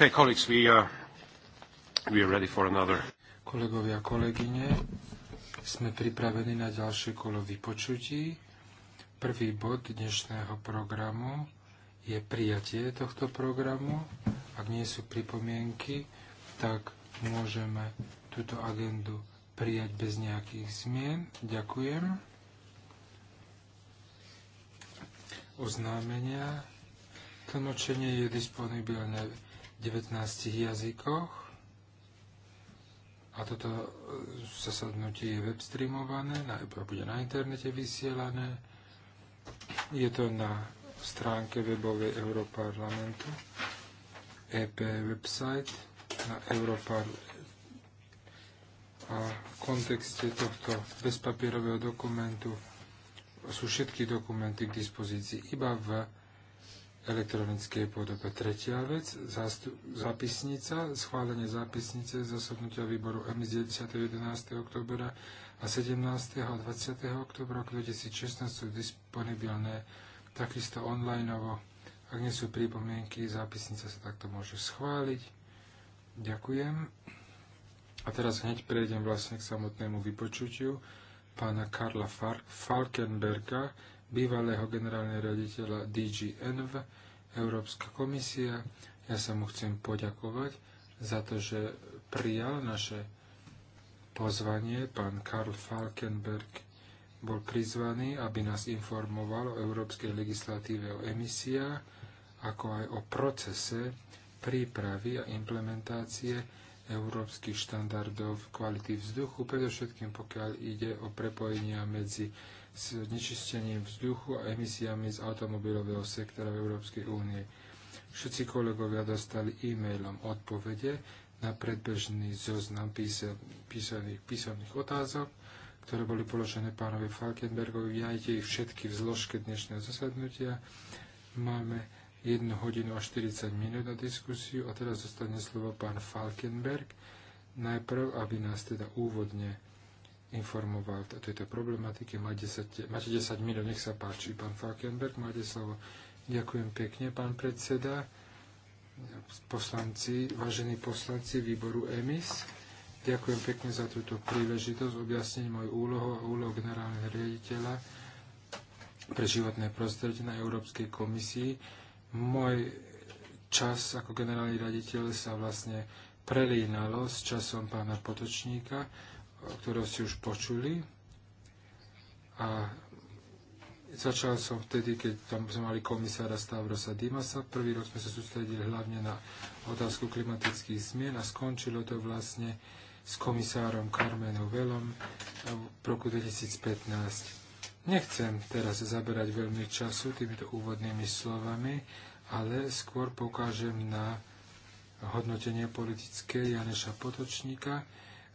Okay, colleagues, we are, uh, we are ready for another. Kolegovia, kolegyne, sme pripravení na ďalšie kolo vypočutí. Prvý bod dnešného programu je prijatie tohto programu. Ak nie sú pripomienky, tak môžeme túto agendu prijať bez nejakých zmien. Ďakujem. Oznámenia. Tlmočenie je disponibilné 19 jazykoch. A toto e, zasadnutie je webstreamované, bude na internete vysielané. Je to na stránke webovej Europarlamentu, EP website na Europar a v kontexte tohto bezpapierového dokumentu sú všetky dokumenty k dispozícii iba v elektronickej podobe. Tretia vec, zápisnica, schválenie zápisnice z zasadnutia výboru M z 10. 11. oktobera a 17. a 20. oktobra 2016 sú disponibilné takisto online. Ak nie sú pripomienky, zápisnica sa takto môže schváliť. Ďakujem. A teraz hneď prejdem vlastne k samotnému vypočutiu pána Karla Falkenberga, bývalého generálneho riaditeľa DG Env, Európska komisia. Ja sa mu chcem poďakovať za to, že prijal naše pozvanie. Pán Karl Falkenberg bol prizvaný, aby nás informoval o európskej legislatíve o emisiách, ako aj o procese prípravy a implementácie európskych štandardov kvality vzduchu, predovšetkým pokiaľ ide o prepojenia medzi s nečistením vzduchu a emisiami z automobilového sektora v Európskej únie. Všetci kolegovia dostali e-mailom odpovede na predbežný zoznam písel, písomných, písomných otázok, ktoré boli položené pánovi Falkenbergovi. Vyjajte ich všetky v zložke dnešného zasadnutia. Máme 1 hodinu a 40 minút na diskusiu a teraz zostane slovo pán Falkenberg. Najprv, aby nás teda úvodne informoval o tejto problematike. Máte 10, máte 10 minút, nech sa páči. Pán Falkenberg, máte slovo. Ďakujem pekne, pán predseda. Poslanci, vážení poslanci výboru EMIS, ďakujem pekne za túto príležitosť objasniť moju úlohu a úlohu generálneho riaditeľa pre životné prostredie na Európskej komisii. Môj čas ako generálny riaditeľ sa vlastne prelínalo s časom pána Potočníka ktorom si už počuli. A začal som vtedy, keď tam sme mali komisára Stavrosa Dimasa. Prvý rok sme sa sústredili hlavne na otázku klimatických zmien a skončilo to vlastne s komisárom Carmenom Velom v roku 2015. Nechcem teraz zaberať veľmi času týmito úvodnými slovami, ale skôr pokážem na hodnotenie politické Janeša Potočníka,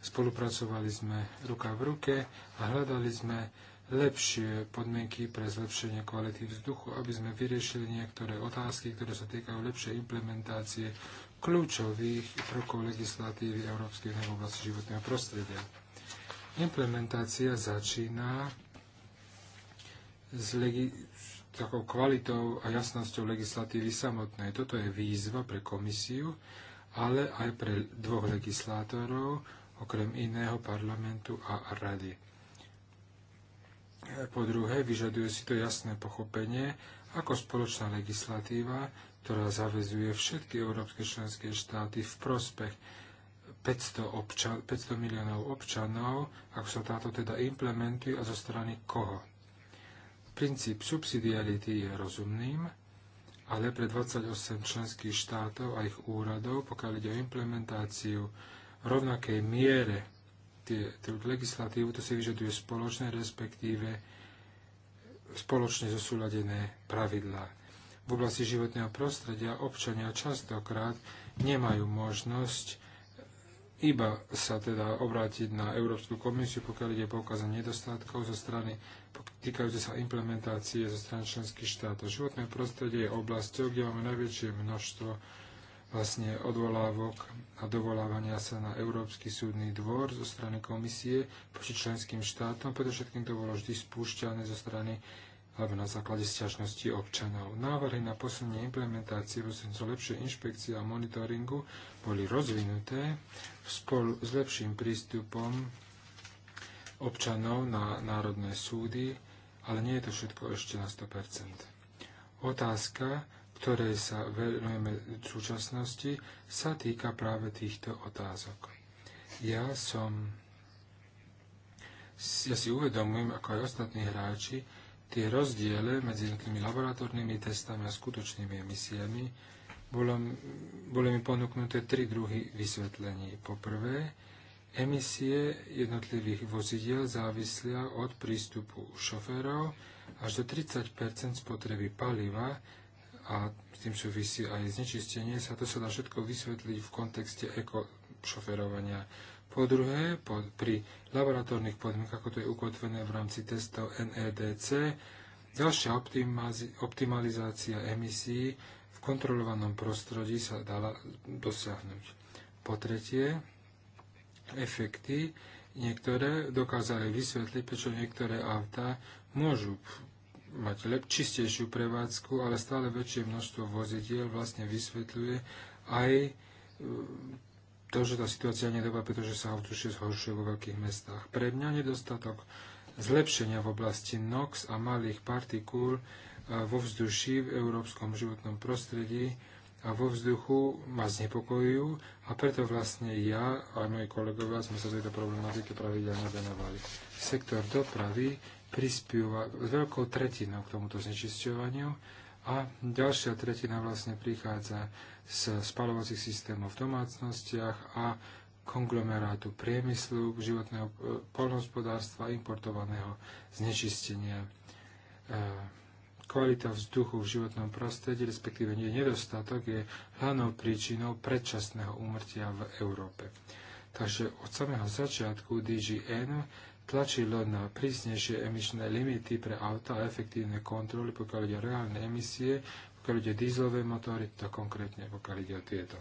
Spolupracovali sme ruka v ruke a hľadali sme lepšie podmienky pre zlepšenie kvality vzduchu, aby sme vyriešili niektoré otázky, ktoré sa týkajú lepšej implementácie kľúčových prvkov legislatívy Európskej únie v oblasti životného prostredia. Implementácia začína s, legi- s takou kvalitou a jasnosťou legislatívy samotnej. Toto je výzva pre komisiu, ale aj pre dvoch legislátorov, okrem iného parlamentu a rady. Po druhé, vyžaduje si to jasné pochopenie, ako spoločná legislatíva, ktorá zavezuje všetky európske členské štáty v prospech 500, občan, 500 miliónov občanov, ako sa táto teda implementuje a zo strany koho. Princíp subsidiarity je rozumným, ale pre 28 členských štátov a ich úradov, pokiaľ ide o implementáciu rovnakej miere tú legislatívu, to si vyžaduje spoločné, respektíve spoločne zosúladené pravidlá. V oblasti životného prostredia občania častokrát nemajú možnosť iba sa teda obrátiť na Európsku komisiu, pokiaľ ide poukázanie nedostatkov zo strany týkajúce sa implementácie zo strany členských štátov. Životné prostredie je oblasťou, kde máme najväčšie množstvo vlastne odvolávok a dovolávania sa na Európsky súdny dvor zo strany komisie proti členským štátom, všetkým to bolo vždy spúšťané zo strany alebo na základe sťažnosti občanov. Návrhy na posunie implementácie prostredníctvom lepšej inšpekcie a monitoringu boli rozvinuté spolu s lepším prístupom občanov na národné súdy, ale nie je to všetko ešte na 100%. Otázka, ktorej sa venujeme v súčasnosti, sa týka práve týchto otázok. Ja som ja si uvedomujem, ako aj ostatní hráči, tie rozdiele medzi nejakými laboratórnymi testami a skutočnými emisiami bolo, boli mi ponúknuté tri druhy vysvetlení. Po prvé, emisie jednotlivých vozidiel závislia od prístupu šoférov až do 30 spotreby paliva a s tým súvisí aj znečistenie, sa to sa dá všetko vysvetliť v kontexte ekošoferovania. Po druhé, po, pri laboratórnych podmienkach, ako to je ukotvené v rámci testov NEDC, ďalšia optimalizácia emisí v kontrolovanom prostredí sa dala dosiahnuť. Po tretie, efekty niektoré dokázali vysvetliť, prečo niektoré autá môžu mať lep, čistejšiu prevádzku, ale stále väčšie množstvo vozidiel vlastne vysvetľuje aj e, to, že tá situácia nie je dobrá, pretože sa autušie zhoršuje vo veľkých mestách. Pre mňa nedostatok zlepšenia v oblasti NOx a malých partikúl e, vo vzduchu v európskom životnom prostredí a vo vzduchu ma znepokojujú a preto vlastne ja a moji kolegovia sme sa tejto problematike pravidelne venovali. Sektor dopravy prispieva s veľkou tretinou k tomuto znečisťovaniu a ďalšia tretina vlastne prichádza z spalovacích systémov v domácnostiach a konglomerátu priemyslu, životného e, polnohospodárstva, importovaného znečistenia. E, kvalita vzduchu v životnom prostredí, respektíve nie nedostatok, je hlavnou príčinou predčasného úmrtia v Európe. Takže od samého začiatku DGN tlačilo na prísnejšie emisné limity pre auta a efektívne kontroly, pokiaľ ide o reálne emisie, pokiaľ ide o dízlové motory, to konkrétne pokiaľ ide o tieto.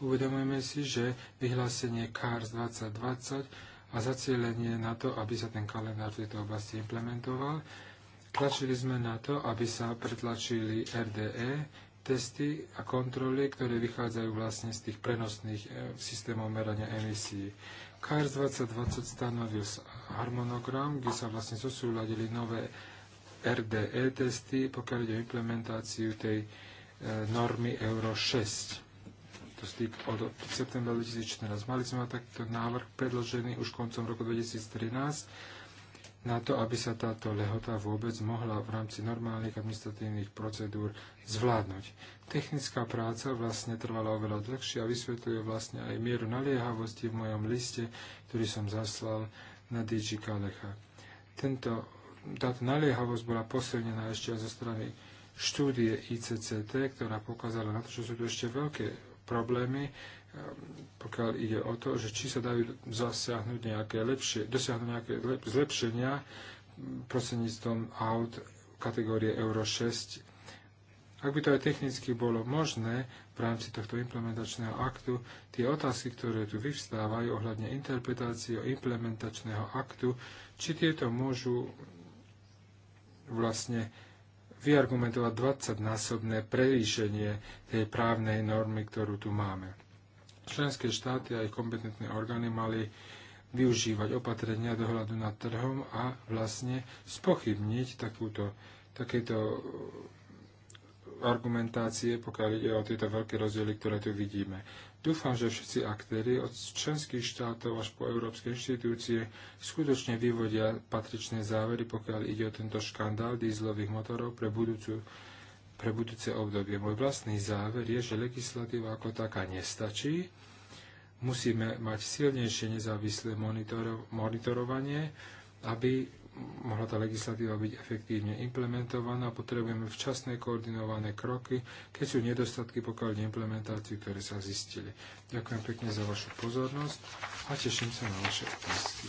Uvedomujeme si, že vyhlásenie CARS 2020 a zacielenie na to, aby sa ten kalendár v tejto oblasti implementoval, tlačili sme na to, aby sa pretlačili RDE, testy a kontroly, ktoré vychádzajú vlastne z tých prenosných e, systémov merania emisí. KR 2020 stanovil harmonogram, kde sa vlastne zosúladili nové RDE testy, pokiaľ ide o implementáciu tej e, normy Euro 6. To stýk od septembra 2014. Mali sme mať takto návrh predložený už koncom roku 2013 na to, aby sa táto lehota vôbec mohla v rámci normálnych administratívnych procedúr zvládnuť. Technická práca vlastne trvala oveľa dlhšie a vysvetľuje vlastne aj mieru naliehavosti v mojom liste, ktorý som zaslal na DG Kalecha. Tento, táto naliehavosť bola posilnená ešte aj zo strany štúdie ICCT, ktorá pokázala na to, že sú tu ešte veľké problémy, pokiaľ ide o to, že či sa dajú zasiahnuť nejaké lepšie, dosiahnuť nejaké lep, zlepšenia prostredníctvom aut kategórie Euro 6. Ak by to aj technicky bolo možné v rámci tohto implementačného aktu, tie otázky, ktoré tu vyvstávajú ohľadne interpretácie implementačného aktu, či tieto môžu vlastne vyargumentovať 20-násobné prevýšenie tej právnej normy, ktorú tu máme. Členské štáty a ich kompetentné orgány mali využívať opatrenia dohľadu nad trhom a vlastne spochybniť takúto, takéto eh, argumentácie, pokiaľ ide o tieto veľké rozdiely, ktoré tu vidíme. Dúfam, že všetci aktéry od členských štátov až po európske inštitúcie skutočne vyvodia patričné závery, pokiaľ ide o tento škandál dízlových motorov pre budúcu pre budúce obdobie. Môj vlastný záver je, že legislatíva ako taká nestačí. Musíme mať silnejšie nezávislé monitorovanie, aby mohla tá legislatíva byť efektívne implementovaná. Potrebujeme včasné koordinované kroky, keď sú nedostatky, pokiaľ implementáciu, ktoré sa zistili. Ďakujem pekne za vašu pozornosť a teším sa na vaše otázky.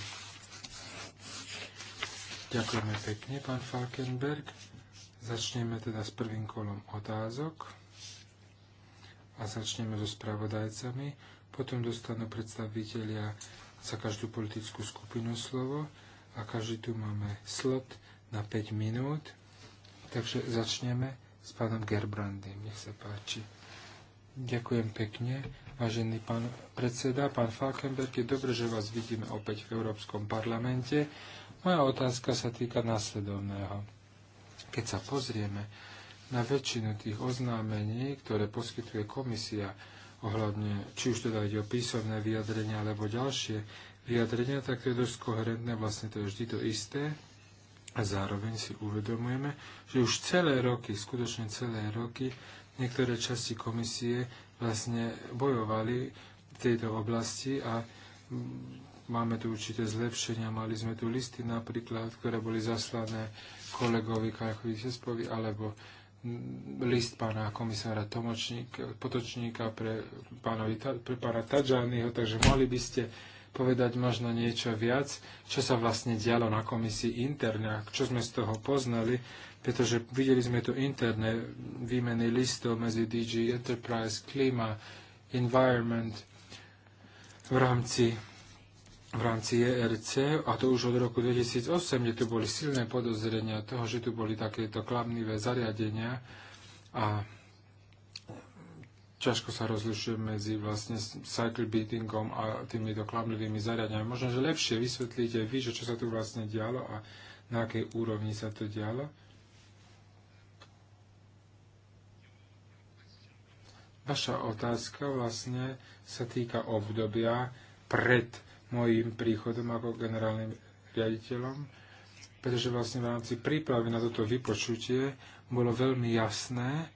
Ďakujeme pekne, pán Falkenberg. Začneme teda s prvým kolom otázok a začneme so spravodajcami. Potom dostanú predstavitelia za každú politickú skupinu slovo a každý tu máme slot na 5 minút. Takže začneme s pánom Gerbrandym. Nech sa páči. Ďakujem pekne. Vážený pán predseda, pán Falkenberg, je dobré, že vás vidíme opäť v Európskom parlamente. Moja otázka sa týka následovného. Keď sa pozrieme na väčšinu tých oznámení, ktoré poskytuje komisia, ohľadne, či už teda ide o písomné vyjadrenia alebo ďalšie vyjadrenia, tak to je dosť koherentné, vlastne to je vždy to isté. A zároveň si uvedomujeme, že už celé roky, skutočne celé roky, niektoré časti komisie vlastne bojovali v tejto oblasti a máme tu určité zlepšenia. Mali sme tu listy napríklad, ktoré boli zaslané kolegovi Sespovi alebo list pána komisára Tomočník, Potočníka pre, pánovi, pre pána Tadžányho, takže mohli by ste povedať možno niečo viac, čo sa vlastne dialo na komisii interne, a čo sme z toho poznali, pretože videli sme tu interné výmeny listov medzi DG Enterprise, Klima, Environment v rámci v rámci ERC, a to už od roku 2008, kde tu boli silné podozrenia toho, že tu boli takéto klamlivé zariadenia a ťažko sa rozlišuje medzi vlastne cycle beatingom a týmito klamlivými zariadeniami. Možno, že lepšie vysvetlíte vy, že čo sa tu vlastne dialo a na akej úrovni sa to dialo. Vaša otázka vlastne sa týka obdobia pred mojim príchodom ako generálnym riaditeľom, pretože vlastne v rámci prípravy na toto vypočutie bolo veľmi jasné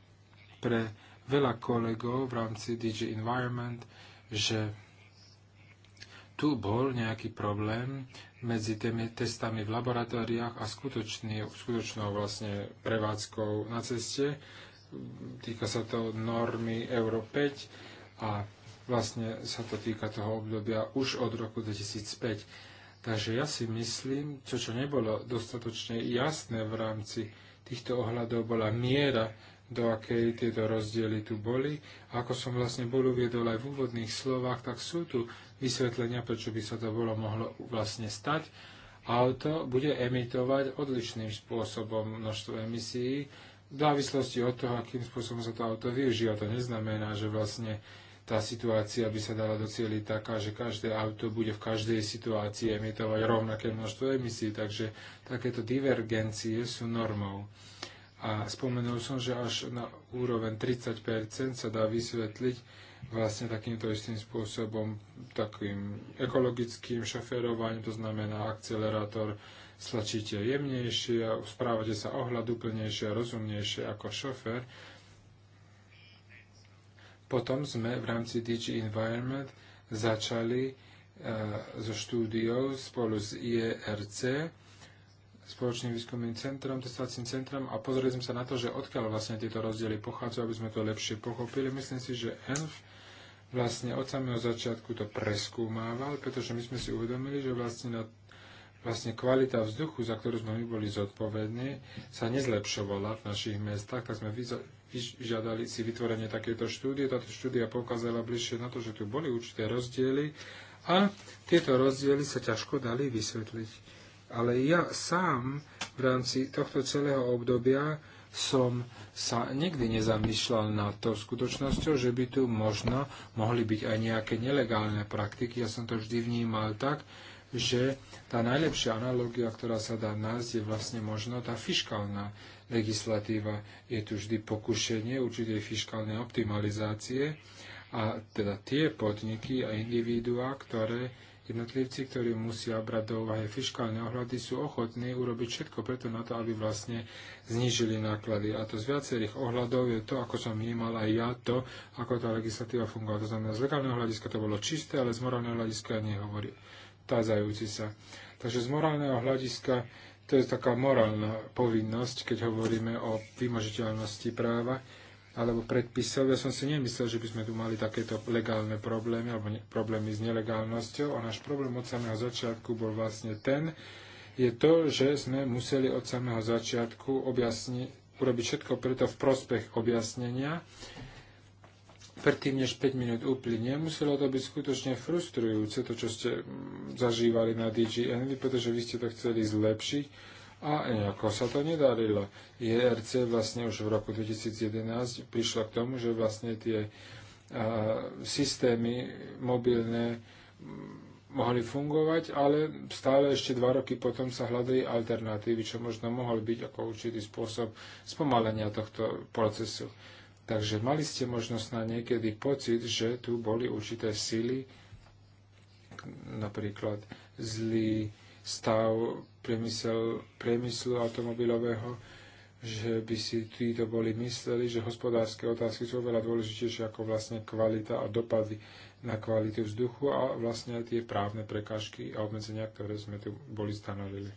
pre veľa kolegov v rámci DG Environment, že tu bol nejaký problém medzi tými testami v laboratóriách a skutočný, skutočnou vlastne prevádzkou na ceste. Týka sa to normy Euro 5 a Vlastne sa to týka toho obdobia už od roku 2005. Takže ja si myslím, čo čo nebolo dostatočne jasné v rámci týchto ohľadov bola miera, do akej tieto rozdiely tu boli. A ako som vlastne bol uviedol aj v úvodných slovách, tak sú tu vysvetlenia, prečo by sa to bolo mohlo vlastne stať. Auto bude emitovať odlišným spôsobom množstvo emisí, v závislosti od toho, akým spôsobom sa to auto využíva. To neznamená, že vlastne tá situácia by sa dala docieliť taká, že každé auto bude v každej situácii emitovať rovnaké množstvo emisí, takže takéto divergencie sú normou. A spomenul som, že až na úroveň 30% sa dá vysvetliť vlastne takýmto istým spôsobom, takým ekologickým šoferovaním, to znamená akcelerátor slačíte jemnejšie, správate sa ohľadúplnejšie a rozumnejšie ako šofer, potom sme v rámci DG Environment začali e, so štúdiou spolu s IERC, spoločným výskumným centrom, testovacím centrom a pozreli sme sa na to, že odkiaľ vlastne tieto rozdiely pochádzajú, aby sme to lepšie pochopili. Myslím si, že ENF vlastne od samého začiatku to preskúmával, pretože my sme si uvedomili, že vlastne, na, vlastne kvalita vzduchu, za ktorú sme my boli zodpovední, sa nezlepšovala v našich mestách, tak sme vyžiadali si vytvorenie takéto štúdie. Táto štúdia poukázala bližšie na to, že tu boli určité rozdiely a tieto rozdiely sa ťažko dali vysvetliť. Ale ja sám v rámci tohto celého obdobia som sa nikdy nezamýšľal nad to skutočnosťou, že by tu možno mohli byť aj nejaké nelegálne praktiky. Ja som to vždy vnímal tak, že tá najlepšia analogia, ktorá sa dá nájsť, je vlastne možno tá fiškálna legislatíva je tu vždy pokušenie určitej fiskálnej optimalizácie a teda tie podniky a individuá, ktoré jednotlivci, ktorí musia brať do úvahy fiskálne ohľady, sú ochotní urobiť všetko preto na to, aby vlastne znížili náklady. A to z viacerých ohľadov je to, ako som vnímal aj ja, to, ako tá legislatíva fungovala. To znamená, z legálneho hľadiska to bolo čisté, ale z morálneho hľadiska nehovorí tázajúci sa. Takže z morálneho hľadiska to je taká morálna povinnosť, keď hovoríme o vymožiteľnosti práva alebo predpisov. Ja som si nemyslel, že by sme tu mali takéto legálne problémy alebo ne, problémy s nelegálnosťou. A náš problém od samého začiatku bol vlastne ten, je to, že sme museli od samého začiatku objasniť, urobiť všetko preto v prospech objasnenia predtým, než 5 minút uplynie, muselo to byť skutočne frustrujúce, to, čo ste mm, zažívali na DG Envy, pretože vy ste to chceli zlepšiť a nejako sa to nedarilo. IRC vlastne už v roku 2011 prišla k tomu, že vlastne tie a, systémy mobilné mm, mohli fungovať, ale stále ešte dva roky potom sa hľadali alternatívy, čo možno mohol byť ako určitý spôsob spomalenia tohto procesu. Takže mali ste možnosť na niekedy pocit, že tu boli určité sily, napríklad zlý stav priemysel, priemyslu automobilového, že by si títo boli mysleli, že hospodárske otázky sú veľa dôležitejšie ako vlastne kvalita a dopady na kvalitu vzduchu a vlastne aj tie právne prekážky a obmedzenia, ktoré sme tu boli stanovili.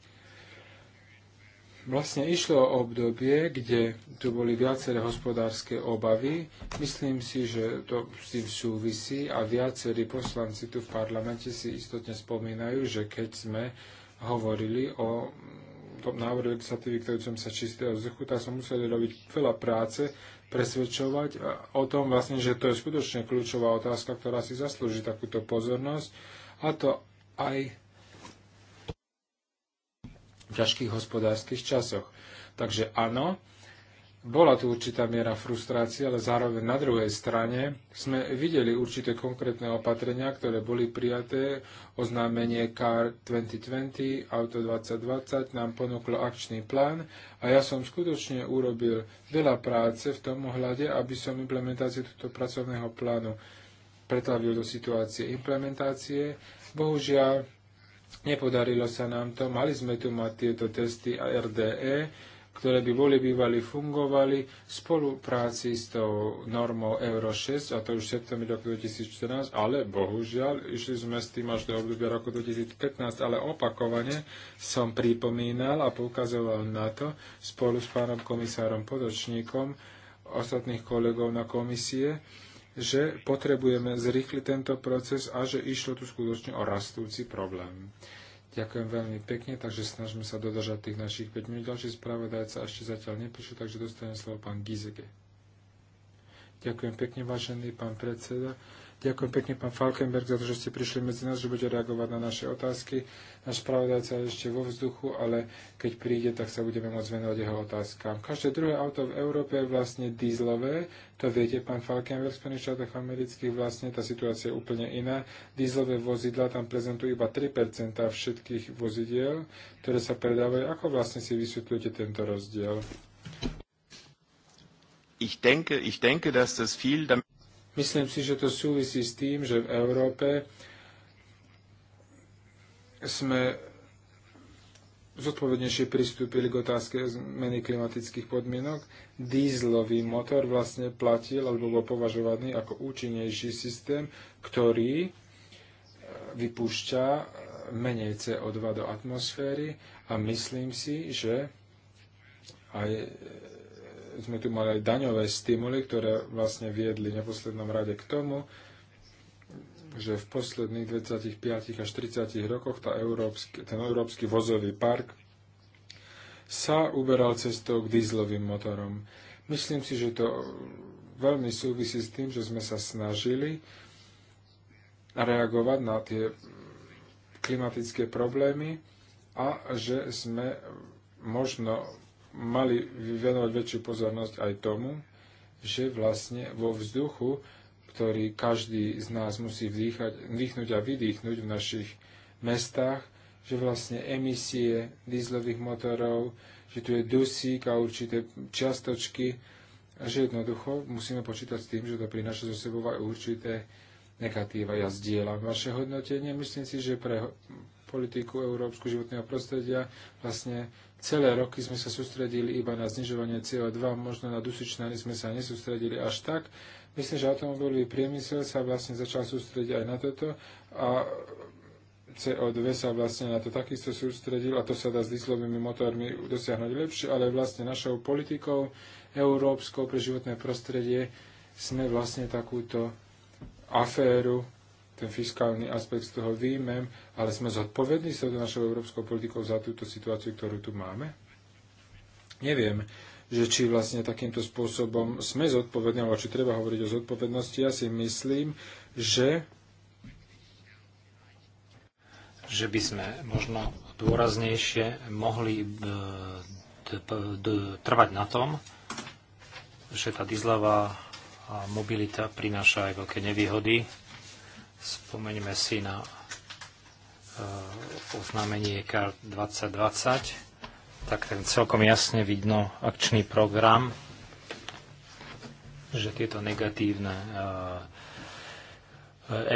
Vlastne išlo o obdobie, kde tu boli viaceré hospodárske obavy. Myslím si, že to s tým súvisí a viacerí poslanci tu v parlamente si istotne spomínajú, že keď sme hovorili o tom návrhu legislatívy, ktorý som sa čistého vzduchu, tak som musel robiť veľa práce, presvedčovať o tom vlastne, že to je skutočne kľúčová otázka, ktorá si zaslúži takúto pozornosť. A to aj v ťažkých hospodárskych časoch. Takže áno, bola tu určitá miera frustrácie, ale zároveň na druhej strane sme videli určité konkrétne opatrenia, ktoré boli prijaté. Oznámenie CAR 2020, Auto 2020 nám ponúklo akčný plán a ja som skutočne urobil veľa práce v tom ohľade, aby som implementáciu tohto pracovného plánu pretavil do situácie implementácie. Bohužiaľ, Nepodarilo sa nám to. Mali sme tu mať tieto testy RDE, ktoré by boli bývali fungovali v spolupráci s tou normou Euro 6, a to už v septembrí roku 2014, ale bohužiaľ išli sme s tým až do obdobia roku 2015, ale opakovane som pripomínal a poukazoval na to spolu s pánom komisárom Podočníkom, ostatných kolegov na komisie, že potrebujeme zrýchliť tento proces a že išlo tu skutočne o rastúci problém. Ďakujem veľmi pekne, takže snažíme sa dodržať tých našich 5 minút. Ďalší spravodajca ešte zatiaľ neprišiel, takže dostane slovo pán Gizeke. Ďakujem pekne, vážený pán predseda. Ďakujem pekne, pán Falkenberg, za to, že ste prišli medzi nás, že budete reagovať na naše otázky. Náš pravodajca je ešte vo vzduchu, ale keď príde, tak sa budeme môcť venovať jeho otázkam. Každé druhé auto v Európe je vlastne dízlové. To viete, pán Falkenberg, v Spojených štátoch amerických vlastne tá situácia je úplne iná. Dízlové vozidla tam prezentujú iba 3% všetkých vozidiel, ktoré sa predávajú. Ako vlastne si vysvetľujete tento rozdiel? Ich denke, ich denke, dass das viel damit Myslím si, že to súvisí s tým, že v Európe sme zodpovednejšie pristúpili k otázke zmeny klimatických podmienok. Dízlový motor vlastne platil alebo bol považovaný ako účinnejší systém, ktorý e, vypúšťa e, menej CO2 do atmosféry a myslím si, že aj sme tu mali aj daňové stimuly, ktoré vlastne viedli neposlednom rade k tomu, že v posledných 25 až 30 rokoch tá európsky, ten európsky vozový park sa uberal cestou k dízlovým motorom. Myslím si, že to veľmi súvisí s tým, že sme sa snažili reagovať na tie klimatické problémy a že sme možno mali venovať väčšiu pozornosť aj tomu, že vlastne vo vzduchu, ktorý každý z nás musí vdýchať, vdýchnuť a vydýchnuť v našich mestách, že vlastne emisie dízlových motorov, že tu je dusík a určité čiastočky, a že jednoducho musíme počítať s tým, že to prináša zo sebou aj určité negatíva. Ja zdieľam vaše hodnotenie. Myslím si, že pre politiku európsku životného prostredia. Vlastne celé roky sme sa sústredili iba na znižovanie CO2, možno na dusičnany sme sa nesústredili až tak. Myslím, že automobilový priemysel sa vlastne začal sústrediť aj na toto a CO2 sa vlastne na to takisto sústredil a to sa dá s dieslovými motormi dosiahnuť lepšie, ale vlastne našou politikou európskou pre životné prostredie sme vlastne takúto aféru ten fiskálny aspekt z toho výjmem, ale sme zodpovední sa do našou európskou politikou za túto situáciu, ktorú tu máme? Neviem, že či vlastne takýmto spôsobom sme zodpovední, alebo či treba hovoriť o zodpovednosti. Ja si myslím, že že by sme možno dôraznejšie mohli e, trvať na tom, že tá dizlavá mobilita prináša aj veľké nevýhody Spomeňme si na e, oznámenie KAR 2020, tak ten celkom jasne vidno akčný program, že tieto negatívne e, e,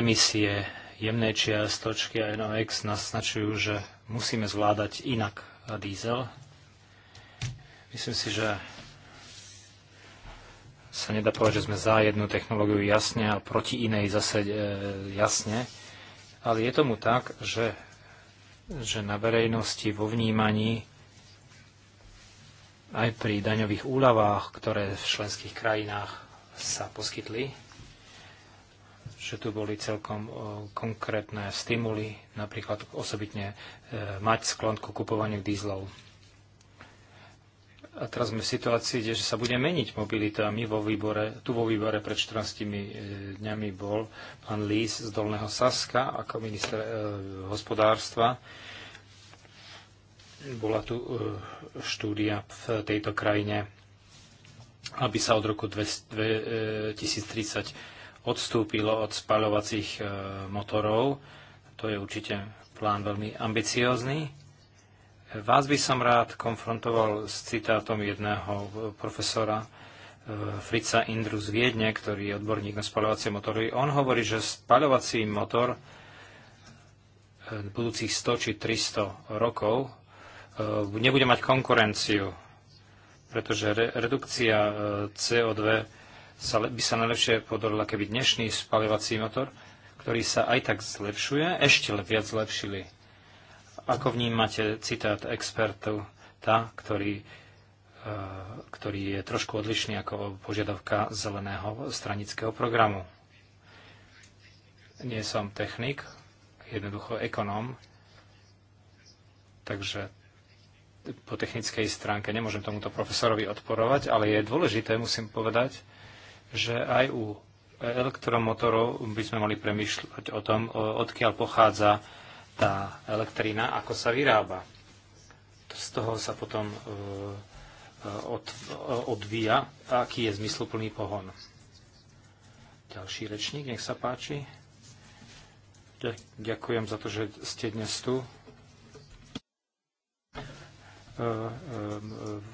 emisie jemné čiastočky a NOx naznačujú, že musíme zvládať inak diesel. Myslím si, že sa nedá povedať, že sme za jednu technológiu jasne a proti inej zase e, jasne. Ale je tomu tak, že, že na verejnosti vo vnímaní aj pri daňových úľavách, ktoré v členských krajinách sa poskytli, že tu boli celkom e, konkrétne stimuly, napríklad osobitne e, mať sklon ku kupovaniu dízlov. A teraz sme v situácii, kde sa bude meniť mobilita. My vo výbore, tu vo výbore pred 14 e, dňami bol pán Lís z Dolného Saska ako minister e, hospodárstva. Bola tu e, štúdia v tejto krajine, aby sa od roku 2030 e, odstúpilo od spaľovacích e, motorov. To je určite plán veľmi ambiciózny Vás by som rád konfrontoval s citátom jedného profesora eh, Frica Indru z Viedne, ktorý je odborník na spaľovacie motory. On hovorí, že spaľovací motor eh, budúcich 100 či 300 rokov eh, nebude mať konkurenciu, pretože redukcia CO2 by sa najlepšie podorila, keby dnešný spaľovací motor, ktorý sa aj tak zlepšuje, ešte viac zlepšili ako vnímate citát expertov, tá, ktorý, e, ktorý je trošku odlišný ako požiadavka zeleného stranického programu? Nie som technik, jednoducho ekonóm, takže po technickej stránke nemôžem tomuto profesorovi odporovať, ale je dôležité, musím povedať, že aj u elektromotorov by sme mali premýšľať o tom, odkiaľ pochádza tá elektrina, ako sa vyrába. Z toho sa potom e, e, od, e, odvíja, aký je zmysluplný pohon. Ďalší rečník, nech sa páči. Ďakujem za to, že ste dnes tu.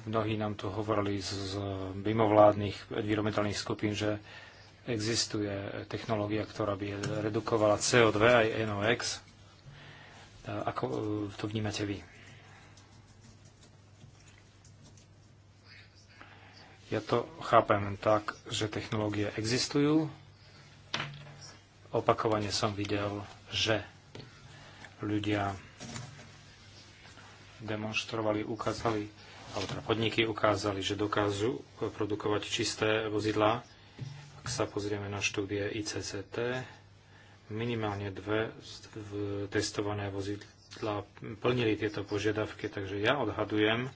Mnohí nám tu hovorili z mimovládnych environmentálnych skupín, že existuje technológia, ktorá by redukovala CO2 aj NOx E, ako e, to vnímate vy? Ja to chápem tak, že technológie existujú. Opakovane som videl, že ľudia demonstrovali, ukázali, alebo teda podniky ukázali, že dokážu produkovať čisté vozidlá. Ak sa pozrieme na štúdie ICCT, minimálne dve testované vozidla plnili tieto požiadavky, takže ja odhadujem,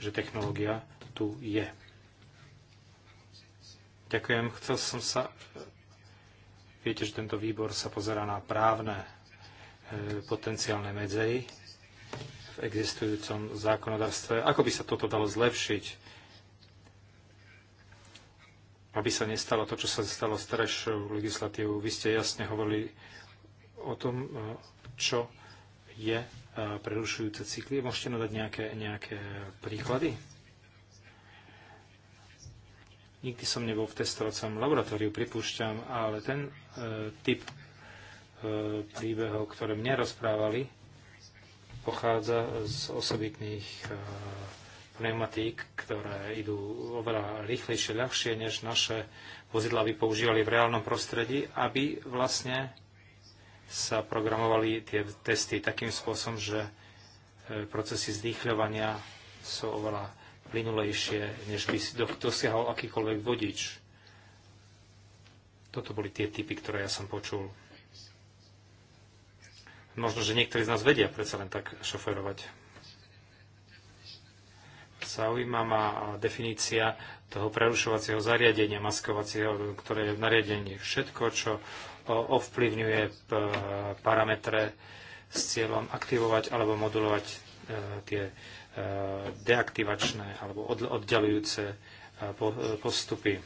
že technológia tu je. Ďakujem. Chcel som sa... Viete, že tento výbor sa pozera na právne e, potenciálne medzery v existujúcom zákonodárstve. Ako by sa toto dalo zlepšiť? aby sa nestalo to, čo sa stalo s terajšou legislatívou. Vy ste jasne hovorili o tom, e, čo je e, prerušujúce cykly. Môžete nadať nejaké, nejaké príklady? Nikdy som nebol v testovacom laboratóriu, pripúšťam, ale ten e, typ e, príbehov, ktoré mne rozprávali, pochádza z osobitných e, pneumatík, ktoré idú oveľa rýchlejšie, ľahšie, než naše vozidla by používali v reálnom prostredí, aby vlastne sa programovali tie testy takým spôsobom, že e, procesy zdýchľovania sú oveľa plynulejšie, než by si dosiahol akýkoľvek vodič. Toto boli tie typy, ktoré ja som počul. Možno, že niektorí z nás vedia predsa len tak šoferovať. Zaujíma ma definícia toho prerušovacieho zariadenia, maskovacieho, ktoré je v nariadení. Všetko, čo ovplyvňuje e, parametre s cieľom aktivovať alebo modulovať e, tie e, deaktivačné alebo oddelujúce postupy.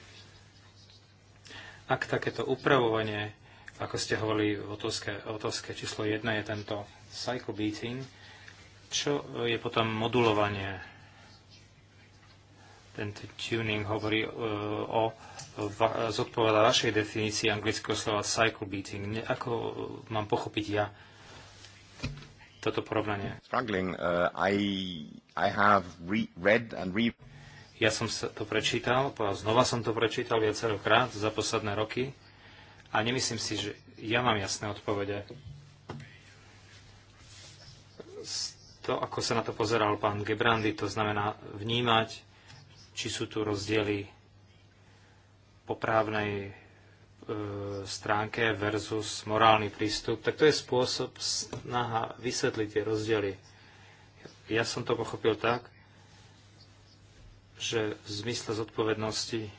Ak takéto upravovanie, ako ste hovorili v otázke, otázke číslo 1, je tento cycle beating, čo je potom modulovanie tento tuning hovorí e, o, va, zodpoveda vašej definícii anglického slova cycle beating. Ako e, mám pochopiť ja toto porovnanie? Struggling, uh, I, I have re- read and re- ja som sa to prečítal, znova som to prečítal viacerokrát za posledné roky a nemyslím si, že ja mám jasné odpovede. To, ako sa na to pozeral pán Gebrandy, to znamená vnímať či sú tu rozdiely po právnej e, stránke versus morálny prístup, tak to je spôsob snaha vysvetliť tie rozdiely. Ja som to pochopil tak, že v zmysle zodpovednosti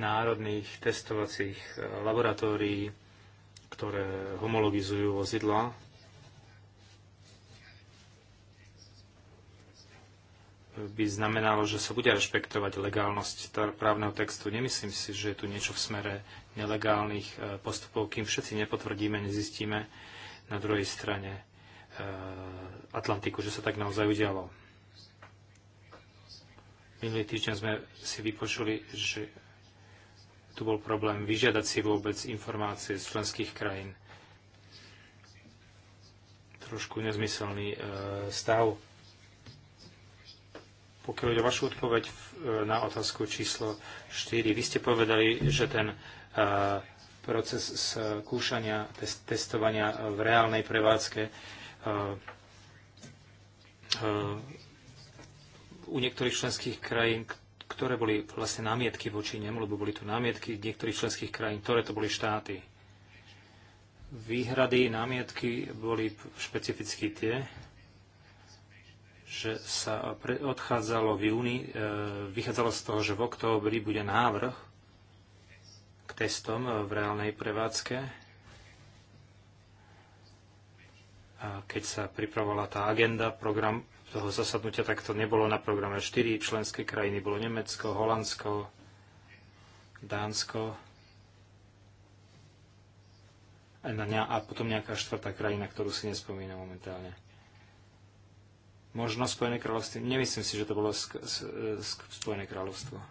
národných testovacích laboratórií, ktoré homologizujú vozidla, by znamenalo, že sa bude rešpektovať legálnosť právneho textu. Nemyslím si, že je tu niečo v smere nelegálnych e, postupov, kým všetci nepotvrdíme, nezistíme na druhej strane e, Atlantiku, že sa tak naozaj udialo. Minulý týždeň sme si vypočuli, že tu bol problém vyžiadať si vôbec informácie z členských krajín. Trošku nezmyselný e, stav pokiaľ ide vašu odpoveď e, na otázku číslo 4, vy ste povedali, že ten e, proces skúšania, test, testovania v reálnej prevádzke e, u niektorých členských krajín, ktoré boli vlastne námietky voči nemu, lebo boli tu námietky niektorých členských krajín, ktoré to boli štáty. Výhrady, námietky boli špecificky tie, že sa odchádzalo v júni, e, vychádzalo z toho, že v októbri bude návrh k testom e, v reálnej prevádzke. A keď sa pripravovala tá agenda, program toho zasadnutia, tak to nebolo na programe. Štyri členské krajiny bolo Nemecko, Holandsko, Dánsko a potom nejaká štvrtá krajina, ktorú si nespomínam momentálne. Možno Spojené kráľovstvo. Nemyslím si, že to bolo sk- sk- Spojené kráľovstvo. E,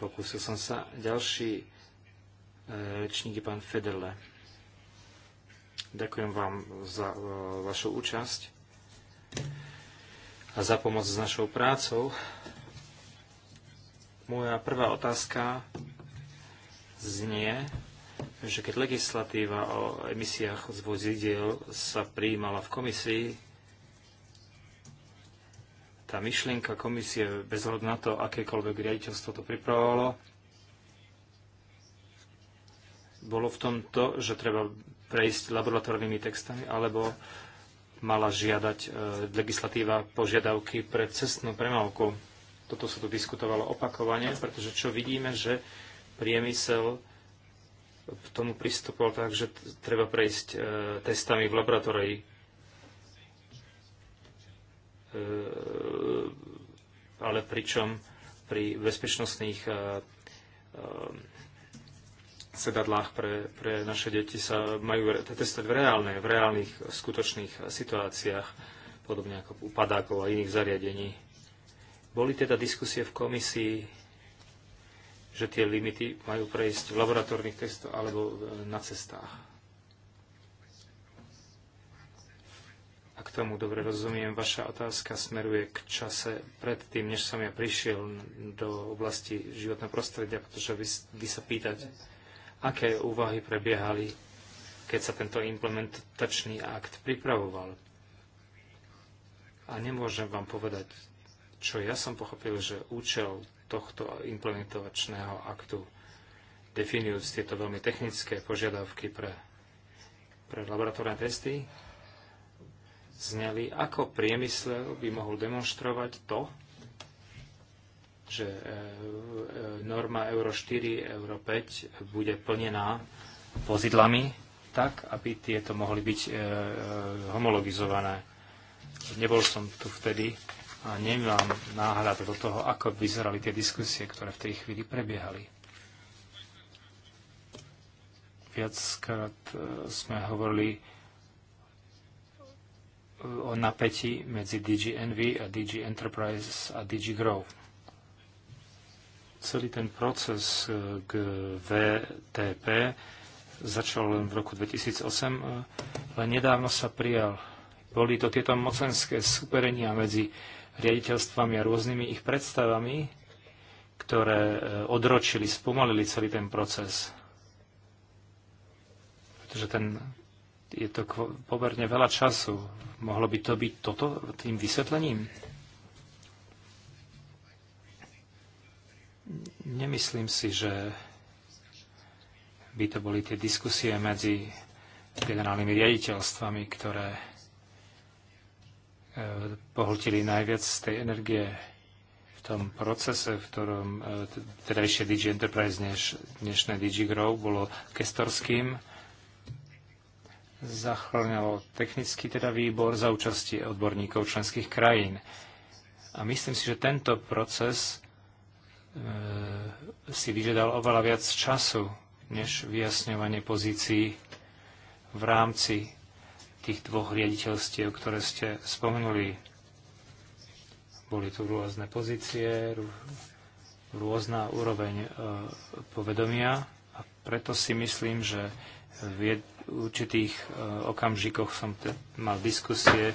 pokúsil som sa. Ďalší e, rečník je pán Federle. Ďakujem vám za e, vašu účasť a za pomoc s našou prácou. Moja prvá otázka znie, že keď legislatíva o emisiách z vozidiel sa prijímala v komisii, tá myšlienka komisie, bez hľadu na to, akékoľvek riaditeľstvo to pripravovalo, bolo v tom to, že treba prejsť laboratórnymi textami, alebo mala žiadať e, legislatíva požiadavky pre cestnú premávku. Toto sa tu diskutovalo opakovane, pretože čo vidíme, že priemysel k tomu pristupoval tak, že treba prejsť e, testami v laboratórii. E, ale pričom pri bezpečnostných e, e, sedadlách pre, pre naše deti sa majú testovať v reálne, v reálnych skutočných situáciách, podobne ako u padákov a iných zariadení. Boli teda diskusie v komisii že tie limity majú prejsť v laboratórnych testoch alebo na cestách. Ak tomu dobre rozumiem, vaša otázka smeruje k čase predtým, než som ja prišiel do oblasti životného prostredia, pretože vy, vy sa pýtať, aké úvahy prebiehali, keď sa tento implementačný akt pripravoval. A nemôžem vám povedať, čo ja som pochopil, že účel tohto implementačného aktu, definujúc tieto veľmi technické požiadavky pre, pre laboratórne testy, zneli, ako priemysel by mohol demonstrovať to, že e, e, norma Euro 4, Euro 5 bude plnená vozidlami tak, aby tieto mohli byť e, homologizované. Nebol som tu vtedy, a nemám náhľad do toho, ako vyzerali tie diskusie, ktoré v tej chvíli prebiehali. Viackrát e, sme hovorili e, o napätí medzi DG Envy a DG Enterprise a DG Grow. Celý ten proces e, k VTP začal len v roku 2008, len nedávno sa prijal. Boli to tieto mocenské superenia medzi riaditeľstvami a rôznymi ich predstavami, ktoré e, odročili, spomalili celý ten proces. Pretože ten, je to pomerne veľa času. Mohlo by to byť toto tým vysvetlením? Nemyslím si, že by to boli tie diskusie medzi generálnymi riaditeľstvami, ktoré pohltili najviac z tej energie v tom procese, v ktorom e, tedajšie Digi Enterprise než dnešné Grow, bolo kestorským. Zachránilo technický teda výbor za účasti odborníkov členských krajín. A myslím si, že tento proces e, si vyžadal oveľa viac času než vyjasňovanie pozícií v rámci tých dvoch riaditeľstiev, ktoré ste spomenuli. Boli tu rôzne pozície, rôzna úroveň e, povedomia a preto si myslím, že v určitých e, okamžikoch som mal diskusie e,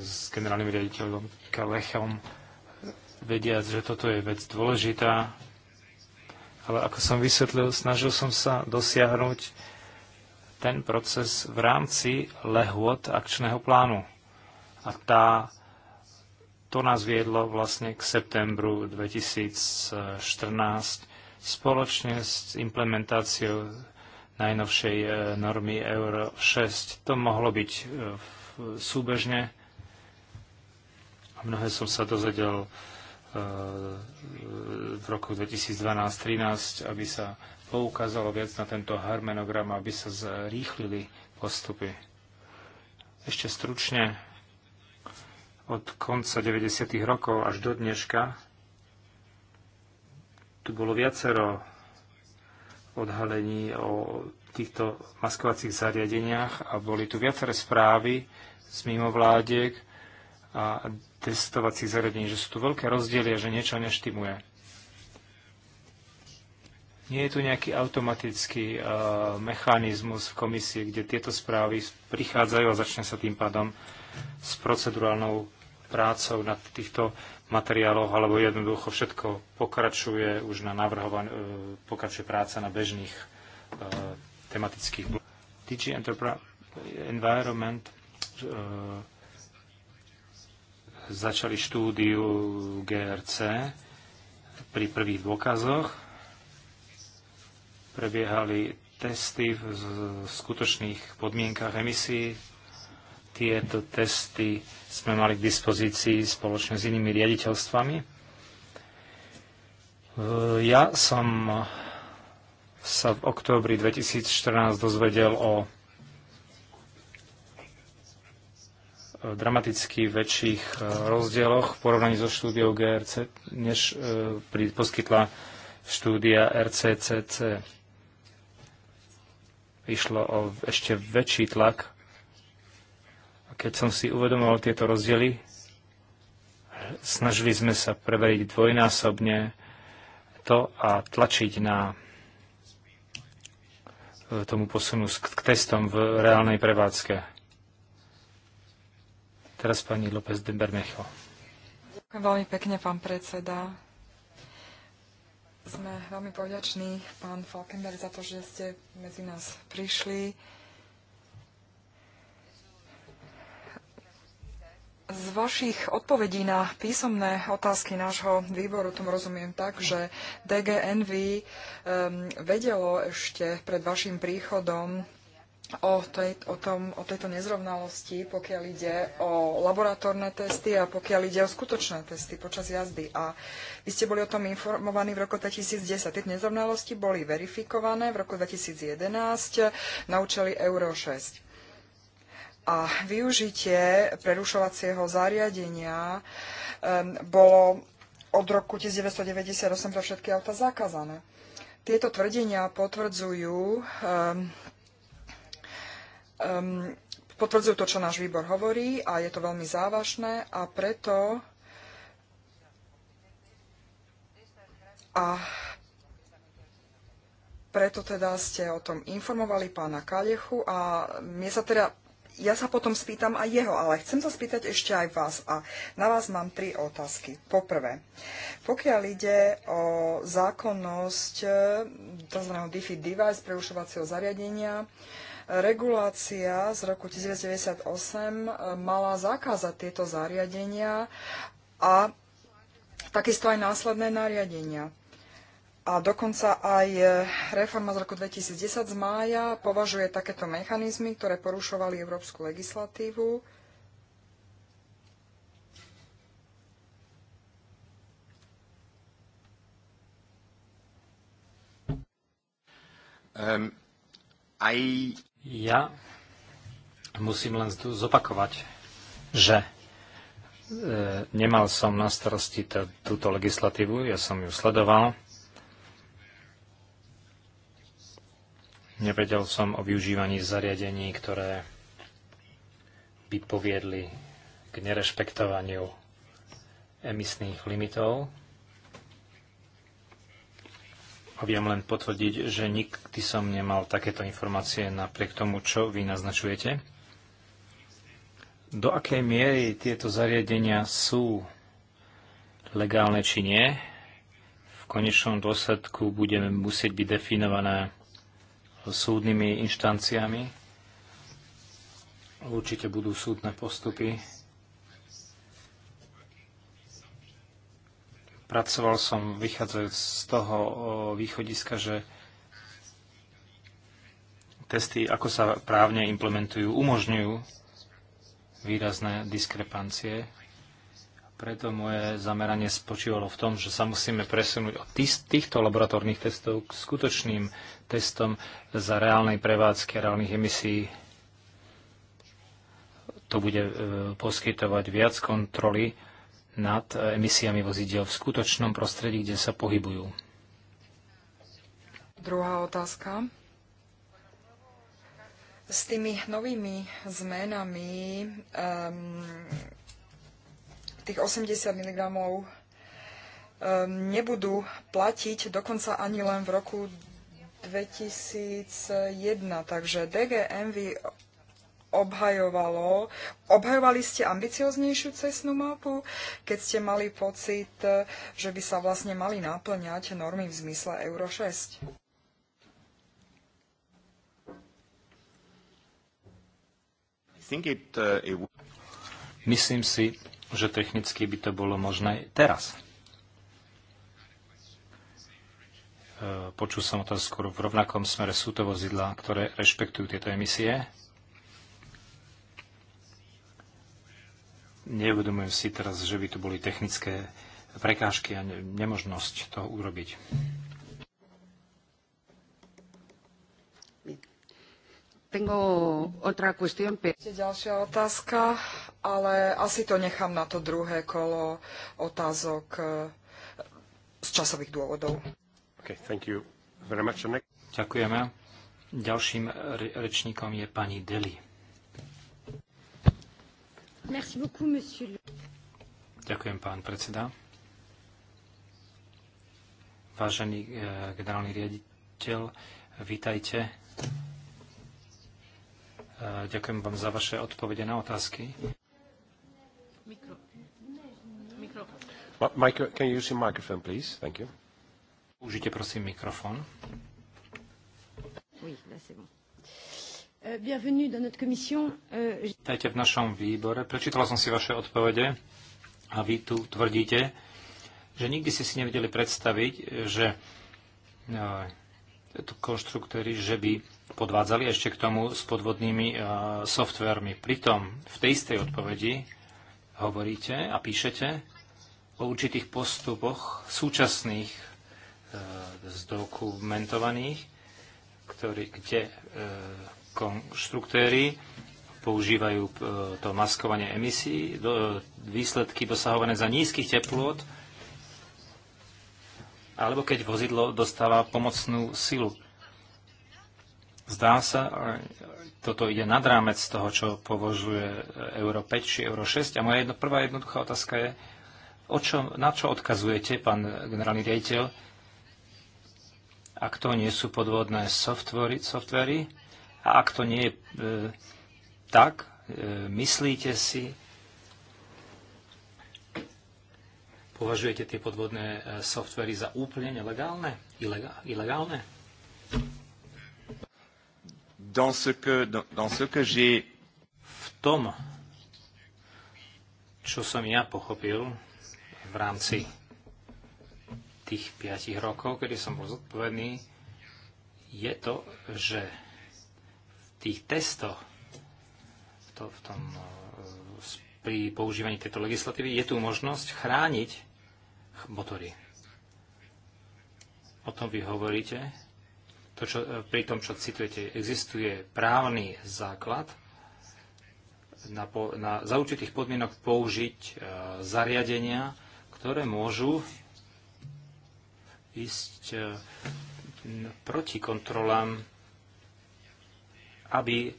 s generálnym riaditeľom Kalechom, vediac, že toto je vec dôležitá, ale ako som vysvetlil, snažil som sa dosiahnuť ten proces v rámci lehôd akčného plánu. A tá, to nás viedlo vlastne k septembru 2014 spoločne s implementáciou najnovšej e, normy Euro 6. To mohlo byť e, súbežne. Mnohé som sa dozvedel e, v roku 2012-2013, aby sa poukázalo viac na tento harmonogram, aby sa zrýchlili postupy. Ešte stručne, od konca 90. rokov až do dneška tu bolo viacero odhalení o týchto maskovacích zariadeniach a boli tu viaceré správy z mimovládiek a testovacích zariadení, že sú tu veľké rozdiely a že niečo neštimuje. Nie je tu nejaký automatický uh, mechanizmus v komisii, kde tieto správy prichádzajú a začne sa tým pádom s procedurálnou prácou na týchto materiáloch, alebo jednoducho všetko pokračuje už na navrhovan- uh, pokračuje práca na bežných uh, tematických blokoch. DG Enterprise Environment začali štúdiu GRC pri prvých dôkazoch prebiehali testy v skutočných podmienkach emisí. Tieto testy sme mali k dispozícii spoločne s inými riaditeľstvami. E, ja som sa v októbri 2014 dozvedel o dramaticky väčších e, rozdieloch v porovnaní so štúdiou GRC, než e, poskytla štúdia RCCC išlo o ešte väčší tlak. A keď som si uvedomoval tieto rozdiely, snažili sme sa preveriť dvojnásobne to a tlačiť na eh, tomu posunu k testom v reálnej prevádzke. Teraz pani López de Bermecho. Ďakujem veľmi pekne, pán predseda. Sme veľmi poďační, pán Falkenberg, za to, že ste medzi nás prišli. Z vašich odpovedí na písomné otázky nášho výboru tomu rozumiem tak, že DGNV um, ehm, vedelo ešte pred vašim príchodom o, tej, o, tom, o tejto nezrovnalosti, pokiaľ ide o laboratórne testy a pokiaľ ide o skutočné testy počas jazdy. A vy ste boli o tom informovaní v roku 2010. Tie nezrovnalosti boli verifikované v roku 2011 na účely Euro 6. A využitie prerušovacieho zariadenia um, bolo od roku 1998 pre všetky auta zakázané. Tieto tvrdenia potvrdzujú um, um, potvrdzujú to, čo náš výbor hovorí a je to veľmi závažné a preto a preto teda ste o tom informovali pána Kalechu a mne sa teda, ja sa potom spýtam aj jeho, ale chcem sa spýtať ešte aj vás a na vás mám tri otázky. Poprvé, pokiaľ ide o zákonnosť eh, tzv. DeFi device preušovacieho zariadenia, uh, Regulácia z roku 1998 e, mala zakázať tieto zariadenia a takisto aj následné nariadenia. A dokonca aj e, reforma z roku 2010 z mája považuje takéto mechanizmy, ktoré porušovali európsku legislatívu, Um, ehm, I ja musím len zopakovať, že e, nemal som na starosti túto legislatívu, ja som ju sledoval. Nevedel som o využívaní zariadení, ktoré by poviedli k nerešpektovaniu emisných limitov a viem len potvrdiť, že nikdy som nemal takéto informácie napriek tomu, čo vy naznačujete. Do akej miery tieto zariadenia sú legálne či nie, v konečnom dôsledku budeme musieť byť definované súdnymi inštanciami. Určite budú súdne postupy Pracoval som vychádzajúc z toho východiska, že testy, ako sa právne implementujú, umožňujú výrazné diskrepancie. Preto moje zameranie spočívalo v tom, že sa musíme presunúť od týchto laboratórnych testov k skutočným testom za reálnej prevádzky a reálnych emisí. To bude e, poskytovať viac kontroly nad e, emisiami vozidel v skutočnom prostredí, kde sa pohybujú. Druhá otázka. S tými novými zmenami um, tých 80 mg um, nebudú platiť dokonca ani len v roku 2001. Takže DGMV obhajovalo. Obhajovali ste ambicioznejšiu cestnú mapu, keď ste mali pocit, že by sa vlastne mali naplňať normy v zmysle Euro 6? Uh, Myslím si, že technicky by to bolo možné teraz. E, počul som to skôr v rovnakom smere. Sú to vozidlá, ktoré rešpektujú tieto emisie Neuvedomujem si teraz, že by tu boli technické prekážky a nemožnosť to urobiť. Tengo otra cuestión. Ešte ďalšia otázka, ale asi to nechám na to druhé kolo otázok eh, z časových dôvodov. Okay, thank you very much. Ďakujeme. Ďalším rečníkom je pani Deli. Merci beaucoup, monsieur. Ďakujem, pán predseda. Vážený e, generálny riaditeľ, vítajte. E, ďakujem vám za vaše odpovede na otázky. Mikro. Mikro. Micro, can you use your microphone, please? Thank you. Užite prosím mikrofón. Oui, là c'est bon. Eh, eh, Vítajte v našom výbore. Prečítala som si vaše odpovede a vy tu tvrdíte, že nikdy ste si nevedeli predstaviť, že eh, tieto konštruktory, že by podvádzali ešte k tomu s podvodnými softvermi. Pritom v tej istej odpovedi hovoríte a píšete o určitých postupoch súčasných zdokumentovaných, ktorý, kde konštruktéry používajú e, to maskovanie emisí, výsledky dosahované za nízkych teplôt, alebo keď vozidlo dostáva pomocnú silu. Zdá sa, toto ide nad rámec toho, čo považuje Euro 5 či Euro 6. A moja jedno, prvá jednoduchá otázka je, o čo, na čo odkazujete, pán generálny riaditeľ, ak to nie sú podvodné softvery, softvery a ak to nie je e, tak, e, myslíte si, považujete tie podvodné e, softvery za úplne nelegálne? Ilega, ilegálne? Dans ce que, dans, dans ce que j'ai... V tom, čo som ja pochopil v rámci tých 5 rokov, kedy som bol zodpovedný, je to, že tých testoch to, v tom, e, pri používaní tejto legislatívy je tu možnosť chrániť motory. O tom vy hovoríte. To, čo, e, pri tom, čo citujete, existuje právny základ na, na, za určitých podmienok použiť e, zariadenia, ktoré môžu ísť e, proti kontrolám aby e,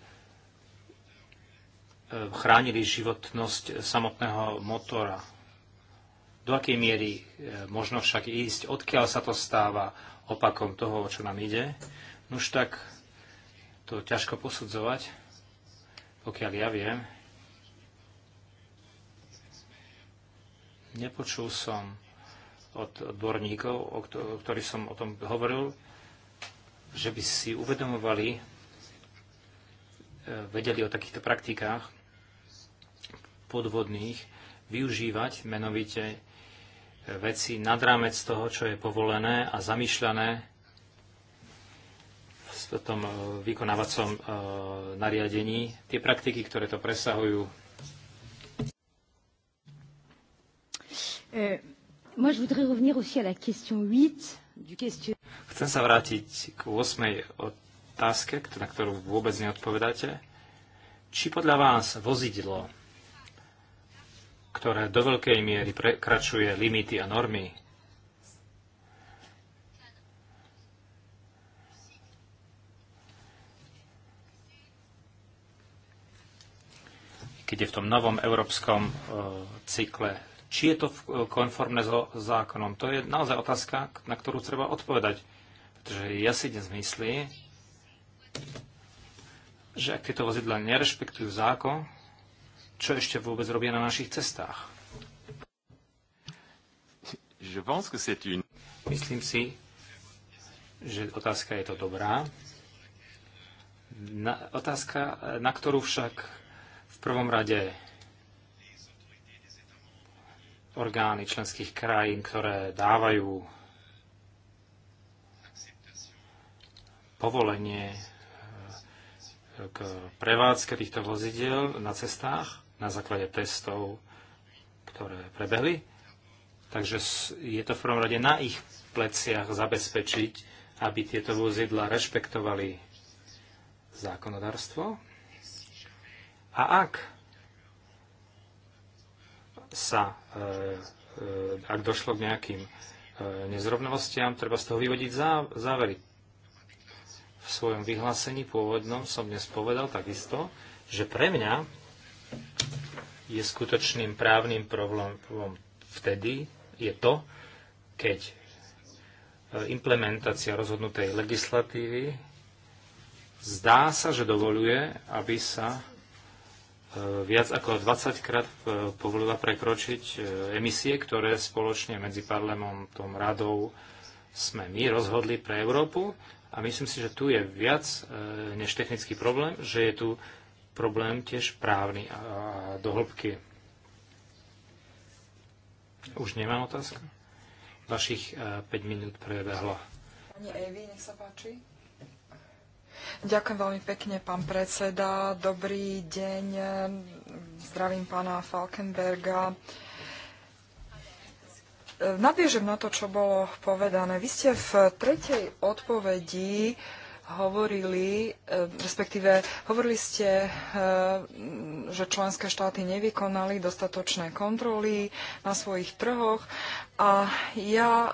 chránili životnosť samotného motora. Do akej miery e, možno však ísť, odkiaľ sa to stáva opakom toho, o čo nám ide? Nuž tak to ťažko posudzovať, pokiaľ ja viem. Nepočul som od odborníkov, o ktorých som o tom hovoril, že by si uvedomovali vedeli o takýchto praktikách podvodných, využívať menovite eh, veci nad rámec toho, čo je povolené a zamýšľané v tom eh, vykonávacom eh, nariadení. Tie praktiky, ktoré to presahujú. Chcem sa vrátiť k 8. od otázke, na ktorú vôbec neodpovedáte. Či podľa vás vozidlo, ktoré do veľkej miery prekračuje limity a normy, keď je v tom novom európskom e, cykle. Či je to e, konformné so zákonom? To je naozaj otázka, na ktorú treba odpovedať. Pretože ja si dnes myslím, že ak tieto vozidla nerešpektujú zákon, čo ešte vôbec robia na našich cestách? Je pense que c'est une... Myslím si, že otázka je to dobrá. Na, otázka, na ktorú však v prvom rade orgány členských krajín, ktoré dávajú povolenie k prevádzke týchto vozidiel na cestách na základe testov, ktoré prebehli. Takže je to v prvom rade na ich pleciach zabezpečiť, aby tieto vozidla rešpektovali zákonodárstvo. A ak sa, e, e, ak došlo k nejakým e, nezrovnalostiam, treba z toho vyvodiť závery v svojom vyhlásení pôvodnom som dnes povedal takisto, že pre mňa je skutočným právnym problémom vtedy, je to, keď e, implementácia rozhodnutej legislatívy zdá sa, že dovoluje, aby sa e, viac ako 20 krát e, povolila prekročiť emisie, ktoré spoločne medzi parlamentom, radou sme my rozhodli pre Európu. A myslím si, že tu je viac e, než technický problém, že je tu problém tiež právny a do hĺbky. Už nemám otázka. Vašich 5 e, minút prebehlo. Pani Evi, nech sa páči. Ďakujem veľmi pekne, pán predseda. Dobrý deň. Zdravím pána Falkenberga. E, Nadviežem na to, čo bolo povedané. Vy ste v tretej odpovedi hovorili, e, respektíve hovorili ste, e, že členské štáty nevykonali dostatočné kontroly na svojich trhoch a ja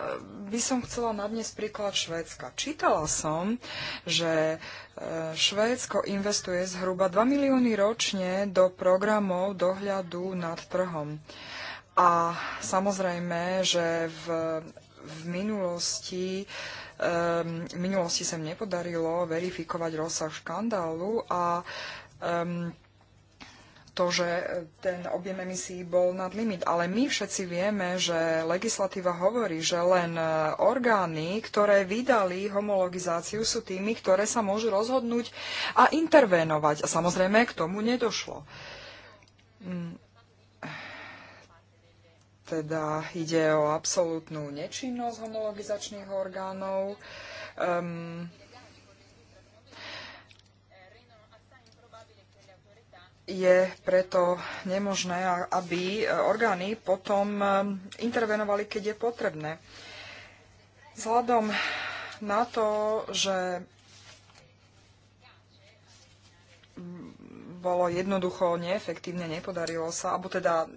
by som chcela nadniesť príklad Švédska. Čítala som, že e, Švédsko investuje zhruba 2 milióny ročne do programov dohľadu nad trhom. A samozrejme, že v, v minulosti um, v minulosti sa nepodarilo verifikovať rozsah škandálu a um, to, že ten objem emisí bol nad limit. Ale my všetci vieme, že legislatíva hovorí, že len e, orgány, ktoré vydali homologizáciu, sú tými, ktoré sa môžu rozhodnúť a intervenovať. A samozrejme, k tomu nedošlo. Mm teda ide o absolútnu nečinnosť homologizačných orgánov. Um, je preto nemožné, aby orgány potom ehm, intervenovali, keď je potrebné. Vzhľadom na to, že bolo jednoducho neefektívne, nepodarilo sa, alebo teda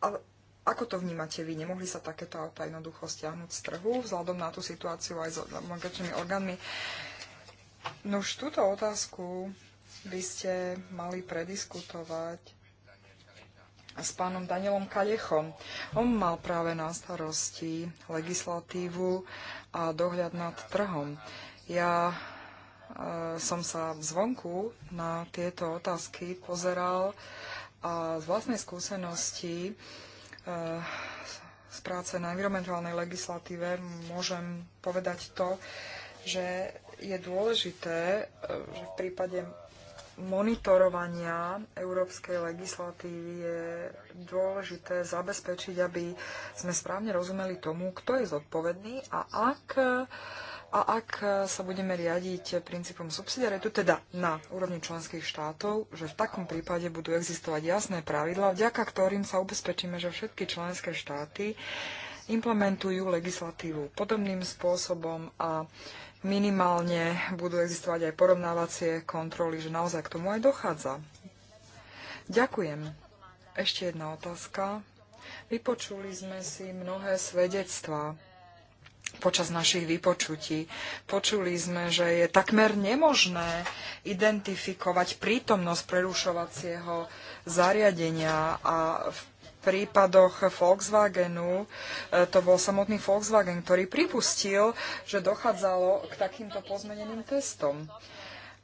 ale ako to vnímate vy? Nemohli sa takéto auta jednoducho stiahnuť z trhu vzhľadom na tú situáciu aj s organizačnými orgánmi? No už túto otázku by ste mali prediskutovať s pánom Danielom Kalechom. On mal práve na starosti legislatívu a dohľad nad trhom. Ja e, som sa zvonku na tieto otázky pozeral a z vlastnej skúsenosti eh, z práce na environmentálnej legislatíve môžem povedať to, že je dôležité, eh, že v prípade monitorovania európskej legislatívy je dôležité zabezpečiť, aby sme správne rozumeli tomu, kto je zodpovedný a ak a ak e, sa budeme riadiť e, princípom subsidiaritu, teda na úrovni členských štátov, že v takom prípade budú existovať jasné pravidlá, vďaka ktorým sa ubezpečíme, že všetky členské štáty implementujú legislatívu podobným spôsobom a minimálne budú existovať aj porovnávacie kontroly, že naozaj k tomu aj dochádza. Ďakujem. Ešte jedna otázka. Vypočuli sme si mnohé svedectvá počas našich vypočutí. Počuli sme, že je takmer nemožné identifikovať prítomnosť prerušovacieho zariadenia a v prípadoch Volkswagenu, e, to bol samotný Volkswagen, ktorý pripustil, že dochádzalo k takýmto pozmeneným testom.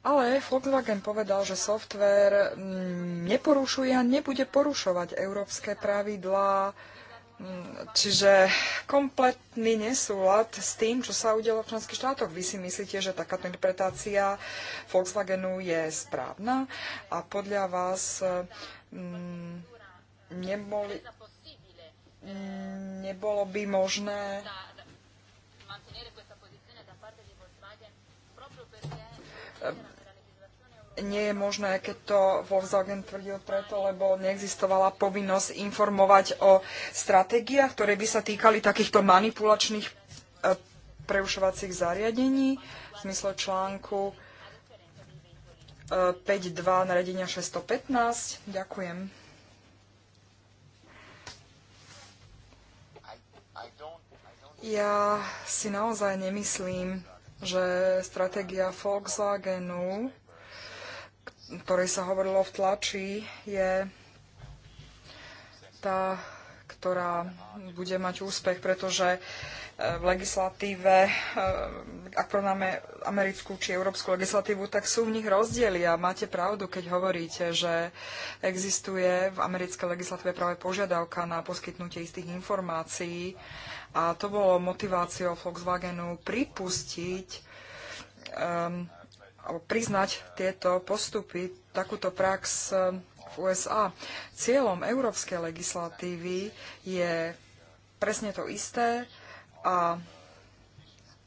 Ale Volkswagen povedal, že software mm, neporušuje a nebude porušovať európske pravidlá Mm, čiže kompletný nesúlad s tým, čo sa udialo v členských štátoch. Vy si myslíte, že takáto interpretácia Volkswagenu je správna a podľa vás mm, neboli, mm, nebolo by možné nie je možné, keď to Volkswagen tvrdil preto, lebo neexistovala povinnosť informovať o stratégiách, ktoré by sa týkali takýchto manipulačných e, preušovacích zariadení v zmysle článku 5.2 naredenia 615. Ďakujem. Ja si naozaj nemyslím, že stratégia Volkswagenu ktorej sa hovorilo v tlači, je tá, ktorá bude mať úspech, pretože e, v legislatíve, e, ak porovnáme americkú či európsku legislatívu, tak sú v nich rozdiely a máte pravdu, keď hovoríte, že existuje v americkej legislatíve práve požiadavka na poskytnutie istých informácií a to bolo motiváciou Volkswagenu pripustiť um, alebo priznať tieto postupy, takúto prax eh, v USA. Cieľom európskej legislatívy je presne to isté a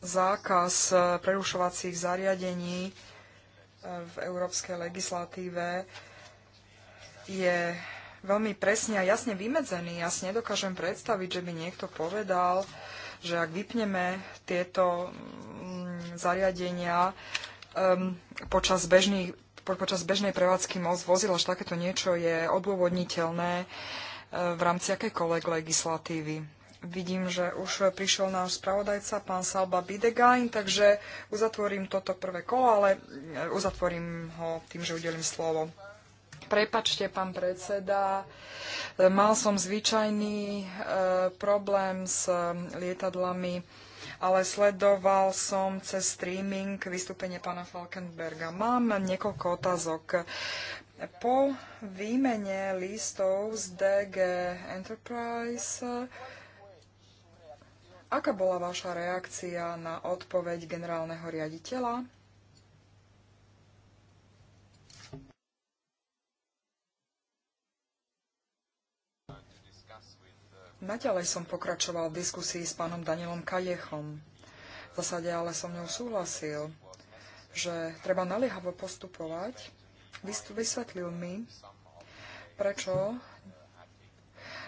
zákaz eh, prerušovacích zariadení eh, v európskej legislatíve je veľmi presne a jasne vymedzený. Ja si nedokážem predstaviť, že by niekto povedal, že ak vypneme tieto mm, zariadenia, um, počas, bežných, po, počas bežnej prevádzky most vozil až takéto niečo je odôvodniteľné uh, v rámci akékoľvek legislatívy. Vidím, že už prišiel náš spravodajca, pán Salba Bidegain, takže uzatvorím toto prvé kolo, ale uh, uzatvorím ho tým, že udelím slovo. Prepačte, pán predseda, mal som zvyčajný e, problém s um, lietadlami ale sledoval som cez streaming vystúpenie pána Falkenberga. Mám niekoľko otázok. Po výmene listov z DG Enterprise Aká bola vaša reakcia na odpoveď generálneho riaditeľa? Naďalej som pokračoval v diskusii s pánom Danielom Kajechom. V zásade ale som ňou súhlasil, že treba naliehavo postupovať. Vysvetlil mi, prečo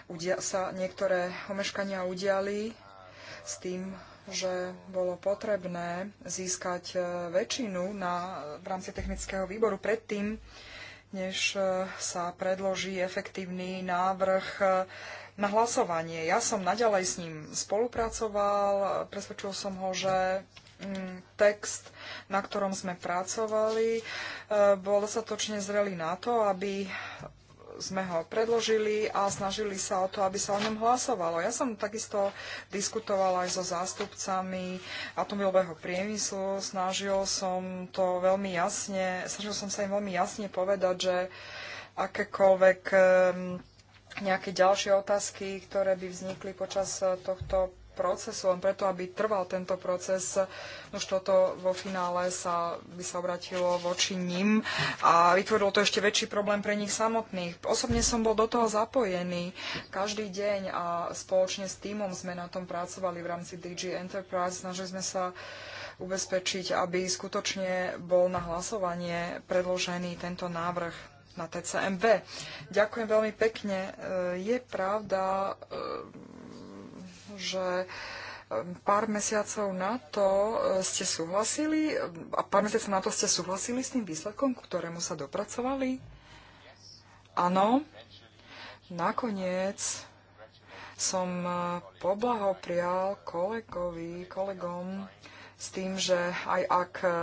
udia- sa niektoré omeškania udiali s tým, že bolo potrebné získať e, väčšinu na, v rámci technického výboru predtým, než e, sa predloží efektívny návrh e, na hlasovanie. Ja som naďalej s ním spolupracoval, presvedčil som ho, že mm, text, na ktorom sme pracovali, e, bol dostatočne zrelý na to, aby sme ho predložili a snažili sa o to, aby sa o ňom hlasovalo. Ja som takisto diskutovala aj so zástupcami atomového priemyslu. Snažil som to veľmi jasne, snažil som sa im veľmi jasne povedať, že akékoľvek ehm, nejaké ďalšie otázky, ktoré by vznikli počas tohto procesu, len preto, aby trval tento proces. Už toto vo finále sa by sa obratilo voči ním a vytvorilo to ešte väčší problém pre nich samotných. Osobne som bol do toho zapojený každý deň a spoločne s týmom sme na tom pracovali v rámci DG Enterprise. Snažili sme sa ubezpečiť, aby skutočne bol na hlasovanie predložený tento návrh na TCMV. Ďakujem veľmi pekne. E, je pravda, e, že um, pár mesiacov na to uh, ste súhlasili um, a pár mesiacov na to ste súhlasili s tým výsledkom, k ktorému sa dopracovali? Áno. Nakoniec som uh, poblahoprial kolegovi, kolegom s tým, že aj ak uh,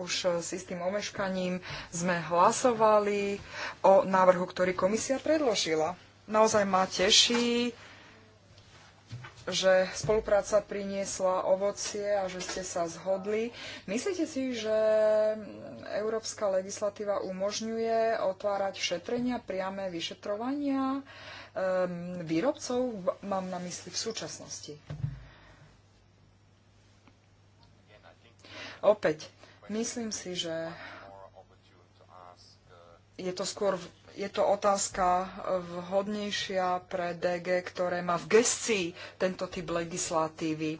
už s istým omeškaním sme hlasovali o návrhu, ktorý komisia predložila. Naozaj ma teší, že spolupráca priniesla ovocie a že ste sa zhodli. Myslíte si, že európska legislatíva umožňuje otvárať šetrenia, priame vyšetrovania um, výrobcov? Mám na mysli v súčasnosti. Opäť, myslím si, že je to skôr je to otázka eh, vhodnejšia pre DG, ktoré má v gestii tento typ legislatívy.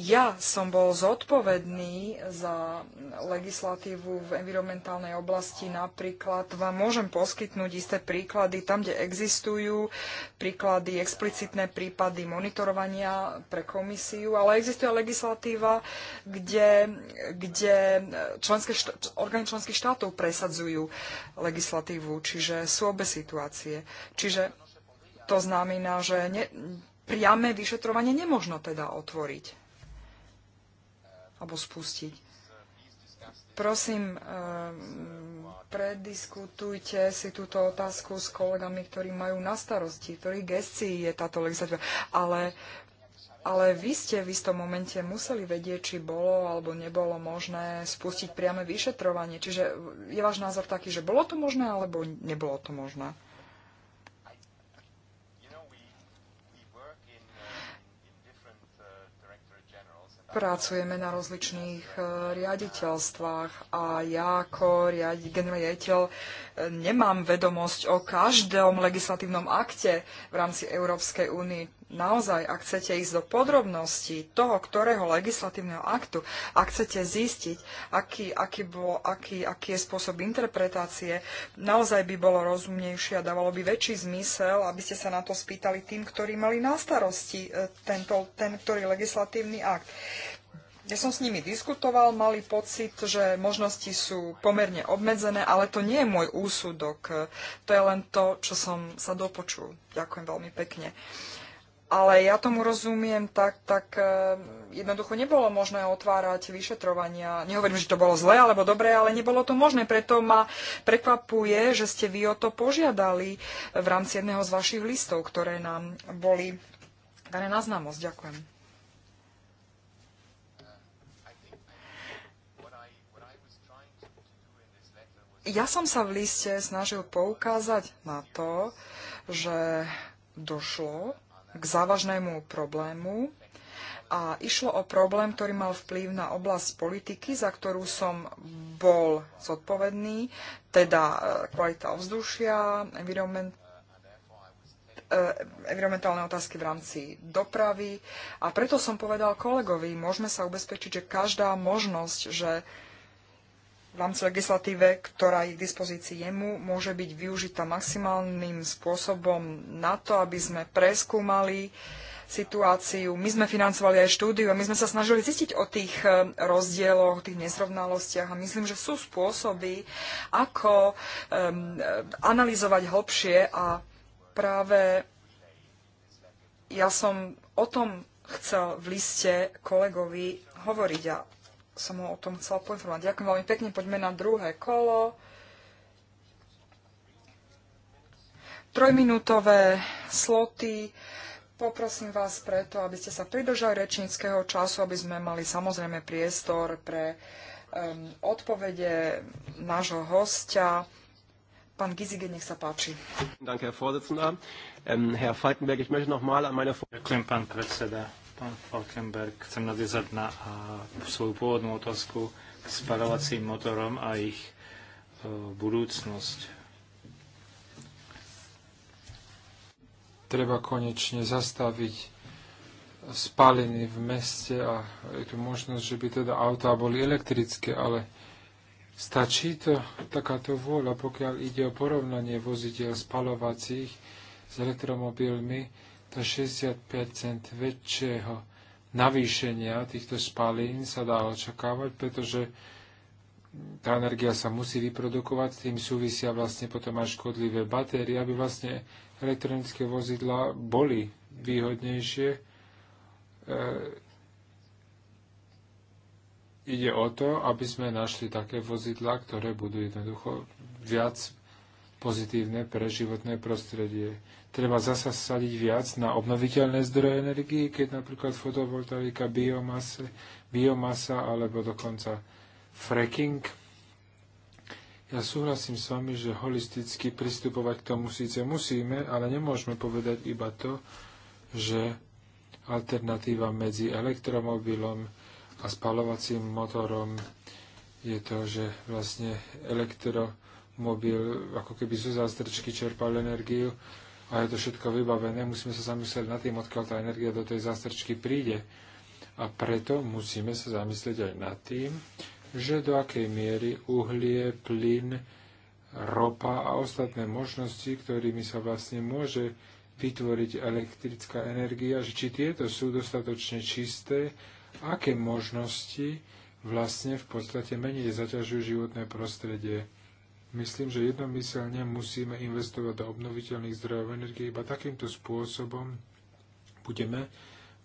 Ja som bol zodpovedný za legislatívu v environmentálnej oblasti. Napríklad vám môžem poskytnúť isté príklady tam, kde existujú príklady, explicitné prípady monitorovania pre komisiu, ale existuje legislatíva, kde, kde členské št- orgány členských štátov presadzujú legislatívu, čiže sú obe situácie. Čiže to znamená, že ne, priame vyšetrovanie nemožno teda otvoriť alebo spustiť. Prosím, eh, prediskutujte si túto otázku s kolegami, ktorí majú na starosti, ktorých gestii je táto legislatíva. Ale, ale vy ste v istom momente museli vedieť, či bolo alebo nebolo možné spustiť priame vyšetrovanie. Čiže je váš názor taký, že bolo to možné alebo nebolo to možné? pracujeme na rozličných e, riaditeľstvách a ja ako riaditeľ e, nemám vedomosť o každom legislatívnom akte v rámci Európskej únie naozaj, ak chcete ísť do podrobností toho, ktorého legislatívneho aktu, ak chcete zistiť, aký, aký, bol, aký, aký je spôsob interpretácie, naozaj by bolo rozumnejšie a dávalo by väčší zmysel, aby ste sa na to spýtali tým, ktorí mali na starosti e, tento, ten, ktorý legislatívny akt. Ja som s nimi diskutoval, mali pocit, že možnosti sú pomerne obmedzené, ale to nie je môj úsudok. To je len to, čo som sa dopočul. Ďakujem veľmi pekne. Ale ja tomu rozumiem, tak, tak eh, jednoducho nebolo možné otvárať vyšetrovania. Nehovorím, že to bolo zlé alebo dobré, ale nebolo to možné. Preto ma prekvapuje, že ste vy o to požiadali eh, v rámci jedného z vašich listov, ktoré nám boli dané na známosť. Ďakujem. Ja som sa v liste snažil poukázať na to, že došlo k závažnému problému a išlo o problém, ktorý mal vplyv na oblasť politiky, za ktorú som bol zodpovedný, teda e, kvalita ovzdušia, environment, e, environmentálne otázky v rámci dopravy. A preto som povedal kolegovi, môžeme sa ubezpečiť, že každá možnosť, že rámci legislatíve, ktorá je k dispozícii jemu, môže byť využitá maximálnym spôsobom na to, aby sme preskúmali situáciu. My sme financovali aj štúdiu a my sme sa snažili zistiť o tých e, rozdieloch, tých nezrovnalostiach a myslím, že sú spôsoby, ako um, analyzovať hlbšie a práve ja som o tom chcel v liste kolegovi hovoriť a som ho o tom chcela poinformovať. Ďakujem veľmi pekne, poďme na druhé kolo. Trojminútové sloty. Poprosím vás preto, aby ste sa pridržali rečníckého času, aby sme mali samozrejme priestor pre um, odpovede nášho hostia. Pán Gizige, nech sa páči. Ähm, Ďakujem, pán predseda. Pán Falkenberg, chcem nadviezať na svoju pôvodnú otázku k spalovacím motorom a ich e, budúcnosť. Treba konečne zastaviť spaliny v meste a je tu možnosť, že by teda autá boli elektrické, ale stačí to takáto vôľa, pokiaľ ide o porovnanie vozidel spalovacích s elektromobilmi, to cent väčšieho navýšenia týchto spalín sa dá očakávať, pretože tá energia sa musí vyprodukovať, tým súvisia vlastne potom aj škodlivé batérie, aby vlastne elektronické vozidla boli výhodnejšie. E, ide o to, aby sme našli také vozidla, ktoré budú jednoducho viac pozitívne pre životné prostredie. Treba zasa sadiť viac na obnoviteľné zdroje energie, keď napríklad fotovoltaika, biomase, biomasa alebo dokonca fracking. Ja súhlasím s vami, že holisticky pristupovať k tomu síce musíme, ale nemôžeme povedať iba to, že alternatíva medzi elektromobilom a spalovacím motorom je to, že vlastne elektro mobil, ako keby zo zástrčky čerpal energiu a je to všetko vybavené. Musíme sa zamyslieť nad tým, odkiaľ tá energia do tej zástrčky príde. A preto musíme sa zamyslieť aj nad tým, že do akej miery uhlie, plyn, ropa a ostatné možnosti, ktorými sa vlastne môže vytvoriť elektrická energia, že či tieto sú dostatočne čisté, aké možnosti vlastne v podstate menej zaťažujú životné prostredie. Myslím, že jednomyselne musíme investovať do obnoviteľných zdrojov energie. Iba takýmto spôsobom budeme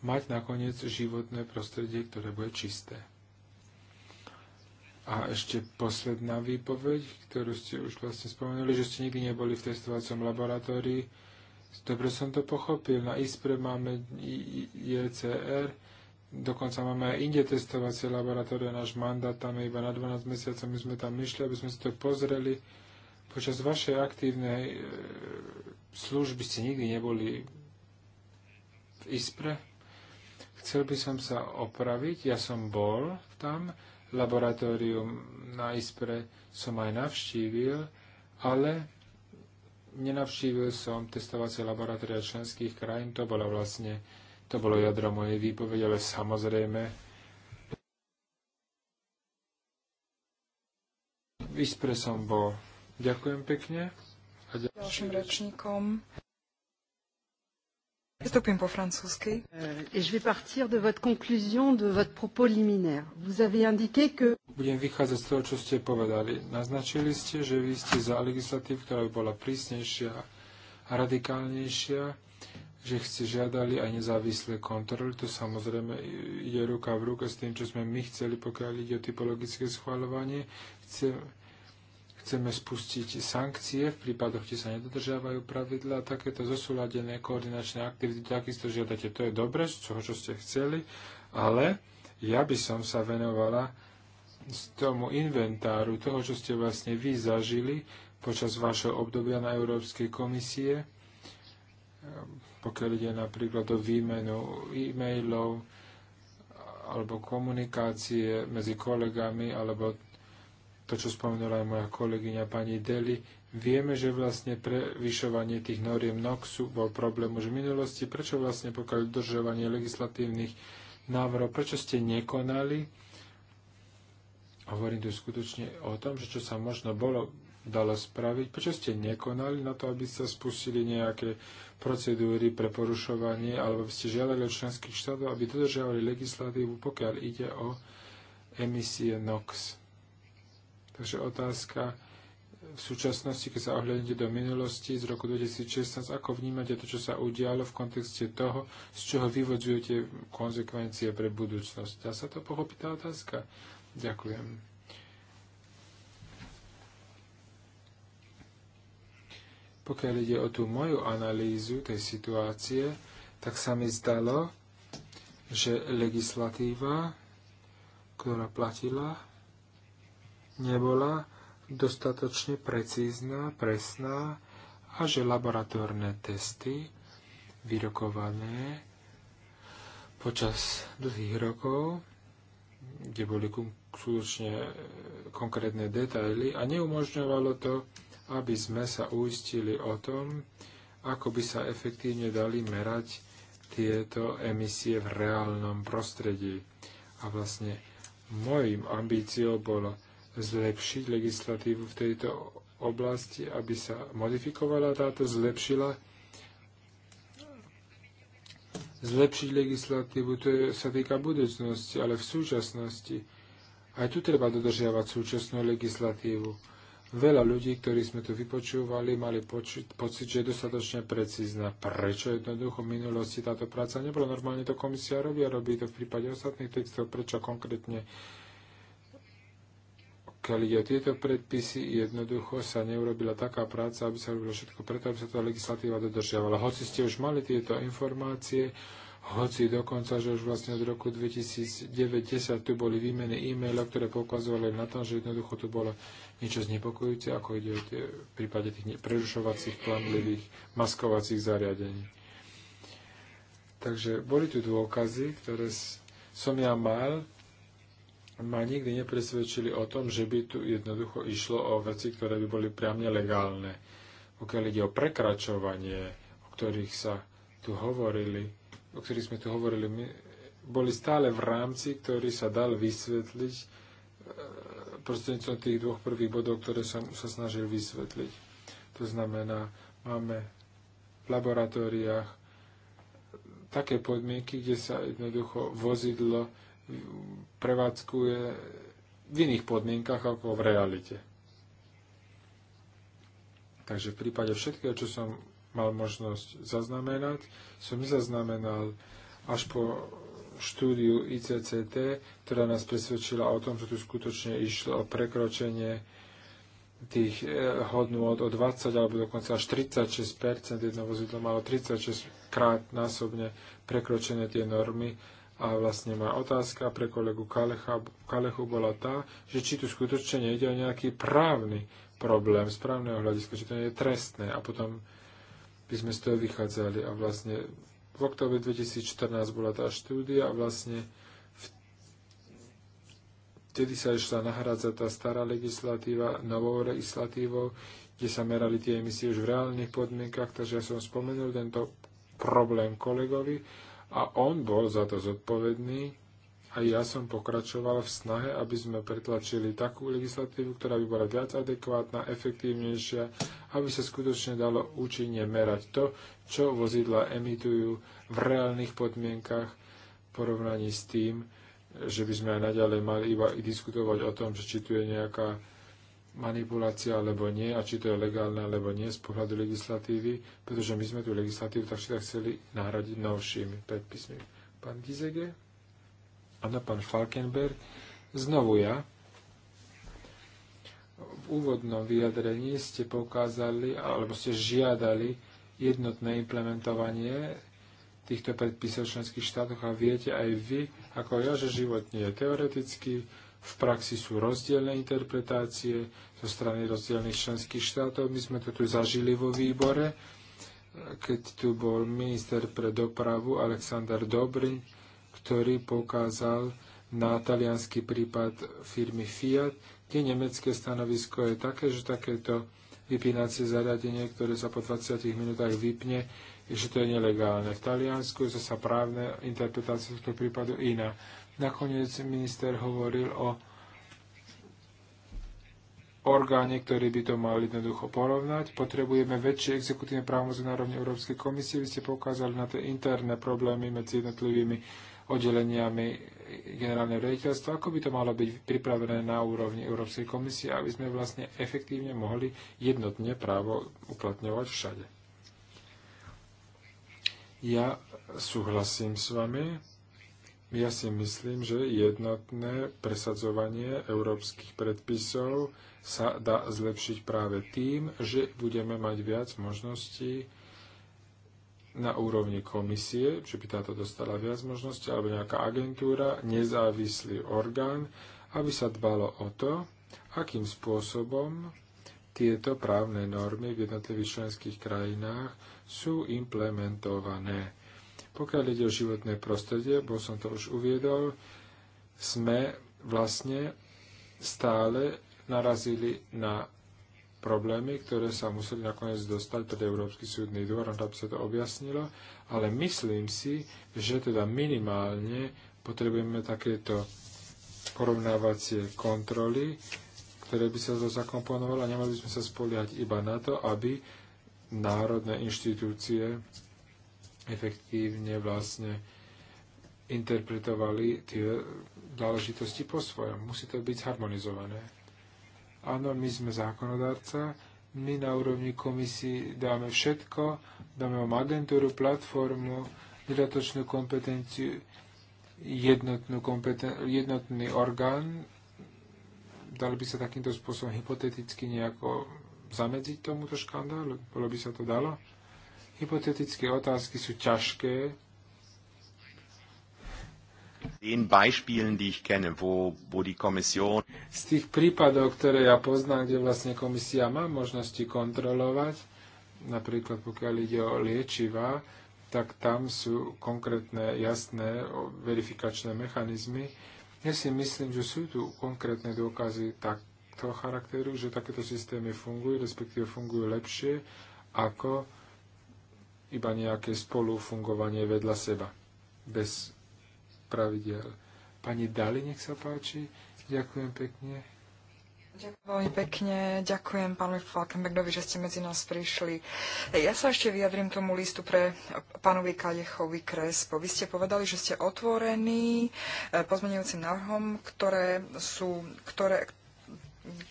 mať nakoniec životné prostredie, ktoré bude čisté. A ešte posledná výpoveď, ktorú ste už vlastne spomenuli, že ste nikdy neboli v testovacom laboratórii. Dobre som to pochopil. Na ISPRE máme IECR, dokonca máme aj inde testovacie laboratórie, náš mandát tam je iba na 12 mesiacov, my sme tam išli, aby sme si to pozreli. Počas vašej aktívnej e, služby ste nikdy neboli v Ispre. Chcel by som sa opraviť, ja som bol tam, laboratórium na Ispre som aj navštívil, ale nenavštívil som testovacie laboratória členských krajín, to bola vlastne to bolo jadro mojej výpovede, ale samozrejme v som bol. Ďakujem pekne. A ďalší ďalším rečníkom. Vystúpim po francúzsky. Eh, et je vais partir de votre conclusion de votre propos liminaire. Vous avez indiqué que... Budem vychádzať z toho, čo ste povedali. Naznačili ste, že vy ste za legislatív, ktorá by bola prísnejšia a radikálnejšia že chci žiadali aj nezávislé kontroly. To samozrejme ide ruka v ruke s tým, čo sme my chceli, pokiaľ ide o typologické schváľovanie. Chcem, chceme spustiť sankcie v prípadoch, kde sa nedodržiavajú pravidla. Takéto zosúladené koordinačné aktivity takisto žiadate. To je dobre, z toho čo ste chceli, ale ja by som sa venovala z tomu inventáru toho, čo ste vlastne vy zažili počas vašeho obdobia na Európskej komisie pokiaľ ide napríklad o výmenu e-mailov alebo komunikácie medzi kolegami alebo to, čo spomenula aj moja kolegyňa pani Deli, vieme, že vlastne prevyšovanie tých noriem NOXu bol problém už v minulosti. Prečo vlastne pokiaľ udržovanie legislatívnych návrhov, prečo ste nekonali? Hovorím tu skutočne o tom, že čo sa možno bolo dalo spraviť? Prečo ste nekonali na to, aby sa spustili nejaké procedúry pre porušovanie, alebo by ste žiadali od členských štátov, aby dodržiavali legislatívu, pokiaľ ide o emisie NOx? Takže otázka v súčasnosti, keď sa ohľadnete do minulosti z roku 2016, ako vnímate to, čo sa udialo v kontexte toho, z čoho vyvodzujete konsekvencie pre budúcnosť? Dá sa to pochopiť tá otázka? Ďakujem. Pokiaľ ide o tú moju analýzu tej situácie, tak sa mi zdalo, že legislatíva, ktorá platila, nebola dostatočne precízna, presná a že laboratórne testy vyrokované počas dlhých rokov, kde boli skutočne eh, konkrétne detaily a neumožňovalo to aby sme sa uistili o tom, ako by sa efektívne dali merať tieto emisie v reálnom prostredí. A vlastne mojim ambíciou bolo zlepšiť legislatívu v tejto oblasti, aby sa modifikovala táto, zlepšila. Zlepšiť legislatívu, to je, sa týka budúcnosti, ale v súčasnosti. Aj tu treba dodržiavať súčasnú legislatívu Veľa ľudí, ktorí sme tu vypočúvali, mali počiť, pocit, že je dostatočne precízna. Prečo jednoducho v minulosti táto práca nebola? Normálne to komisia robí a robí to v prípade ostatných textov. Prečo konkrétne keď ide o tieto predpisy, jednoducho sa neurobila taká práca, aby sa robilo všetko preto, aby sa tá legislatíva dodržiavala. Hoci ste už mali tieto informácie, hoci dokonca, že už vlastne od roku 2009 tu boli výmeny e-mailov, ktoré poukazovali na to, že jednoducho tu bolo niečo znepokojúce, ako ide o tie, v prípade tých prerušovacích, klamlivých, maskovacích zariadení. Takže boli tu dôkazy, ktoré som ja mal, ma nikdy nepresvedčili o tom, že by tu jednoducho išlo o veci, ktoré by boli priamne legálne. Pokiaľ ide o prekračovanie, o ktorých sa tu hovorili, o ktorých sme tu hovorili, my, boli stále v rámci, ktorý sa dal vysvetliť prostredníctvom tých dvoch prvých bodov, ktoré som sa snažil vysvetliť. To znamená, máme v laboratóriách také podmienky, kde sa jednoducho vozidlo prevádzkuje v iných podmienkach ako v realite. Takže v prípade všetkého, čo som mal možnosť zaznamenať, som nezaznamenal až po štúdiu ICCT, ktorá nás presvedčila o tom, že tu skutočne išlo o prekročenie tých eh, hodnôt o 20 alebo dokonca až 36 jedno vozidlo malo 36 krát násobne prekročené tie normy a vlastne moja otázka pre kolegu Kalecha, Kalechu bola tá, že či tu skutočne nejde o nejaký právny problém z právneho hľadiska, či to nie je trestné a potom by sme z toho vychádzali a vlastne v oktobre 2014 bola tá štúdia a vlastne vtedy sa išla nahrádzať tá stará legislatíva novou legislatívou, kde sa merali tie emisie už v reálnych podmienkach, takže ja som spomenul tento problém kolegovi a on bol za to zodpovedný a ja som pokračoval v snahe, aby sme pretlačili takú legislatívu, ktorá by bola viac adekvátna, efektívnejšia, aby sa skutočne dalo účinne merať to, čo vozidla emitujú v reálnych podmienkach v porovnaní s tým, že by sme aj naďalej mali iba diskutovať o tom, že či tu je nejaká manipulácia alebo nie a či to je legálne alebo nie z pohľadu legislatívy, pretože my sme tú legislatívu tak tak chceli nahradiť novšími predpismi. Pán Gizege? Áno, pán Falkenberg. Znovu ja. V úvodnom vyjadrení ste pokázali, alebo ste žiadali jednotné implementovanie týchto predpisov v členských štátoch a viete aj vy, ako ja, že život nie je teoretický, v praxi sú rozdielne interpretácie zo strany rozdielnych členských štátov. My sme to tu zažili vo výbore, keď tu bol minister pre dopravu Aleksandr Dobrin ktorý poukázal na talianský prípad firmy Fiat, kde nemecké stanovisko je také, že takéto vypínacie zariadenie, ktoré sa po 20 minútach vypne, že to je nelegálne. V Taliansku je právne interpretácie interpretácia tohto prípadu iná. Nakoniec minister hovoril o orgáne, ktorí by to mali jednoducho porovnať. Potrebujeme väčšie exekutívne právomoci na rovni Európskej komisie. Vy ste pokázali na tie interné problémy medzi jednotlivými oddeleniami generálneho rediteľstva, ako by to malo byť pripravené na úrovni Európskej komisie, aby sme vlastne efektívne mohli jednotne právo uplatňovať všade. Ja súhlasím s vami. Ja si myslím, že jednotné presadzovanie európskych predpisov sa dá zlepšiť práve tým, že budeme mať viac možností na úrovni komisie, či by táto dostala viac možností, alebo nejaká agentúra, nezávislý orgán, aby sa dbalo o to, akým spôsobom tieto právne normy v jednotlivých členských krajinách sú implementované. Pokiaľ ide o životné prostredie, bol som to už uviedol, sme vlastne stále narazili na problémy, ktoré sa museli nakoniec dostať pred Európsky súdny dvor, tam sa to objasnilo, ale myslím si, že teda minimálne potrebujeme takéto porovnávacie kontroly, ktoré by sa to zakomponovalo a nemali by sme sa spoliehať iba na to, aby národné inštitúcie efektívne vlastne interpretovali tie záležitosti po svojom. Musí to byť harmonizované. Áno, my sme zákonodárca, my na úrovni komisii dáme všetko, dáme vám agentúru, platformu, dodatočnú kompetenciu, jednotnú kompeten- jednotný orgán. dali by sa takýmto spôsobom hypoteticky nejako zamedziť tomuto škandálu? Bolo by sa to dalo? Hypotetické otázky sú ťažké, z tých prípadov, ktoré ja poznám, kde vlastne komisia má možnosti kontrolovať, napríklad pokiaľ ide o liečiva, tak tam sú konkrétne, jasné verifikačné mechanizmy. Ja si myslím, že sú tu konkrétne dôkazy takto charakteru, že takéto systémy fungujú, respektíve fungujú lepšie ako iba nejaké spolufungovanie vedľa seba, bez pravidel. Pani Dali, nech sa páči. Ďakujem pekne. Ďakujem veľmi pekne, ďakujem pánovi Falkenbergovi, že ste medzi nás prišli. Ja sa ešte vyjadrím tomu listu pre pánovi Kadechovi Krespo. Vy ste povedali, že ste otvorení eh, pozmenujúcim návrhom, ktoré, sú, ktoré,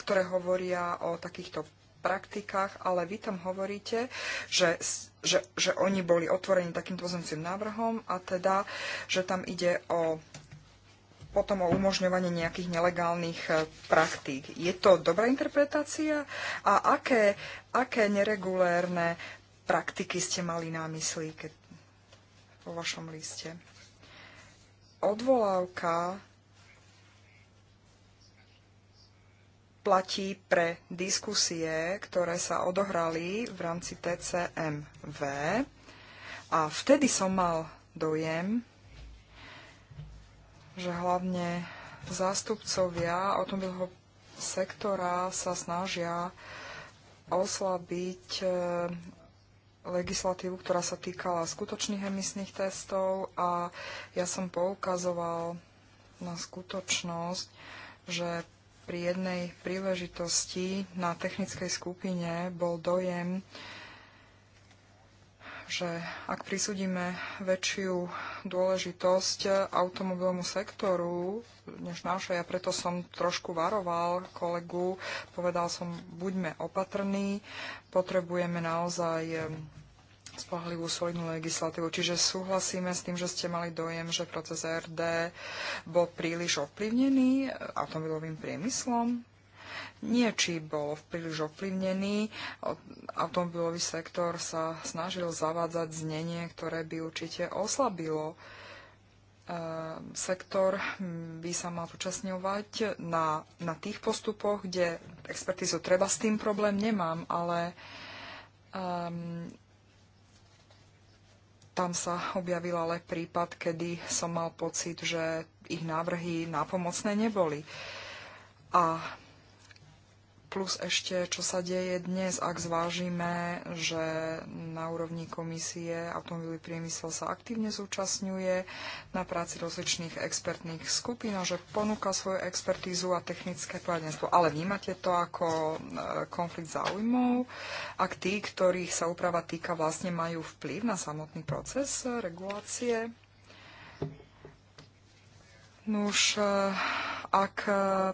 ktoré hovoria o takýchto praktikách, ale vy tam hovoríte, že že, že oni boli otvorení takým pozemcím návrhom a teda, že tam ide o potom o umožňovanie nejakých nelegálnych e, praktík. Je to dobrá interpretácia? A aké, aké neregulérne praktiky ste mali na mysli keď, vo vašom liste? Odvolávka platí pre diskusie, ktoré sa odohrali v rámci TCMV. A vtedy som mal dojem, že hlavne zástupcovia automobilového sektora sa snažia oslabiť e, legislatívu, ktorá sa týkala skutočných emisných testov a ja som poukazoval na skutočnosť, že pri jednej príležitosti na technickej skupine bol dojem, že ak prisudíme väčšiu dôležitosť automobilnému sektoru než našej, a preto som trošku varoval kolegu, povedal som, buďme opatrní, potrebujeme naozaj spohlivú solidnú legislatívu. Čiže súhlasíme s tým, že ste mali dojem, že proces RD bol príliš ovplyvnený automobilovým priemyslom? Nie, či bol príliš ovplyvnený. Automobilový sektor sa snažil zavádzať znenie, ktoré by určite oslabilo e, sektor by sa mal zúčastňovať na, na tých postupoch, kde expertizu treba, s tým problém nemám, ale um, tam sa objavil ale prípad, kedy som mal pocit, že ich návrhy nápomocné neboli. A plus ešte, čo sa deje dnes, ak zvážime, že na úrovni komisie automobilový priemysel sa aktívne zúčastňuje na práci rozličných expertných skupín a že ponúka svoju expertízu a technické poradenstvo. Ale vnímate to ako e, konflikt záujmov, ak tí, ktorých sa úprava týka, vlastne majú vplyv na samotný proces e, regulácie? Nuž, e, ak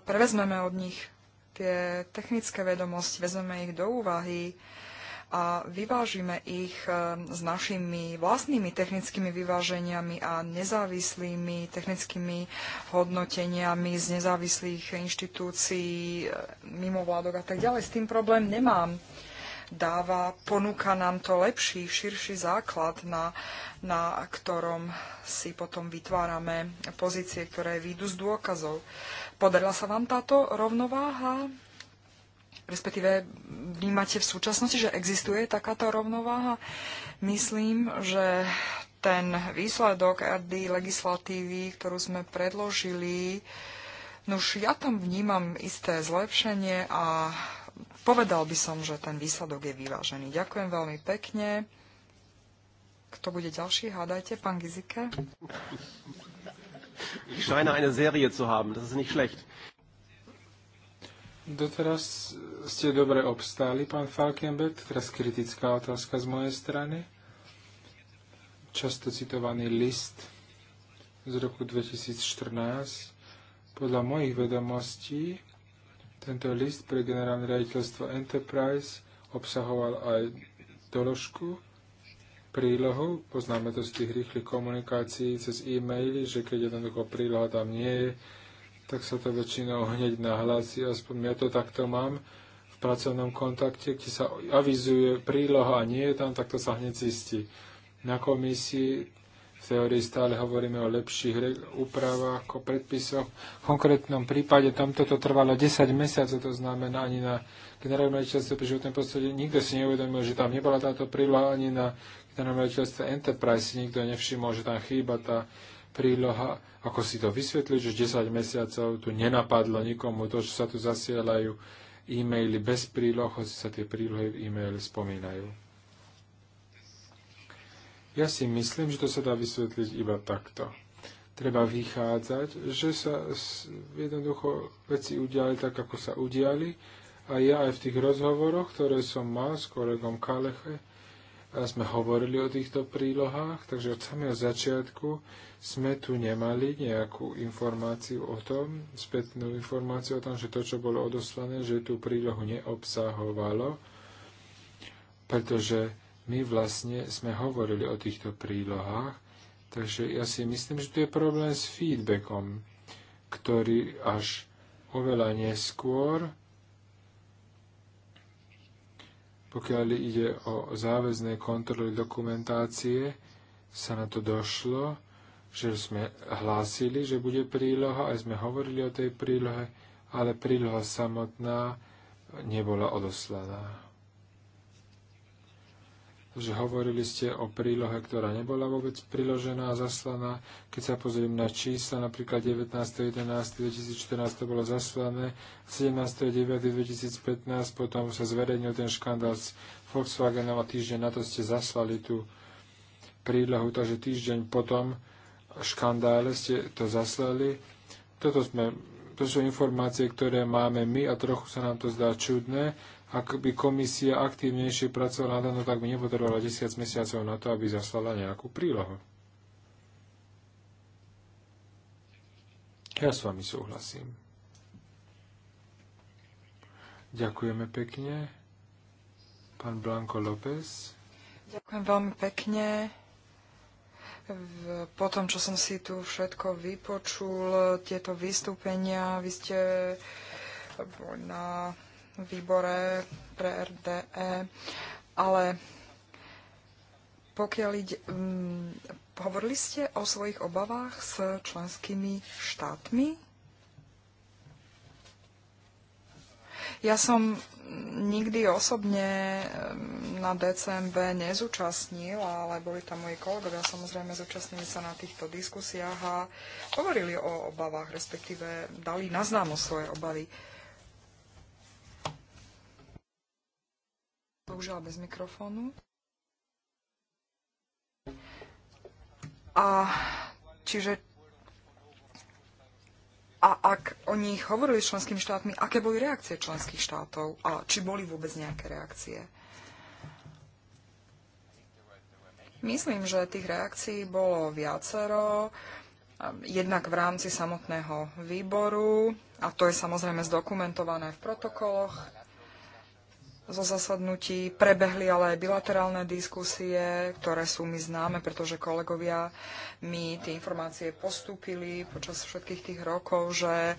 prevezmeme od nich tie technické vedomosti, vezmeme ich do úvahy a vyvážime ich e, s našimi vlastnými technickými vyváženiami a nezávislými technickými hodnoteniami z nezávislých inštitúcií, e, mimovládok a tak ďalej. S tým problém nemám dáva, ponúka nám to lepší, širší základ, na, na ktorom si potom vytvárame pozície, ktoré výjdu z dôkazov. Podarila sa vám táto rovnováha? Respektíve vnímate v súčasnosti, že existuje takáto rovnováha? Myslím, že ten výsledok RD legislatívy, ktorú sme predložili, no už ja tam vnímam isté zlepšenie a povedal by som, že ten výsledok je vyvážený. Ďakujem veľmi pekne. Kto bude ďalší? Hádajte, pán Gizike. Ich scheine eine Serie zu haben, das ist nicht schlecht. Doteraz ste dobre obstáli, pán Falkenberg. Teraz kritická otázka z mojej strany. Často citovaný list z roku 2014. Podľa mojich vedomostí tento list pre generálne riaditeľstvo Enterprise obsahoval aj doložku, prílohu. Poznáme to z tých rýchlych komunikácií cez e-maily, že keď jednoducho príloha tam nie je, tak sa to väčšinou hneď nahlási. Aspoň ja to takto mám v pracovnom kontakte, kde sa avizuje príloha a nie je tam, tak to sa hneď zistí. Na komisii v teórii stále hovoríme o lepších úpravách, o predpisoch. V konkrétnom prípade tamto to trvalo 10 mesiacov, to znamená ani na generálnej časti pre životné prostredie. Nikto si neuvedomil, že tam nebola táto príloha ani na generálneho veliteľstva Enterprise si nikto nevšimol, že tam chýba tá príloha, ako si to vysvetliť, že 10 mesiacov tu nenapadlo nikomu to, že sa tu zasielajú e-maily bez príloh, hoci sa tie prílohy v e-maili spomínajú. Ja si myslím, že to sa dá vysvetliť iba takto treba vychádzať, že sa jednoducho veci udiali tak, ako sa udiali. A ja aj v tých rozhovoroch, ktoré som mal s kolegom Kaleche, sme hovorili o týchto prílohách, takže od samého začiatku sme tu nemali nejakú informáciu o tom, spätnú informáciu o tom, že to, čo bolo odoslané, že tú prílohu neobsahovalo, pretože my vlastne sme hovorili o týchto prílohách, takže ja si myslím, že tu je problém s feedbackom, ktorý až oveľa neskôr pokiaľ ide o záväzné kontroly dokumentácie, sa na to došlo, že sme hlásili, že bude príloha, aj sme hovorili o tej prílohe, ale príloha samotná nebola odoslaná že hovorili ste o prílohe, ktorá nebola vôbec priložená a zaslaná. Keď sa pozriem na čísla, napríklad 19.11.2014 to bolo zaslané, 17.9.2015 potom sa zverejnil ten škandál s Volkswagenom a týždeň na to ste zaslali tú prílohu, takže týždeň potom škandále ste to zaslali. Toto sme, to sú informácie, ktoré máme my a trochu sa nám to zdá čudné, ak by komisia aktívnejšie pracovala na tom, tak by nepotrebovala 10 mesiacov na to, aby zaslala nejakú prílohu. Ja s vami súhlasím. Ďakujeme pekne. Pán Blanco López. Ďakujem veľmi pekne. Po tom, čo som si tu všetko vypočul, tieto vystúpenia, vy ste na výbore pre RDE, ale pokiaľ ide, um, hovorili ste o svojich obavách s členskými štátmi? Ja som nikdy osobne mm, na DCMB nezúčastnil, ale boli tam moji kolegovia, samozrejme zúčastnili sa na týchto diskusiách a hovorili o obavách, respektíve dali na známo svoje obavy. Uh, bohužiaľ bez mikrofónu. A čiže a ak oni hovorili s členskými štátmi, aké boli reakcie členských štátov a či boli vôbec nejaké reakcie? Myslím, že tých reakcií bolo viacero. Jednak v rámci samotného výboru, a to je samozrejme zdokumentované v protokoloch zo zasadnutí prebehli ale aj bilaterálne diskusie, ktoré sú mi známe, pretože kolegovia mi tie informácie postúpili počas všetkých tých rokov, že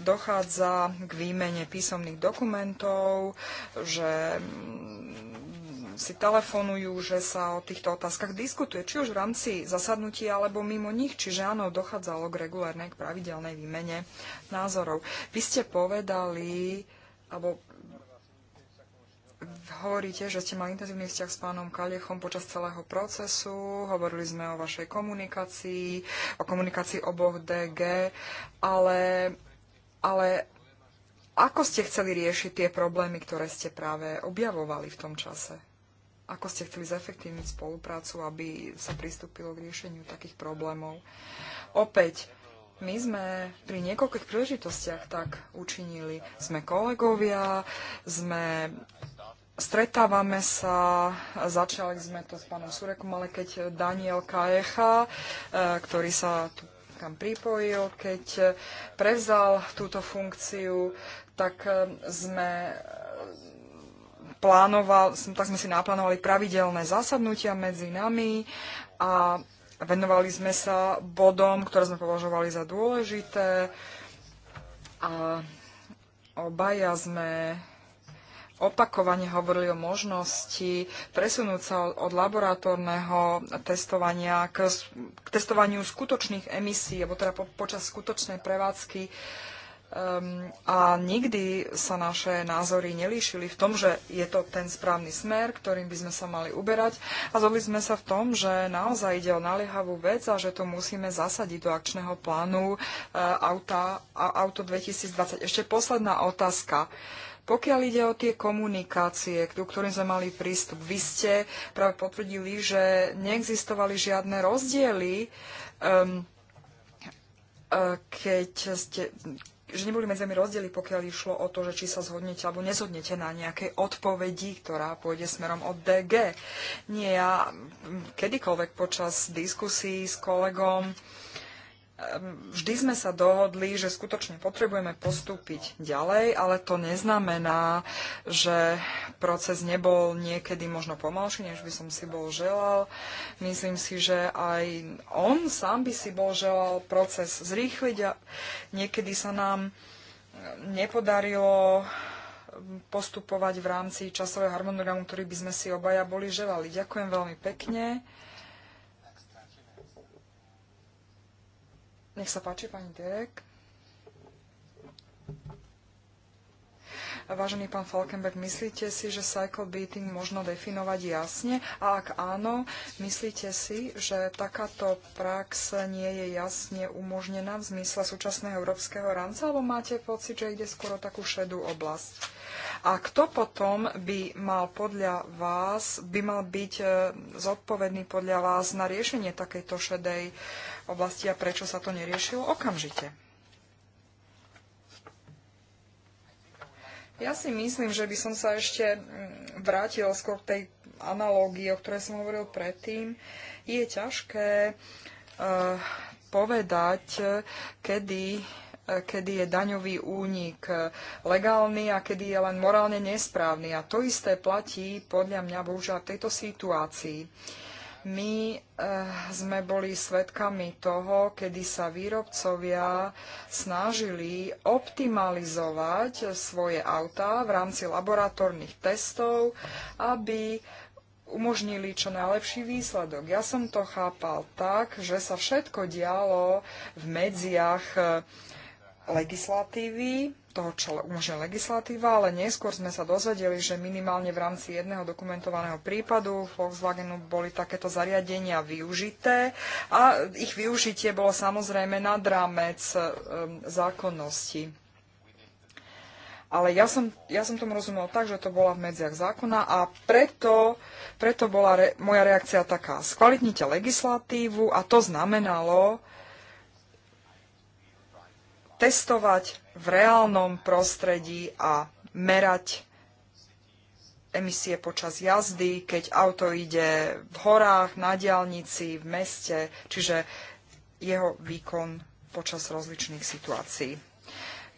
dochádza k výmene písomných dokumentov, že mm, si telefonujú, že sa o týchto otázkach diskutuje, či už v rámci zasadnutí alebo mimo nich, čiže áno, dochádzalo k regulárnej, k pravidelnej výmene názorov. Vy ste povedali, alebo hovoríte, že ste mali intenzívny vzťah s pánom Kaliechom počas celého procesu, hovorili sme o vašej komunikácii, o komunikácii oboch DG, ale, ale ako ste chceli riešiť tie problémy, ktoré ste práve objavovali v tom čase? Ako ste chceli zefektívniť spoluprácu, aby sa pristúpilo k riešeniu takých problémov? Opäť, my sme pri niekoľkých príležitostiach tak učinili. Sme kolegovia, sme Stretávame sa, začali sme to s pánom Surekom, ale keď Daniel Kajecha, e, ktorý sa tu kam pripojil, keď prevzal túto funkciu, tak e, sme e, plánoval, tak sme si naplánovali pravidelné zasadnutia medzi nami a venovali sme sa bodom, ktoré sme považovali za dôležité a obaja sme opakovane hovorili o možnosti presunúť sa od laboratórneho testovania k, k testovaniu skutočných emisí, alebo teda po, počas skutočnej prevádzky. Um, a nikdy sa naše názory nelíšili v tom, že je to ten správny smer, ktorým by sme sa mali uberať. A zhodli sme sa v tom, že naozaj ide o naliehavú vec a že to musíme zasadiť do akčného plánu uh, auta, auto 2020. Ešte posledná otázka. Uh, pokiaľ ide o tie komunikácie, k ktorým sme mali prístup, vy ste práve potvrdili, že neexistovali žiadne rozdiely, um, keď ste, že neboli medzi nami rozdiely, pokiaľ išlo o to, že či sa zhodnete alebo nezhodnete na nejakej odpovedi, ktorá pôjde smerom od DG. Nie, ja kedykoľvek počas diskusí s kolegom vždy sme sa dohodli, že skutočne potrebujeme postúpiť ďalej, ale to neznamená, že proces nebol niekedy možno pomalší, než by som si bol želal. Myslím si, že aj on sám by si bol želal proces zrýchliť a niekedy sa nám nepodarilo postupovať v rámci časového harmonogramu, ktorý by sme si obaja boli želali. Ďakujem veľmi pekne. Nech sa páči, pani Derek. Vážený pán Falkenberg, myslíte si, že cycle beating možno definovať jasne? A ak áno, myslíte si, že takáto prax nie je jasne umožnená v zmysle súčasného európskeho rámca, alebo máte pocit, že ide skoro o takú šedú oblasť? A kto potom by mal podľa vás, by mal byť eh, zodpovedný podľa vás na riešenie takejto šedej oblasti a prečo sa to neriešilo okamžite. Ja si myslím, že by som sa ešte mm, vrátil skôr k tej analógii, o ktorej som hovoril predtým. Je ťažké uh, povedať, kedy eh, kedy je daňový únik eh, legálny a kedy je len morálne nesprávny. A to isté platí podľa mňa bohužiaľ v tejto situácii. Uh, my e, sme boli svedkami toho, kedy sa výrobcovia snažili optimalizovať svoje autá v rámci laboratórnych testov, aby umožnili čo najlepší výsledok. Ja som to chápal tak, že sa všetko dialo v medziach eh, legislatívy toho, čo umožňuje legislatíva, ale neskôr sme sa dozvedeli, že minimálne v rámci jedného dokumentovaného prípadu Volkswagenu boli takéto zariadenia využité a ich využitie bolo samozrejme na drámec um, e, zákonnosti. Ale ja som, ja som tomu rozumel tak, že to bola v medziach zákona a preto, preto bola re, moja reakcia taká. Skvalitnite legislatívu a to znamenalo, testovať v reálnom prostredí a merať emisie počas jazdy, keď auto ide v horách, na diálnici, v meste, čiže jeho výkon počas rozličných situácií.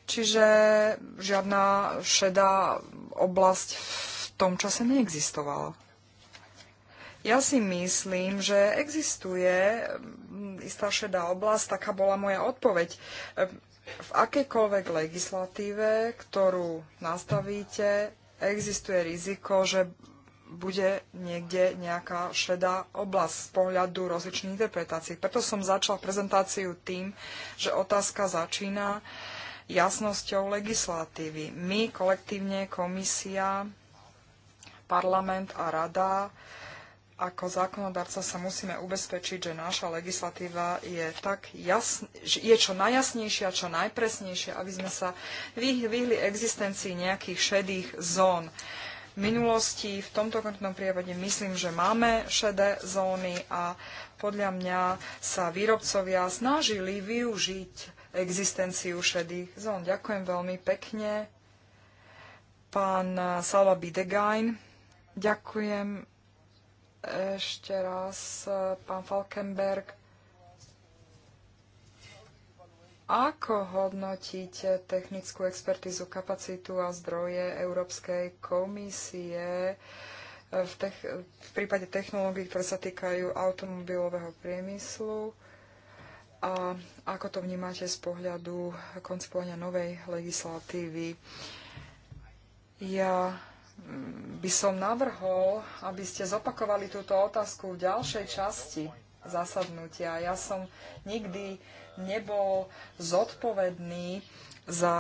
Čiže žiadna šedá oblasť v tom čase neexistovala. Ja si myslím, že existuje istá šedá oblasť, taká bola moja odpoveď v akékoľvek legislatíve, ktorú nastavíte, existuje riziko, že bude niekde nejaká šedá oblasť z pohľadu rozličných interpretácií. Preto som začal prezentáciu tým, že otázka začína jasnosťou legislatívy. My, kolektívne komisia, parlament a rada, ako zákonodarca sa musíme ubezpečiť, že naša legislatíva je tak jasn- je čo najjasnejšia, čo najpresnejšia, aby sme sa vyhli existencii nejakých šedých zón. V minulosti, v tomto konkrétnom prípade myslím, že máme šedé zóny a podľa mňa sa výrobcovia snažili využiť existenciu šedých zón. Ďakujem veľmi pekne. Pán Salva Bidegain, ďakujem ešte raz, e, pán Falkenberg, ako hodnotíte technickú expertizu, kapacitu a zdroje Európskej komisie e, v, tech- v prípade technológií, ktoré sa týkajú automobilového priemyslu? A ako to vnímate z pohľadu koncipovania novej legislatívy? Ja by som navrhol, aby ste zopakovali túto otázku v ďalšej časti zasadnutia. Ja som nikdy nebol zodpovedný za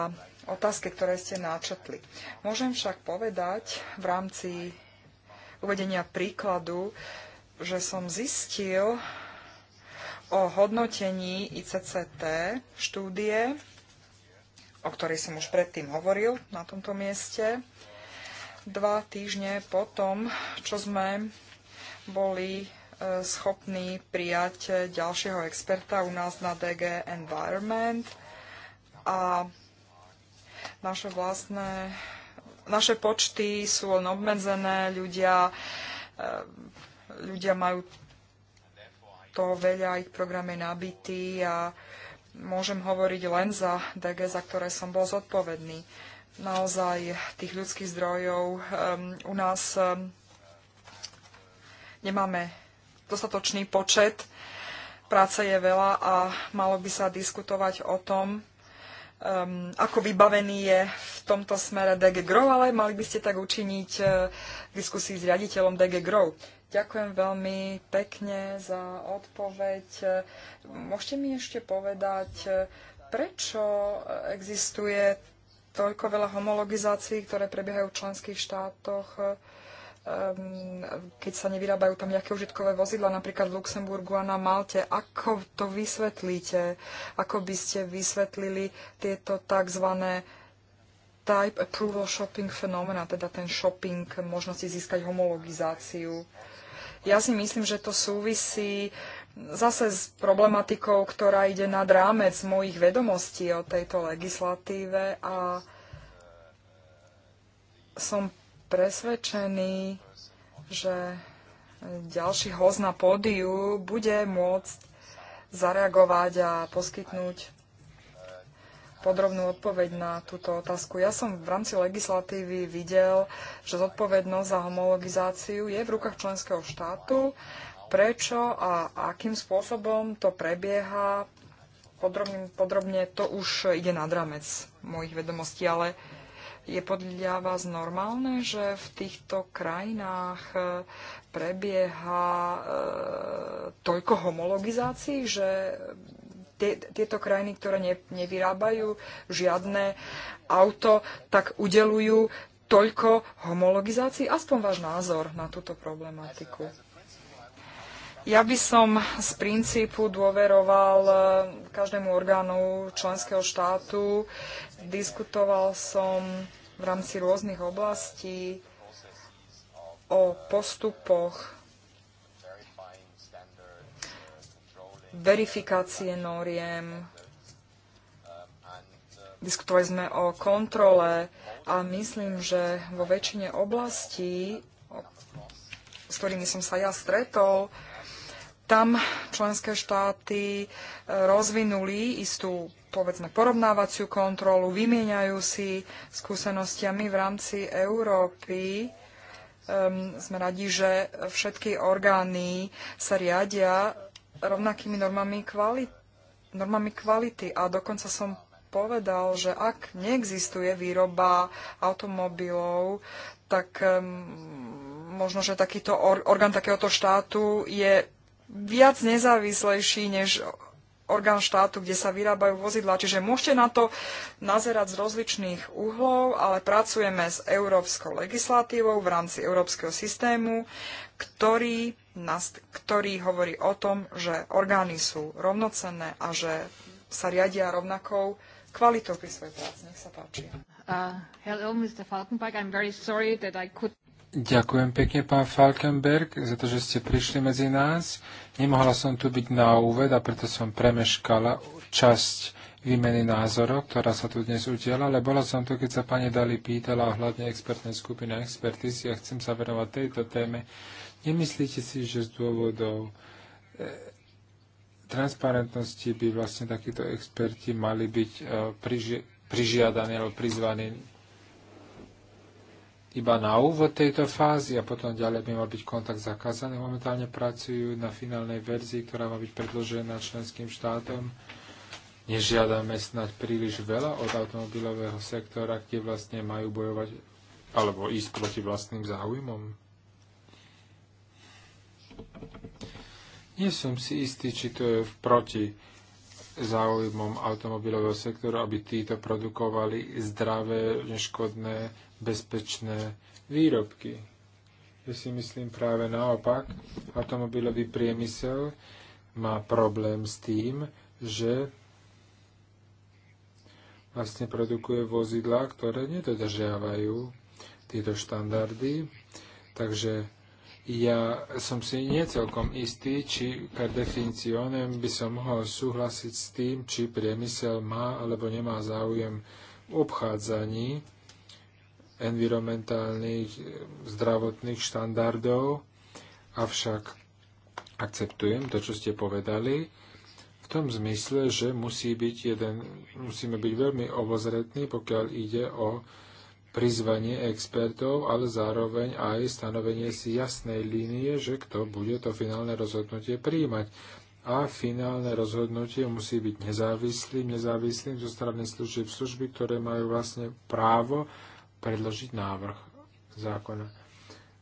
otázky, ktoré ste náčetli. Môžem však povedať v rámci uvedenia príkladu, že som zistil o hodnotení ICCT štúdie, o ktorej som už predtým hovoril na tomto mieste, dva týždne po tom, čo sme boli e, schopní prijať ďalšieho experta u nás na DG Environment a naše vlastné naše počty sú len obmedzené, ľudia, e, ľudia majú toho veľa, ich program je nabitý a môžem hovoriť len za DG, za ktoré som bol zodpovedný naozaj tých ľudských zdrojov. Um, u nás um, nemáme dostatočný počet, práce je veľa a malo by sa diskutovať o tom, um, ako vybavený je v tomto smere DG Grow, ale mali by ste tak učiniť uh, v diskusii s riaditeľom DG Grow. Ďakujem veľmi pekne za odpoveď. Môžete mi ešte povedať, uh, prečo existuje toľko veľa homologizácií, ktoré prebiehajú v členských štátoch, eh, keď sa nevyrábajú tam nejaké užitkové vozidla, napríklad v Luxemburgu a na Malte. Ako to vysvetlíte? Ako by ste vysvetlili tieto tzv. type approval shopping fenomena, teda ten shopping možnosti získať homologizáciu? Ja si myslím, že to súvisí uh, zase s problematikou, ktorá ide nad rámec mojich vedomostí o tejto legislatíve a som presvedčený, že ďalší host na pódiu bude môcť zareagovať a poskytnúť podrobnú odpoveď na túto otázku. Ja som v rámci legislatívy videl, že zodpovednosť za homologizáciu je v rukách členského štátu prečo a akým spôsobom to prebieha, podrobne, podrobne to už ide nad rámec mojich vedomostí, ale je podľa vás normálne, že v týchto krajinách e, prebieha e, toľko homologizácií, že tie, tieto krajiny, ktoré ne, nevyrábajú žiadne auto, tak udelujú toľko homologizácií? Aspoň váš názor na túto problematiku. Ja by som z princípu dôveroval eh, každému orgánu členského štátu. Diskutoval som v rámci rôznych oblastí o postupoch verifikácie noriem. Diskutovali sme o kontrole a myslím, že vo väčšine oblastí, s ktorými som sa ja stretol, tam členské štáty e, rozvinuli istú povedzme porovnávaciu kontrolu, vymieňajú si skúsenosti a my v rámci Európy um, sme radi, že všetky orgány sa riadia rovnakými normami, kvali- normami kvality a dokonca som povedal, že ak neexistuje výroba automobilov, tak um, možno, že takýto or- orgán takéhoto štátu je viac nezávislejší než orgán štátu, kde sa vyrábajú vozidla. Čiže môžete na to nazerať z rozličných uhlov, ale pracujeme s európskou legislatívou v rámci európskeho systému, ktorý, nás, ktorý hovorí o tom, že orgány sú rovnocenné a že sa riadia rovnakou kvalitou pri svojej práci. Nech sa páči. Uh, hello, Mr. Falkenberg. I'm very sorry that I could... Ďakujem pekne, pán Falkenberg, za to, že ste prišli medzi nás. Nemohla som tu byť na úved a preto som premeškala časť výmeny názorov, ktorá sa tu dnes udiela, ale bola som tu, keď sa pani Dali pýtala ohľadne expertnej skupiny a expertízy a chcem sa venovať tejto téme. Nemyslíte si, že z dôvodov e, transparentnosti by vlastne takíto experti mali byť e, priži- prižiadaní alebo prizvaní iba na úvod tejto fázy a potom ďalej by mal byť kontakt zakázaný. Momentálne pracujú na finálnej verzii, ktorá má byť predložená členským štátom. Nežiadame snať príliš veľa od automobilového sektora, kde vlastne majú bojovať alebo ísť proti vlastným záujmom. Nie som si istý, či to je proti záujmom automobilového sektoru, aby títo produkovali zdravé, neškodné bezpečné výrobky. Ja si myslím práve naopak, automobilový priemysel má problém s tým, že vlastne produkuje vozidlá, ktoré nedodržiavajú tieto štandardy. Takže ja som si necelkom istý, či per definíciónem by som mohol súhlasiť s tým, či priemysel má alebo nemá záujem v obchádzaní environmentálnych zdravotných štandardov, avšak akceptujem to, čo ste povedali, v tom zmysle, že musí byť jeden, musíme byť veľmi obozretní, pokiaľ ide o prizvanie expertov, ale zároveň aj stanovenie si jasnej línie, že kto bude to finálne rozhodnutie príjmať. A finálne rozhodnutie musí byť nezávislým, nezávislým zo strany služieb služby, ktoré majú vlastne právo predložiť návrh zákona.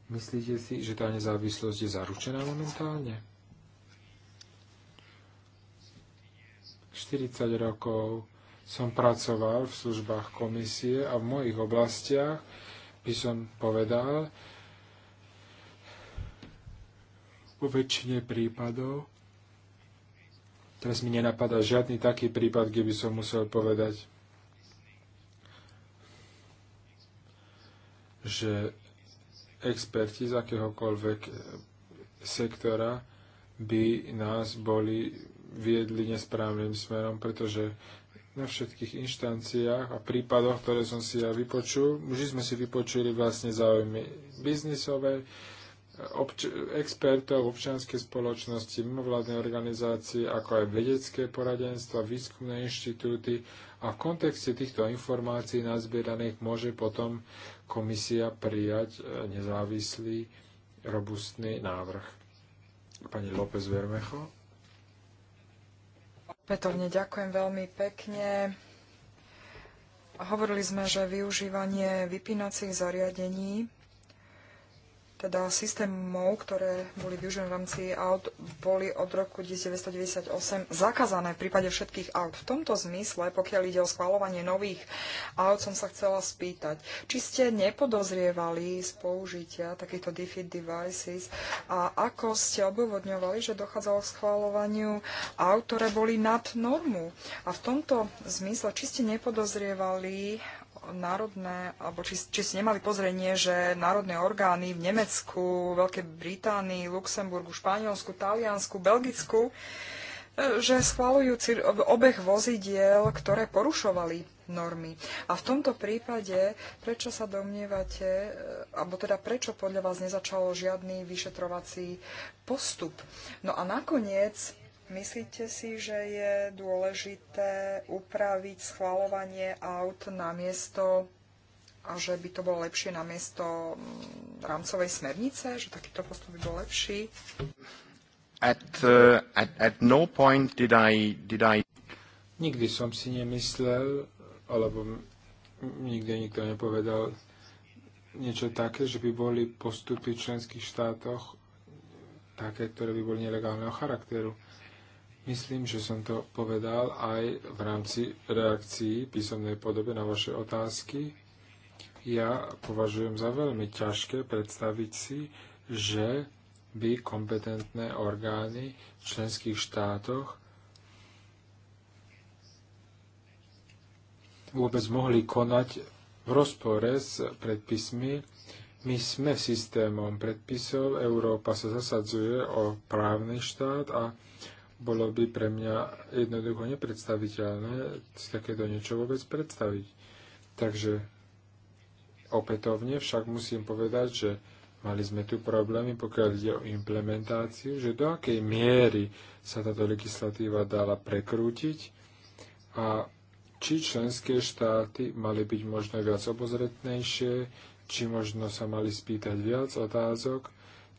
Myslíte si, že tá nezávislosť je zaručená momentálne? 40 rokov som pracoval v službách komisie a v mojich oblastiach by som povedal, vo väčšine prípadov, teraz mi nenapadá žiadny taký prípad, kde by som musel povedať, že experti z akéhokoľvek eh, sektora by nás boli viedli nesprávnym smerom, pretože na všetkých inštanciách a prípadoch, ktoré som si ja vypočul, už sme si vypočuli vlastne záujmy biznisové, obč- expertov občianskej spoločnosti, mimovládnej organizácie, ako aj vedecké poradenstva, výskumné inštitúty a v kontexte týchto informácií nazbieraných môže potom komisia prijať e, nezávislý, robustný návrh. Pani López Vermecho. Petovne ďakujem veľmi pekne. Hovorili sme, že využívanie vypínacích zariadení teda systémov, ktoré boli využené v rámci aut, boli od roku 1998 zakázané v prípade všetkých aut. V tomto zmysle, pokiaľ ide o schvalovanie nových aut, som sa chcela spýtať, či ste nepodozrievali z použitia takýchto defeat devices a ako ste obvodňovali, že dochádzalo k schvalovaniu aut, ktoré boli nad normu. A v tomto zmysle, či ste nepodozrievali národné, alebo či, či si nemali pozrenie, že národné orgány v Nemecku, Veľkej Británii, Luxemburgu, Španielsku, Taliansku, Belgicku, e, že schvalujú obeh vozidiel, ktoré porušovali normy. A v tomto prípade, prečo sa domnievate, e, alebo teda prečo podľa vás nezačalo žiadny vyšetrovací postup? No a nakoniec Myslíte si, že je dôležité upraviť schvalovanie aut na miesto a že by to bolo lepšie na miesto mm, rámcovej smernice, že takýto postup by bol lepší? At, uh, at, at no point did I, did I... Nikdy som si nemyslel, alebo nikdy nikto nepovedal niečo také, že by boli postupy v členských štátoch také, ktoré by boli nelegálneho charakteru. Myslím, že som to povedal aj v rámci reakcií písomnej podobe na vaše otázky. Ja považujem za veľmi ťažké predstaviť si, že by kompetentné orgány v členských štátoch vôbec mohli konať v rozpore s predpismi. My sme systémom predpisov, Európa sa zasadzuje o právny štát a bolo by pre mňa jednoducho nepredstaviteľné si takéto niečo vôbec predstaviť. Takže opätovne však musím povedať, že mali sme tu problémy, pokiaľ ide o implementáciu, že do akej miery sa táto legislatíva dala prekrútiť a či členské štáty mali byť možno viac obozretnejšie, či možno sa mali spýtať viac otázok,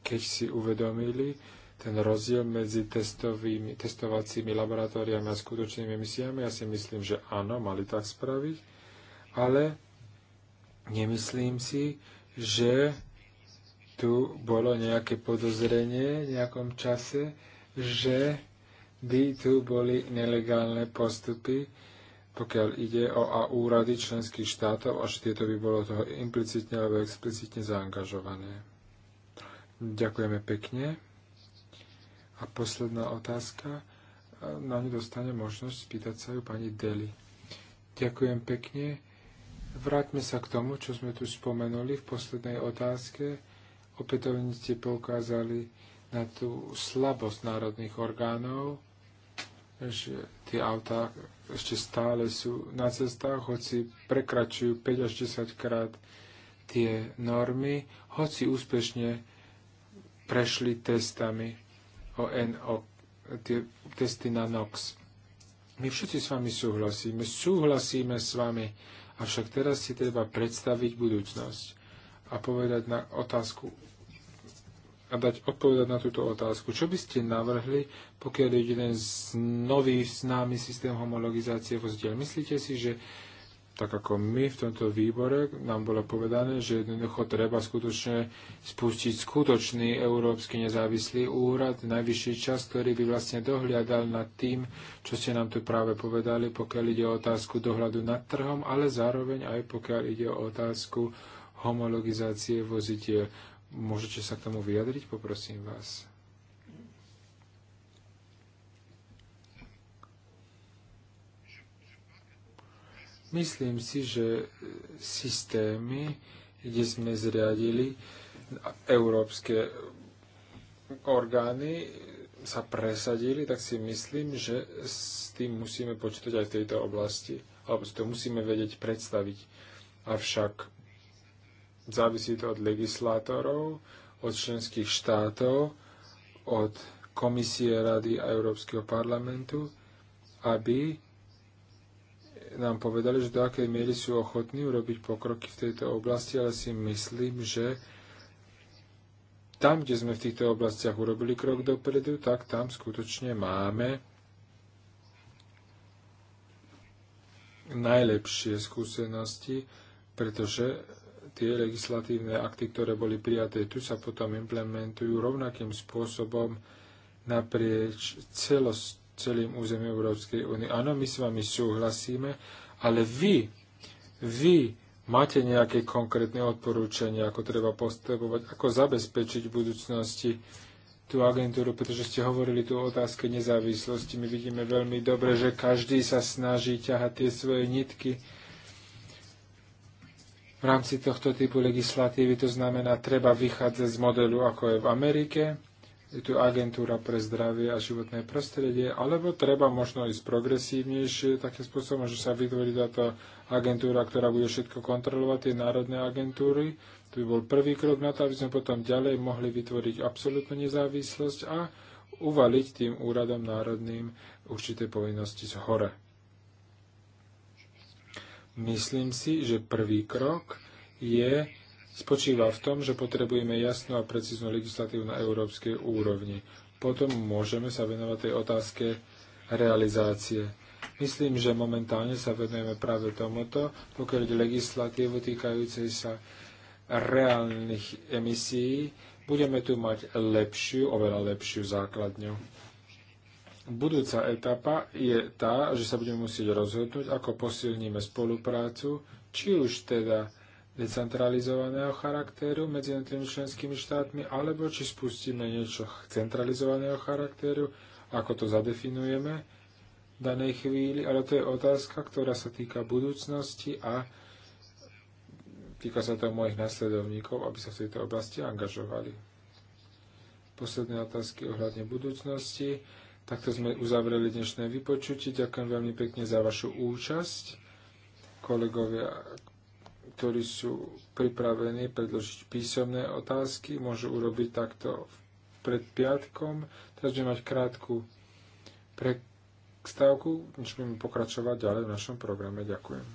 keď si uvedomili, ten rozdiel medzi testovými, testovacími laboratóriami a skutočnými misiami? Ja si myslím, že áno, mali tak spraviť, ale nemyslím si, že tu bolo nejaké podozrenie v nejakom čase, že by tu boli nelegálne postupy, pokiaľ ide o a úrady členských štátov, až tieto by bolo toho implicitne alebo explicitne zaangažované. Ďakujeme pekne. A posledná otázka, na ňu dostane možnosť spýtať sa ju pani Deli. Ďakujem pekne. Vráťme sa k tomu, čo sme tu spomenuli v poslednej otázke. Opätovne ste poukázali na tú slabosť národných orgánov, že tie autá ešte stále sú na cestách, hoci prekračujú 5 až 10 krát tie normy, hoci úspešne prešli testami o o tie testy na NOx. My všetci s vami súhlasíme, súhlasíme s vami, avšak teraz si treba predstaviť budúcnosť a povedať na otázku a dať odpovedať na túto otázku. Čo by ste navrhli, pokiaľ je jeden z nový známy systém homologizácie vozidiel? Myslíte si, že tak ako my v tomto výbore, nám bolo povedané, že jednoducho treba skutočne spustiť skutočný európsky nezávislý úrad, najvyšší čas, ktorý by vlastne dohliadal nad tým, čo ste nám tu práve povedali, pokiaľ ide o otázku dohľadu nad trhom, ale zároveň aj pokiaľ ide o otázku homologizácie vozidiel. Môžete sa k tomu vyjadriť, poprosím vás. Myslím si, že e, systémy, kde sme zriadili európske orgány, sa presadili, tak si myslím, že s tým musíme počítať aj v tejto oblasti. Alebo si to musíme vedieť predstaviť. Avšak závisí to od legislátorov, od členských štátov, od komisie Rady a Európskeho parlamentu, aby nám povedali, že do akej miery sú ochotní urobiť pokroky v tejto oblasti, ale si myslím, že tam, kde sme v týchto oblastiach urobili krok dopredu, tak tam skutočne máme najlepšie skúsenosti, pretože tie legislatívne akty, ktoré boli prijaté tu, sa potom implementujú rovnakým spôsobom naprieč celost celým území Európskej únie. Áno, my s vami súhlasíme, ale vy, vy máte nejaké konkrétne odporúčania, ako treba postupovať, ako zabezpečiť v budúcnosti tú agentúru, pretože ste hovorili tu o otázke nezávislosti. My vidíme veľmi dobre, že každý sa snaží ťahať tie svoje nitky v rámci tohto typu legislatívy. To znamená, treba vychádzať z modelu, ako je v Amerike, je tu agentúra pre zdravie a životné prostredie, alebo treba možno ísť progresívnejšie takým spôsobom, že sa vytvorí táto agentúra, ktorá bude všetko kontrolovať, tie národné agentúry. To by bol prvý krok na to, aby sme potom ďalej mohli vytvoriť absolútnu nezávislosť a uvaliť tým úradom národným určité povinnosti z hore. Myslím si, že prvý krok je spočíva v tom, že potrebujeme jasnú a precíznu legislatívu na európskej úrovni. Potom môžeme sa venovať tej otázke realizácie. Myslím, že momentálne sa venujeme práve tomuto, pokiaľ ide legislatívu týkajúcej sa reálnych emisí, budeme tu mať lepšiu, oveľa lepšiu základňu. Budúca etapa je tá, že sa budeme musieť rozhodnúť, ako posilníme spoluprácu, či už teda decentralizovaného charakteru medzi jednotlivými členskými štátmi, alebo či spustíme niečo centralizovaného charakteru, ako to zadefinujeme v danej chvíli, ale to je otázka, ktorá sa týka budúcnosti a týka sa to mojich nasledovníkov, aby sa v tejto oblasti angažovali. Posledné otázky ohľadne budúcnosti. Takto sme uzavreli dnešné vypočutie. Ďakujem veľmi pekne za vašu účasť. Kolegovia, ktorí sú pripravení predložiť písomné otázky, môžu urobiť takto pred piatkom. Teraz budeme mať krátku prestávku, než budeme pokračovať ďalej v našom programe. Ďakujem.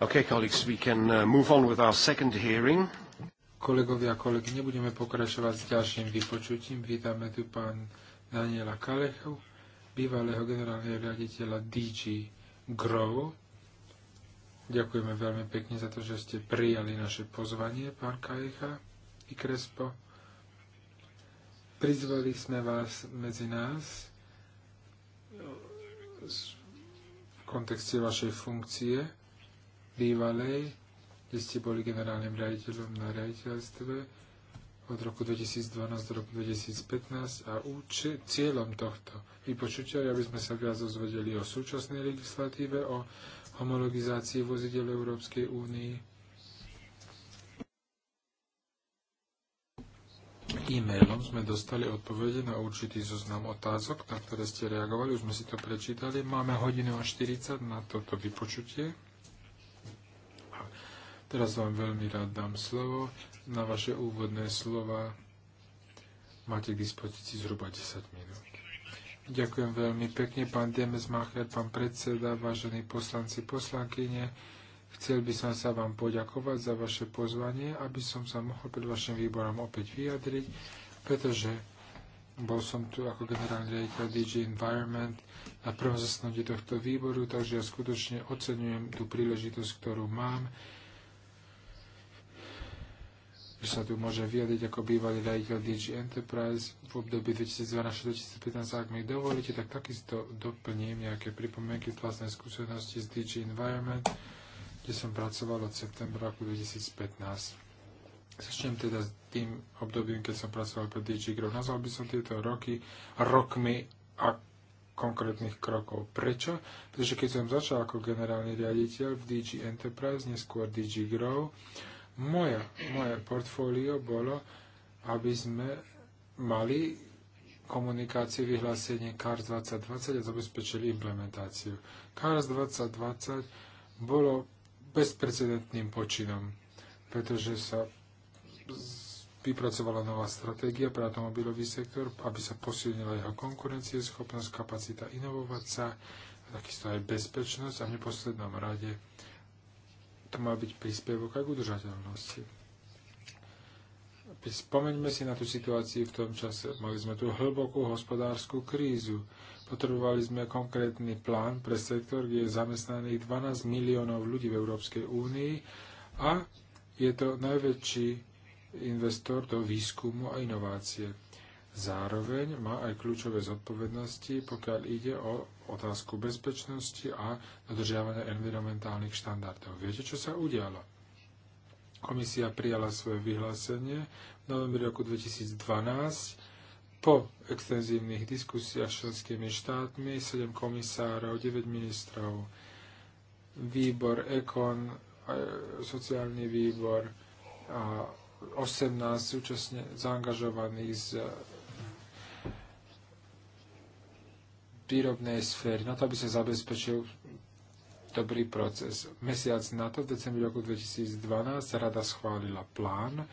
Okay, colleagues, we can uh, move on with our second hearing. Kolegovia kolegy, nebudeme pokračovať s ďalším vypočutím. Vítame tu pán Daniela Kalechu, bývalého generálneho riaditeľa DG Grow. Ďakujeme veľmi pekne za to, že ste prijali naše pozvanie, pán Kalecha i Krespo. Prizvali sme vás medzi nás v kontexte vašej funkcie bývalej, kde ste boli generálnym riaditeľom na riaditeľstve od roku 2012 do roku 2015 a cieľom tohto vypočutia, aby sme sa viac dozvedeli o súčasnej legislatíve, o homologizácii vozidel Európskej únii, E-mailom sme dostali odpovede na určitý zoznam otázok, na ktoré ste reagovali, už sme si to prečítali. Máme hodinu a 40 na toto vypočutie. Teraz vám veľmi rád dám slovo na vaše úvodné slova. Máte k dispozícii zhruba 10 minút. Ďakujem veľmi pekne, pán Demesmacher, pán predseda, vážení poslanci, poslankyne. Chcel by som sa vám poďakovať za vaše pozvanie, aby som sa mohol pred vašim výborom opäť vyjadriť, pretože bol som tu ako generálny riaditeľ DG Environment na prvom zasnutí tohto výboru, takže ja skutočne oceňujem tú príležitosť, ktorú mám že sa tu môže vyjadriť ako bývalý riaditeľ DG Enterprise v období 2012-2015. Ak mi dovolíte, tak takisto doplním nejaké pripomienky z vlastnej skúsenosti z DG Environment, kde som pracoval od septembra roku 2015. Začnem teda s tým obdobím, keď som pracoval pre DG Group. Nazval by som tieto roky rokmi a konkrétnych krokov. Prečo? Pretože keď som začal ako generálny riaditeľ v DG Enterprise, neskôr DG Grow, moja, moje portfólio bolo, aby sme mali komunikácie vyhlásenie CARS 2020 a zabezpečili implementáciu. CARS 2020 bolo bezprecedentným počinom, pretože sa vypracovala nová stratégia pre automobilový sektor, aby sa posilnila jeho konkurencieschopnosť, kapacita inovovať sa, takisto aj bezpečnosť a v neposlednom rade to má byť príspevok aj k udržateľnosti. Spomeňme si na tú situáciu v tom čase. Mali sme tu hlbokú hospodárskú krízu. Potrebovali sme konkrétny plán pre sektor, kde je zamestnaných 12 miliónov ľudí v Európskej únii a je to najväčší investor do výskumu a inovácie. Zároveň má aj kľúčové zodpovednosti, pokiaľ ide o otázku bezpečnosti a dodržiavania environmentálnych štandardov. Viete, čo sa udialo? Komisia prijala svoje vyhlásenie v novembri roku 2012 po extenzívnych diskusiách s členskými štátmi, 7 komisárov, 9 ministrov, výbor EKON, e, sociálny výbor a 18 súčasne zaangažovaných z výrobnej sféry, na to, aby sa zabezpečil dobrý proces. Mesiac na to, v decembri roku 2012, rada schválila plán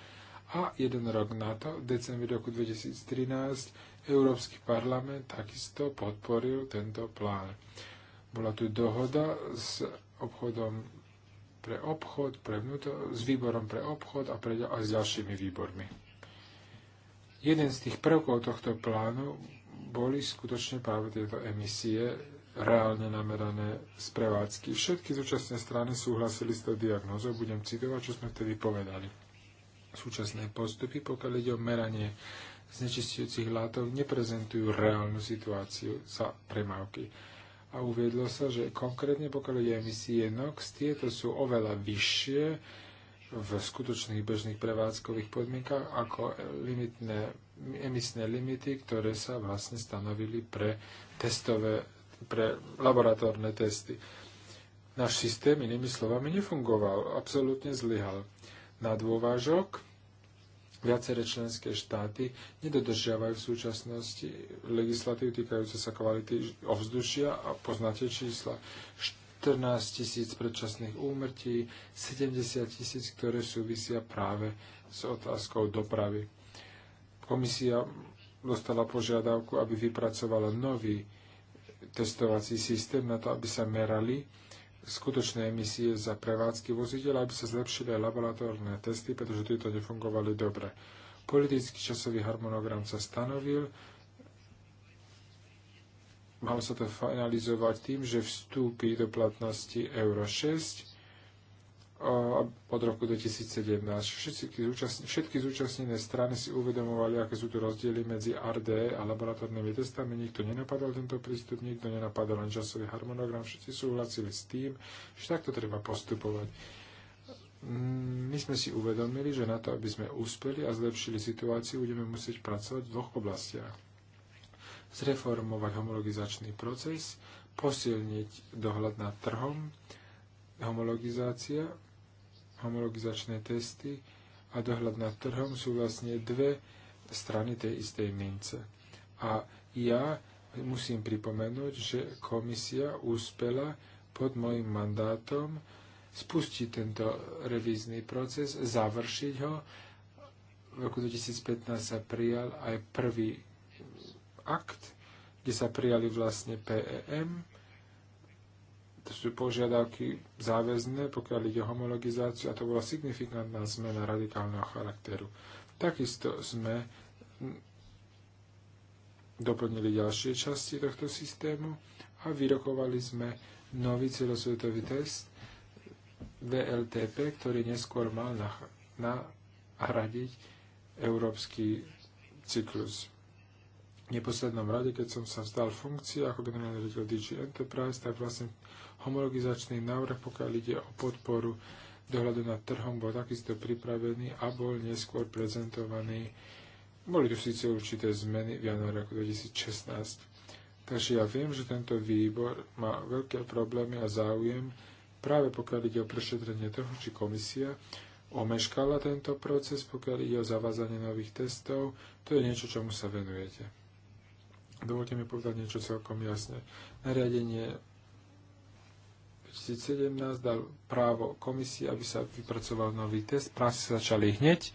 a jeden rok na to, v decembri roku 2013, Európsky parlament takisto podporil tento plán. Bola tu dohoda s obchodom pre obchod, pre vnútor, s výborom pre obchod a, pre, a s ďalšími výbormi. Jeden z tých prvkov tohto plánu boli skutočne práve tieto emisie reálne namerané z prevádzky. Všetky zúčastné strany súhlasili s tou diagnózou, budem citovať, čo sme vtedy povedali. Súčasné postupy, pokiaľ ide o meranie znečistujúcich látov, neprezentujú reálnu situáciu za premávky. A uviedlo sa, že konkrétne pokiaľ ide emisie NOx, tieto sú oveľa vyššie, v skutočných bežných prevádzkových podmienkach ako limitné emisné limity, ktoré sa vlastne stanovili pre testové, pre laboratórne testy. Náš systém, inými slovami, nefungoval, absolútne zlyhal. Na dôvážok viaceré členské štáty nedodržiavajú v súčasnosti legislatív týkajúce sa kvality ovzdušia a poznáte čísla 14 tisíc predčasných úmrtí, 70 tisíc, ktoré súvisia práve s otázkou dopravy. Komisia dostala požiadavku, aby vypracovala nový testovací systém na to, aby sa merali skutočné emisie za prevádzky vozidel, aby sa zlepšili aj laboratórne testy, pretože tieto nefungovali dobre. Politický časový harmonogram sa stanovil. Malo sa to finalizovať tým, že vstúpi do platnosti Euro 6 od roku 2017. Všetky, všetky zúčastnené strany si uvedomovali, aké sú tu rozdiely medzi RD a laboratórnymi testami. Nikto nenapadal tento prístup, nikto nenapadal len časový harmonogram. Všetci súhlasili s tým, že takto treba postupovať. Mm, my sme si uvedomili, že na to, aby sme uspeli a zlepšili situáciu, budeme musieť pracovať v dvoch oblastiach. Zreformovať homologizačný proces, posilniť dohľad nad trhom, homologizácia homologizačné testy a dohľad nad trhom sú vlastne dve strany tej istej mince. A ja musím pripomenúť, že komisia uspela pod môjim mandátom spustiť tento revízny proces, završiť ho. V roku 2015 sa prijal aj prvý akt, kde sa prijali vlastne PEM, to sú požiadavky záväzné, pokiaľ ide o homologizáciu a to bola signifikantná zmena radikálneho charakteru. Takisto sme doplnili ďalšie časti tohto systému a vyrokovali sme nový celosvetový test VLTP, ktorý neskôr mal nahradiť európsky cyklus neposlednom rade, keď som sa vzdal funkcie ako generálny riaditeľ DG Enterprise, tak vlastne homologizačný návrh, pokiaľ ide o podporu dohľadu nad trhom, bol takisto pripravený a bol neskôr prezentovaný. Boli tu síce určité zmeny v januári roku 2016. Takže ja viem, že tento výbor má veľké problémy a záujem, práve pokiaľ ide o prešetrenie trhu, či komisia omeškala tento proces, pokiaľ ide o zavázanie nových testov, to je niečo, čomu sa venujete. Dovolte mi povedať niečo celkom jasne. Nariadenie 2017 dal právo komisii, aby sa vypracoval nový test. Práce začali hneď.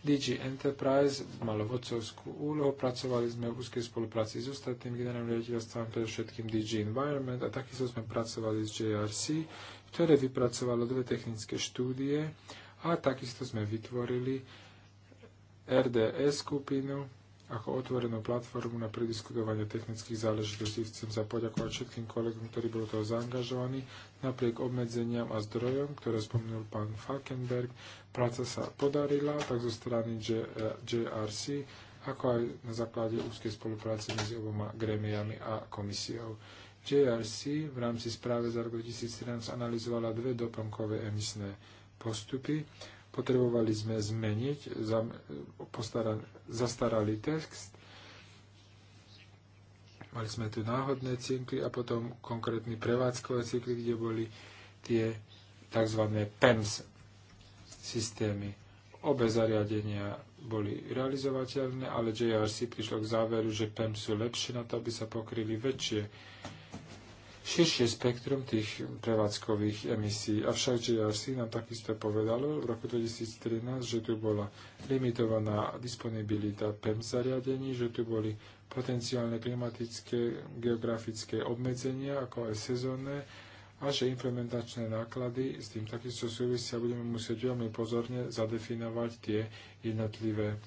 DG Enterprise malo vodcovskú úlohu, pracovali sme v úzkej spolupráci s ostatným generálnym riaditeľstvom, predovšetkým DG Environment a takisto sme pracovali s JRC, ktoré vypracovalo dve technické štúdie a takisto sme vytvorili RDS skupinu, ako otvorenú platformu na prediskutovanie technických záležitostí. Chcem sa poďakovať všetkým kolegom, ktorí boli toho zaangažovaní. Napriek obmedzeniam a zdrojom, ktoré spomenul pán Falkenberg, práca sa podarila, tak zo strany JRC, eh, ako aj na základe úzkej spolupráce medzi oboma gremiami a komisiou. JRC v rámci správe za rok 2013 analyzovala dve doplnkové emisné postupy Potrebovali sme zmeniť zastaralý text. Mali sme tu náhodné cykly a potom konkrétny prevádzkové cykly, kde boli tie tzv. PEMS systémy. Obe zariadenia boli realizovateľné, ale JRC prišlo k záveru, že PEMS sú lepšie na to, aby sa pokryli väčšie širšie spektrum tých prevádzkových emisí. Avšak GRC nám takisto povedalo v roku 2013, že tu bola limitovaná disponibilita PEM zariadení, že tu boli potenciálne klimatické, geografické obmedzenia, ako aj sezónne, a že implementačné náklady s tým takisto súvisia budeme musieť veľmi pozorne zadefinovať tie jednotlivé e,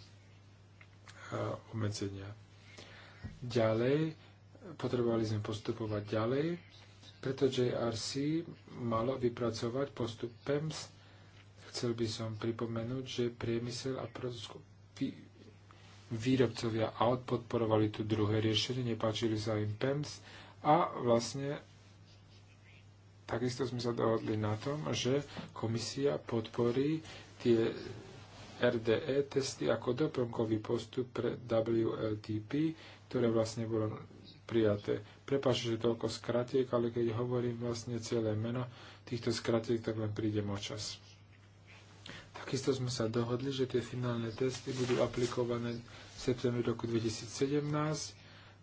obmedzenia. Ďalej, potrebovali sme postupovať ďalej preto JRC malo vypracovať postup PEMS. Chcel by som pripomenúť, že priemysel a výrobcovia aut podporovali tu druhé riešenie, nepáčili sa im PEMS a vlastne takisto sme sa dohodli na tom, že komisia podporí tie RDE testy ako doplnkový postup pre WLTP, ktoré vlastne bolo prijaté. Prepáč, že toľko skratiek, ale keď hovorím vlastne celé meno týchto skratiek, tak len prídem o čas. Takisto sme sa dohodli, že tie finálne testy budú aplikované v septembri roku 2017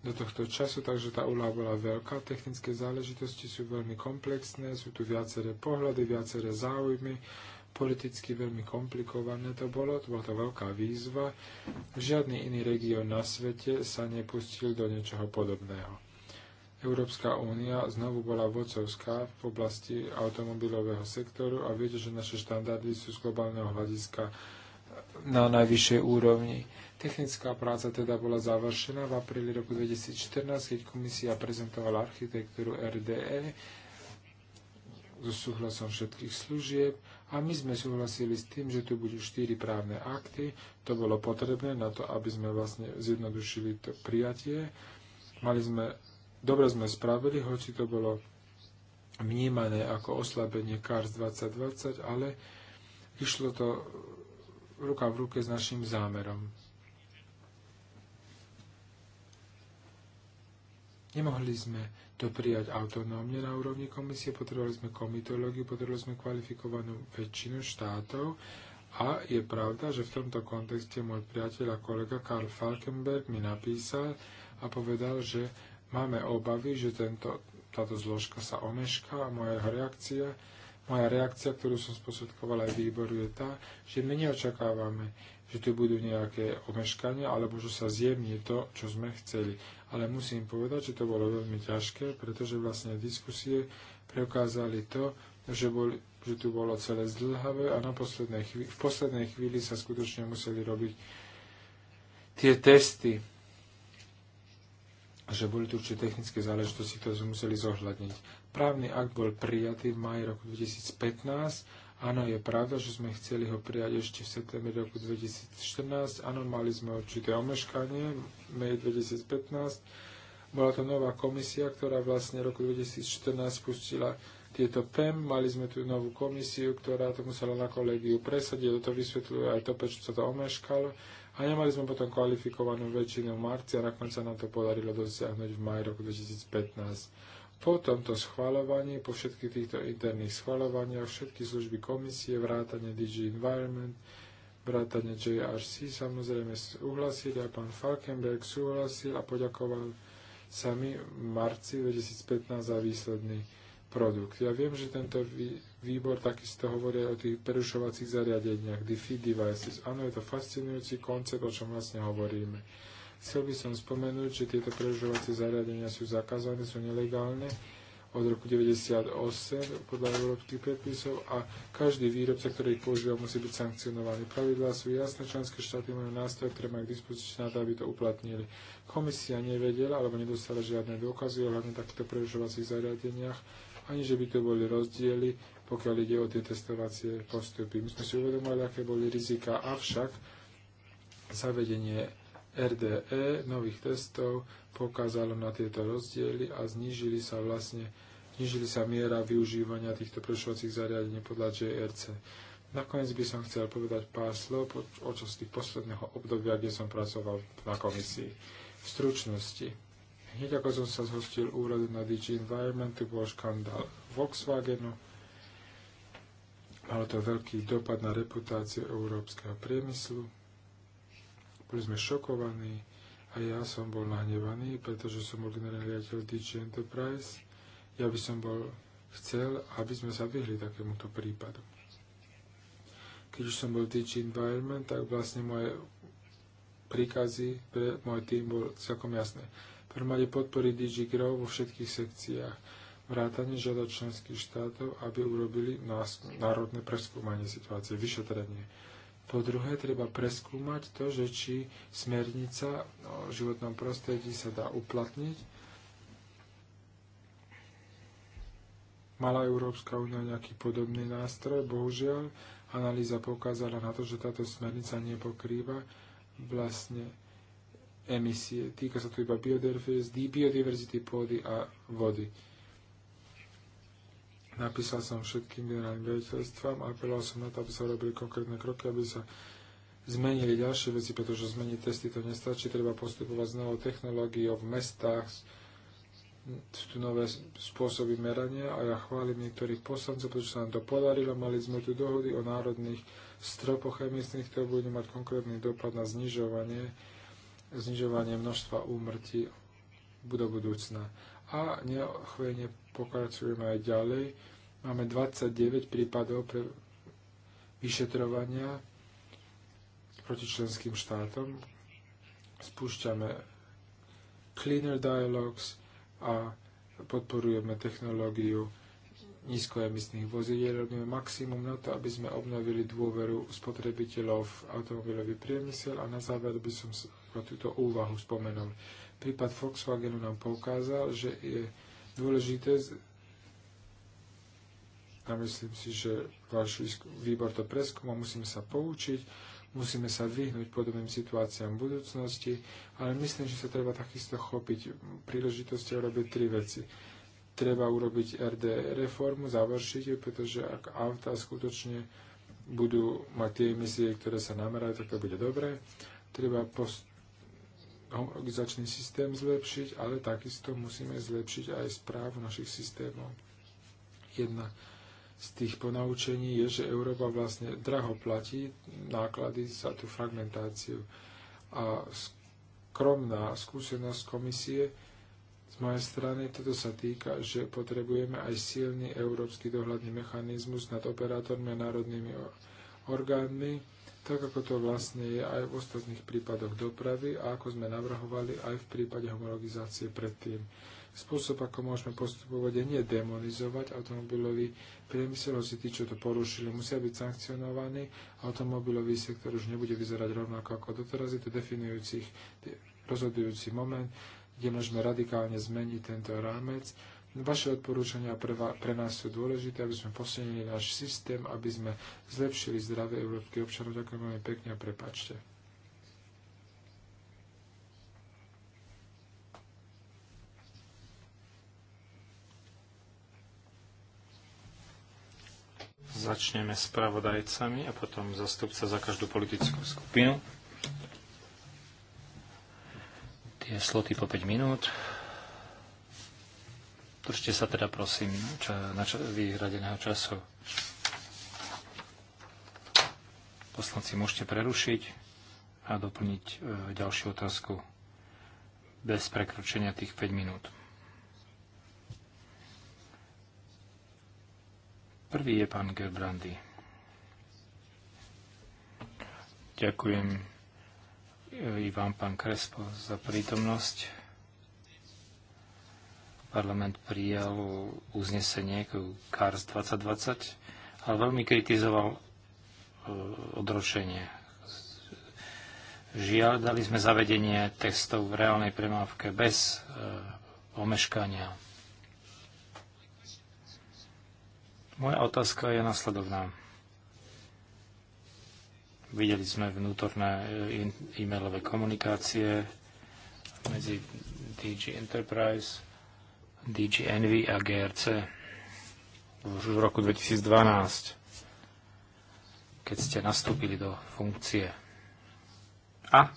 do tohto času, takže tá úloha bola veľká. Technické záležitosti sú veľmi komplexné, sú tu viaceré pohľady, viaceré záujmy, politicky veľmi komplikované to bolo, to bola to veľká výzva. Žiadny iný región na svete sa nepustil do niečoho podobného. Európska únia znovu bola vodcovská v oblasti automobilového sektoru a viete, že naše štandardy sú z globálneho hľadiska na najvyššej úrovni. Technická práca teda bola završená v apríli roku 2014, keď komisia prezentovala architektúru RDE so súhlasom všetkých služieb a my sme súhlasili s tým, že tu budú štyri právne akty. To bolo potrebné na to, aby sme vlastne zjednodušili to prijatie. Mali sme dobre sme spravili, hoci to bolo vnímané ako oslabenie KARS 2020, ale išlo to ruka v ruke s našim zámerom. Nemohli sme to prijať autonómne na úrovni komisie, potrebovali sme komitológiu, potrebovali sme kvalifikovanú väčšinu štátov a je pravda, že v tomto kontexte môj priateľ a kolega Karl Falkenberg mi napísal a povedal, že Máme obavy, že tento, táto zložka sa omešká a moja reakcia, moja reakcia, ktorú som sposvedkoval aj výboru, je tá, že my neočakávame, že tu budú nejaké omeškania, alebo že sa zjemní to, čo sme chceli. Ale musím povedať, že to bolo veľmi ťažké, pretože vlastne diskusie preukázali to, že, bol, že tu bolo celé zdlhavé a na poslednej chvíli, v poslednej chvíli sa skutočne museli robiť tie testy a že boli tu určite technické záležitosti, ktoré sme museli zohľadniť. Právny akt bol prijatý v maji roku 2015. Áno, je pravda, že sme chceli ho prijať ešte v septembri roku 2014. Áno, mali sme určité omeškanie v maji 2015. Bola to nová komisia, ktorá vlastne roku 2014 spustila tieto PEM. Mali sme tu novú komisiu, ktorá to musela na kolegiu presadiť. To vysvetľuje aj to, prečo sa to omeškalo a nemali sme potom kvalifikovanú väčšinu v marci a nakoniec sa nám to podarilo dosiahnuť v maj roku 2015. Po tomto schvalovaní, po všetkých týchto interných schvalovaniach, všetky služby komisie, vrátane DG Environment, vrátane JRC samozrejme súhlasili a pán Falkenberg súhlasil a poďakoval sa mi v marci 2015 za výsledný produkt. Ja viem, že tento výbor takisto hovorí o tých prerušovacích zariadeniach, DeFi devices. Áno, je to fascinujúci koncept, o čom vlastne hovoríme. Chcel by som spomenúť, že tieto prerušovacie zariadenia sú zakázané, sú nelegálne od roku 1998 podľa európskych predpisov a každý výrobca, ktorý ich používa, musí byť sankcionovaný. Pravidlá sú jasné, členské štáty majú nástroje, ktoré majú k dispozícii na to, aby to uplatnili. Komisia nevedela alebo nedostala žiadne dôkazy o hlavne takýchto prerušovacích zariadeniach ani že by to boli rozdiely, pokiaľ ide o tie testovacie postupy. My sme si uvedomili, aké boli rizika, avšak zavedenie RDE nových testov pokázalo na tieto rozdiely a znížili sa vlastne znižili sa miera využívania týchto prešovacích zariadení podľa JRC. Nakoniec by som chcel povedať pár slov počas tých posledného obdobia, kde som pracoval na komisii. V stručnosti. Hneď ako som sa zhostil úradu na DG Environment, to bol škandál Volkswagenu. Malo to veľký dopad na reputáciu európskeho priemyslu. Boli sme šokovaní a ja som bol nahnevaný, pretože som bol generálny riaditeľ DG Enterprise. Ja by som bol chcel, aby sme sa vyhli takémuto prípadu. Keď už som bol DG Environment, tak vlastne moje príkazy pre môj tým bol celkom jasné. Promade podpory DigiGrow vo všetkých sekciách. Vrátane žiadať členských štátov, aby urobili národné preskúmanie situácie, vyšetrenie. Po druhé, treba preskúmať to, že či smernica o životnom prostredí sa dá uplatniť. Mala Európska únia nejaký podobný nástroj? Bohužiaľ, analýza pokázala na to, že táto smernica nepokrýva vlastne emisije, Týka sa to iba biodiverzity pôdy a vody. Napísal som všetkým generálnym veľiteľstvám a apelal som na to, aby sa robili konkrétne kroky, aby sa zmenili ďalšie veci, pretože zmeniť testy to nestačí. Treba postupovať s novou technológiou v mestách, sú tu nové spôsoby merania a ja chválim niektorých poslancov, pretože sa nám to podarilo. Mali sme tu dohody o národných stropoch emisných, ktoré budú mať konkrétny dopad na znižovanie znižovanie množstva úmrtí do budúcna. A neochvejne pokračujeme aj ďalej. Máme 29 prípadov pre vyšetrovania proti členským štátom. Spúšťame Cleaner Dialogues a podporujeme technológiu nízkoemisných vozidiel. Robíme maximum na to, aby sme obnovili dôveru spotrebiteľov v automobilový priemysel. A na záver by som túto úvahu spomenul. Prípad Volkswagenu nám poukázal, že je dôležité a myslím si, že váš výbor to preskúma, musíme sa poučiť, musíme sa vyhnúť podobným situáciám v budúcnosti, ale myslím, že sa treba takisto chopiť príležitosti a robiť tri veci. Treba urobiť RD reformu, završiť ju, pretože ak auta skutočne budú mať tie emisie, ktoré sa namerajú, tak to bude dobré. Treba post- homologizačný systém zlepšiť, ale takisto musíme zlepšiť aj správu našich systémov. Jedna z tých ponaučení je, že Európa vlastne draho platí náklady za tú fragmentáciu. A skromná skúsenosť komisie z mojej strany toto sa týka, že potrebujeme aj silný európsky dohľadný mechanizmus nad operátormi a národnými orgánmi, tak ako to vlastne je aj v ostatných prípadoch dopravy a ako sme navrhovali aj v prípade homologizácie predtým. Spôsob, ako môžeme postupovať, je nie demonizovať automobilový priemysel, si tí, čo to porušili, musia byť sankcionovaní. Automobilový sektor už nebude vyzerať rovnako ako doteraz. Je to definujúci rozhodujúci moment, kde môžeme radikálne zmeniť tento rámec Vaše odporúčania pre, pre nás sú dôležité, aby sme posilnili náš systém, aby sme zlepšili zdravie európskych občanov. Ďakujem veľmi pekne a prepačte. Začneme s pravodajcami a potom zastupca za každú politickú skupinu. Tie sloty po 5 minút. Držte sa teda prosím ča, na ča, vyhradeného času. Poslanci môžete prerušiť a doplniť e, ďalšiu otázku bez prekročenia tých 5 minút. Prvý je pán Gerbrandy. Ďakujem e, i vám, pán Krespo, za prítomnosť Parlament prijal uznesenie k CARS 2020, ale veľmi kritizoval e, odročenie. Žiadali sme zavedenie testov v reálnej premávke bez e, omeškania. Moja otázka je nasledovná. Videli sme vnútorné e, e-mailové komunikácie medzi DG Enterprise DG Envy a GRC už v roku 2012, keď ste nastúpili do funkcie. A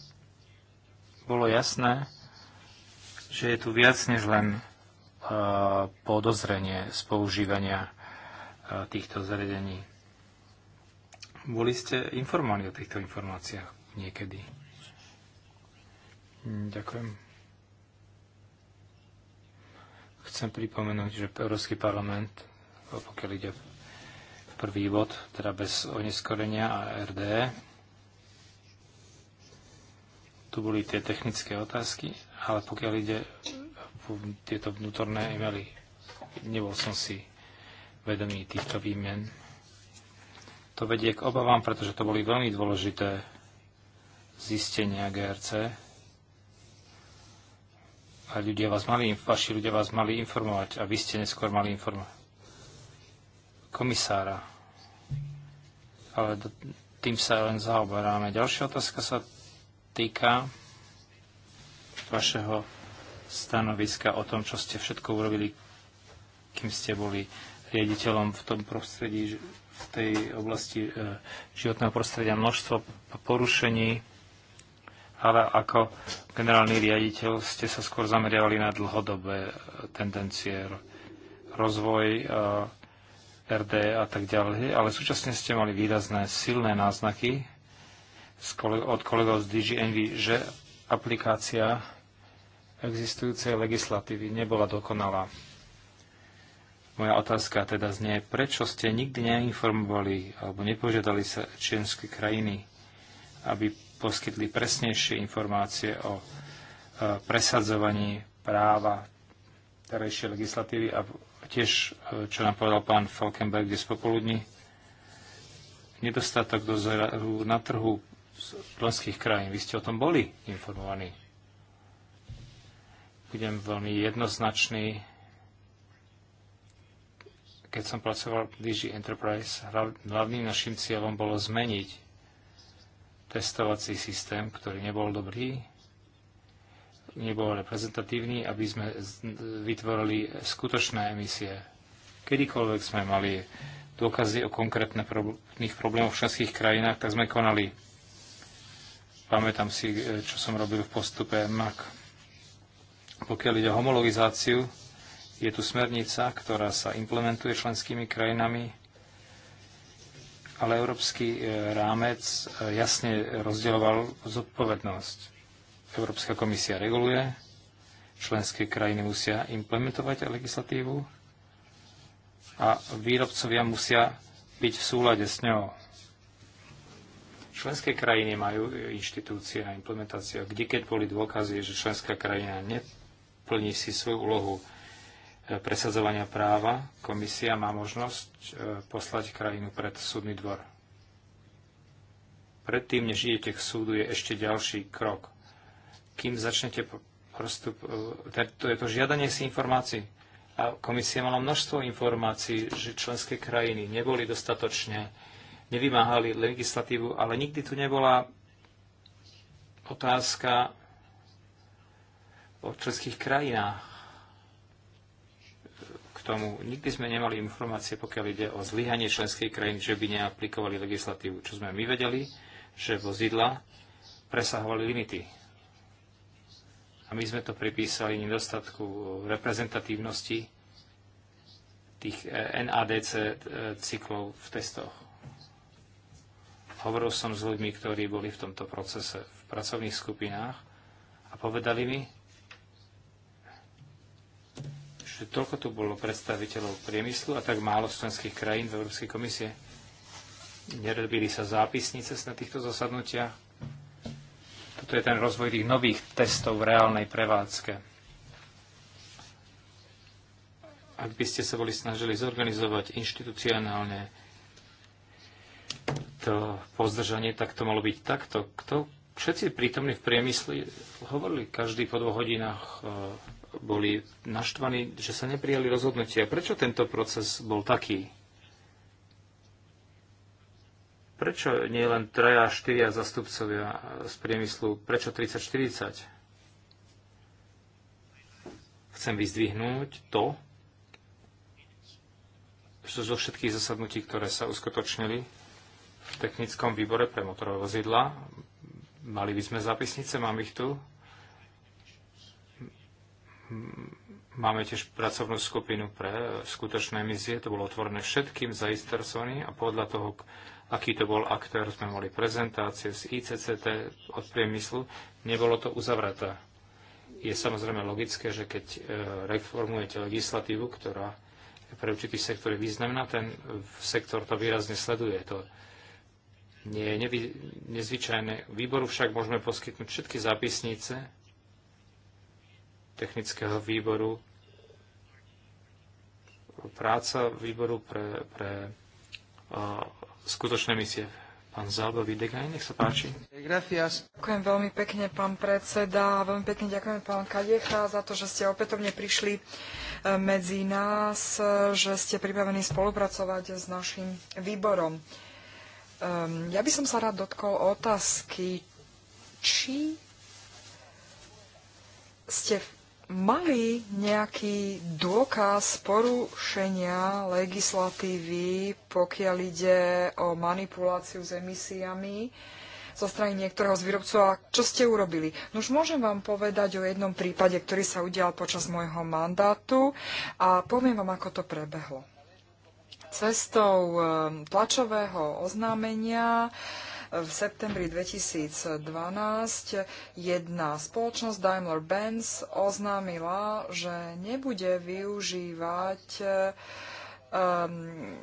bolo jasné, že je tu viac než len uh, podozrenie z používania uh, týchto zariadení. Boli ste informovaní o týchto informáciách niekedy? Hm, ďakujem. chcem pripomenúť, že Európsky parlament, pokiaľ ide v prvý bod, teda bez oneskorenia a RD, e, tu boli tie technické otázky, ale pokiaľ ide tieto vnútorné e-maily, nebol som si vedomý týchto výmen. To vedie k obavám, pretože to boli veľmi dôležité zistenia GRC, a ľudia vás mali, vaši ľudia vás mali informovať a vy ste neskôr mali informovať komisára. Ale tým sa len zaoberáme. Ďalšia otázka sa týka vašeho stanoviska o tom, čo ste všetko urobili, kým ste boli riaditeľom v tom prostredí, v tej oblasti e, životného prostredia množstvo porušení ale ako generálny riaditeľ ste sa skôr zameriavali na dlhodobé tendencie, rozvoj eh, RD a tak ďalej, ale súčasne ste mali výrazné silné náznaky od kolegov z DG Envy, že aplikácia existujúcej legislatívy nebola dokonalá. Moja otázka teda znie, prečo ste nikdy neinformovali alebo nepožiadali sa členské krajiny, aby poskytli presnejšie informácie o e, presadzovaní práva terajšej legislatívy a tiež, e, čo nám povedal pán Falkenberg dnes popoludní, nedostatok dozoru na trhu členských krajín. Vy ste o tom boli informovaní. Budem veľmi jednoznačný. Keď som pracoval v DG Enterprise, hlavným našim cieľom bolo zmeniť testovací systém, ktorý nebol dobrý, nebol reprezentatívny, aby sme vytvorili skutočné emisie. Kedykoľvek sme mali dôkazy o konkrétnych problémoch v členských krajinách, tak sme konali. Pamätám si, e, čo som robil v postupe MAC. Pokiaľ ide o homologizáciu, je tu smernica, ktorá sa implementuje členskými krajinami ale európsky e, rámec e, jasne rozdeľoval zodpovednosť. Európska komisia reguluje, členské krajiny musia implementovať legislatívu a výrobcovia musia byť v súlade s ňou. Členské krajiny majú e, inštitúcie na implementáciu. Kde keď boli dôkazy, že členská krajina neplní si svoju úlohu, E, presadzovania práva komisia má možnosť e, poslať krajinu pred súdny dvor. Predtým, než idete k súdu, je ešte ďalší krok. Kým začnete prostup, e, to je to žiadanie si informácií. A komisia mala množstvo informácií, že členské krajiny neboli dostatočne, nevymáhali legislatívu, ale nikdy tu nebola otázka o členských krajinách tomu. Nikdy sme nemali informácie, pokiaľ ide o zlyhanie členskej krajiny že by neaplikovali legislatívu. Čo sme my vedeli, že vozidla presahovali limity. A my sme to pripísali nedostatku reprezentatívnosti tých e, NADC e, cyklov v testoch. Hovoril som s ľuďmi, ktorí boli v tomto procese v pracovných skupinách a povedali mi, že toľko tu bolo predstaviteľov priemyslu a tak málo z členských krajín v Európskej komisie. Nerobili sa zápisnice na týchto zasadnutiach. Toto je ten rozvoj tých nových testov v reálnej prevádzke. Ak by ste sa boli snažili zorganizovať inštitucionálne to pozdržanie, tak to malo byť takto. Kto, všetci prítomní v priemysli hovorili každý po dvoch hodinách e, boli naštvaní, že sa neprijali rozhodnutia. Prečo tento proces bol taký? Prečo nie len 3 a 4 zastupcovia z priemyslu? Prečo 30-40? Chcem vyzdvihnúť to, že zo všetkých zasadnutí, ktoré sa uskutočnili v technickom výbore pre motorové vozidla, mali by sme zápisnice, mám ich tu, Máme tiež pracovnú skupinu pre skutočné misie, to bolo otvorené všetkým zainteresovaným a podľa toho, aký to bol aktér, sme mali prezentácie z ICCT od priemyslu, nebolo to uzavreté. Je samozrejme logické, že keď e, reformujete legislatívu, ktorá pre určitý sektor je významná, ten sektor to výrazne sleduje. To, nie je nezvyčajné. Výboru však môžeme poskytnúť všetky zápisnice technického výboru, práca výboru pre, pre uh, skutočné misie. Pán Zalba Videgaj, nech sa páči. Ďakujem veľmi pekne, pán predseda. Veľmi pekne ďakujem, pán Kadecha, za to, že ste opätovne prišli e, medzi nás, e, že ste pripravení spolupracovať s našim výborom. Um, ja by som sa rád dotkol otázky, či ste mali nejaký dôkaz porušenia legislatívy, pokiaľ ide o manipuláciu s emisiami zo strany niektorého z výrobcov a čo ste urobili? No už môžem vám povedať o jednom prípade, ktorý sa udial počas môjho mandátu a poviem vám, ako to prebehlo. Cestou ehm, tlačového oznámenia v septembri 2012 jedna spoločnosť Daimler-Benz oznámila, že nebude využívať um,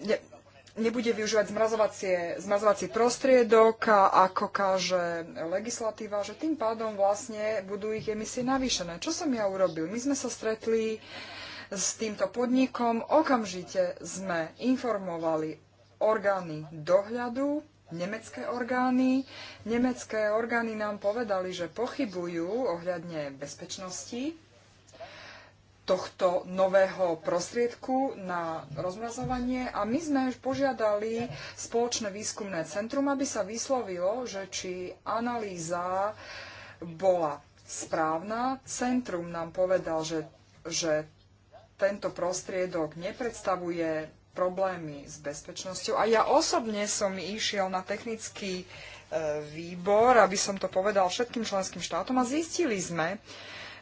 ne, nebude využívať zmrazovacie, zmrazovací prostriedok, ako káže legislatíva, že tým pádom vlastne budú ich emisie navýšené. Čo som ja urobil? My sme sa stretli uh, s týmto podnikom. Okamžite sme informovali orgány dohľadu, nemecké orgány. Nemecké orgány nám povedali, že pochybujú ohľadne bezpečnosti tohto nového prostriedku na rozmrazovanie a my sme už požiadali spoločné výskumné centrum, aby sa vyslovilo, že či analýza bola správna. Centrum nám povedal, že, že tento prostriedok nepredstavuje problémy s bezpečnosťou. A ja osobne som išiel na technický e, výbor, aby som to povedal všetkým členským štátom a zistili sme,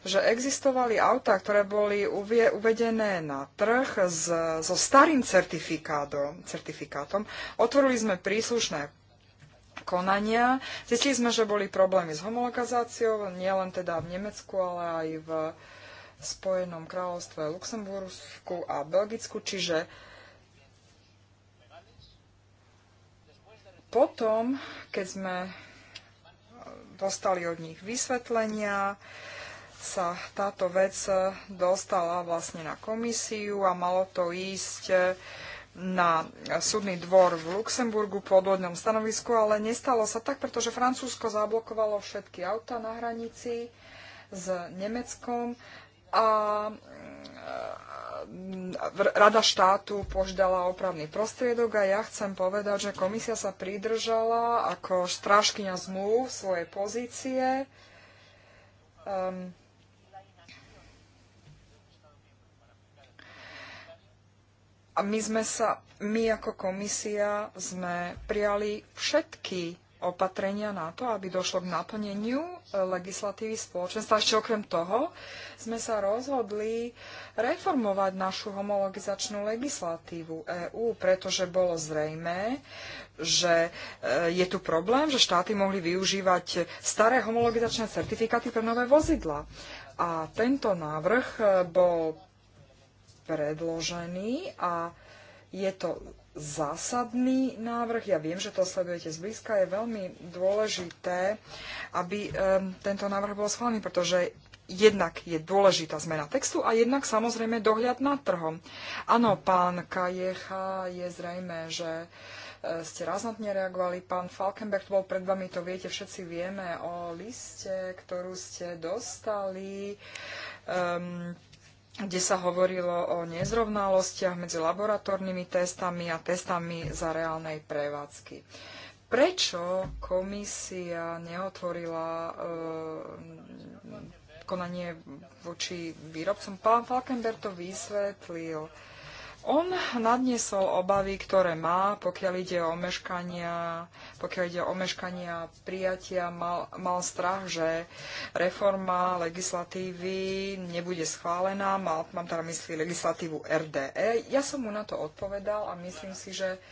že existovali autá, ktoré boli uvie, uvedené na trh s, so starým certifikátom, certifikátom. Otvorili sme príslušné konania. Zistili sme, že boli problémy s homologizáciou, nielen teda v Nemecku, ale aj v, Spojenom kráľovstve Luxembursku a Belgicku, čiže potom, keď sme dostali od nich vysvetlenia, sa táto vec dostala vlastne na komisiu a malo to ísť na súdny dvor v Luxemburgu po odvodnom stanovisku, ale nestalo sa tak, pretože Francúzsko zablokovalo všetky auta na hranici s Nemeckom a Rada štátu požiadala opravný prostriedok a ja chcem povedať, že komisia sa pridržala ako strážkyňa zmluv svojej pozície. Um, a my sme sa, my ako komisia sme prijali všetky opatrenia na to, aby došlo k naplneniu e, legislatívy spoločenstva. Ešte okrem toho sme sa rozhodli reformovať našu homologizačnú legislatívu EÚ, pretože bolo zrejmé, že e, je tu problém, že štáty mohli využívať staré homologizačné certifikáty pre nové vozidla. A tento návrh e, bol predložený a je to zásadný návrh. Ja viem, že to sledujete zblízka. Je veľmi dôležité, aby um, tento návrh bol schválený, pretože jednak je dôležitá zmena textu a jednak samozrejme dohľad nad trhom. Áno, pán Kajecha, je zrejme, že e, ste raznotne reagovali. Pán Falkenberg bol pred vami, to viete, všetci vieme o liste, ktorú ste dostali. Um, kde sa hovorilo o nezrovnalostiach medzi laboratórnymi testami a testami za reálnej prevádzky. Prečo komisia neotvorila uh, konanie voči výrobcom? Pán Falkenberg to vysvetlil. On nadniesol obavy, ktoré má, pokiaľ ide o meškania, pokiaľ ide o meškania prijatia, mal, mal strach, že reforma legislatívy nebude schválená, mal, mám teda mysli legislatívu RDE. Ja som mu na to odpovedal a myslím si, že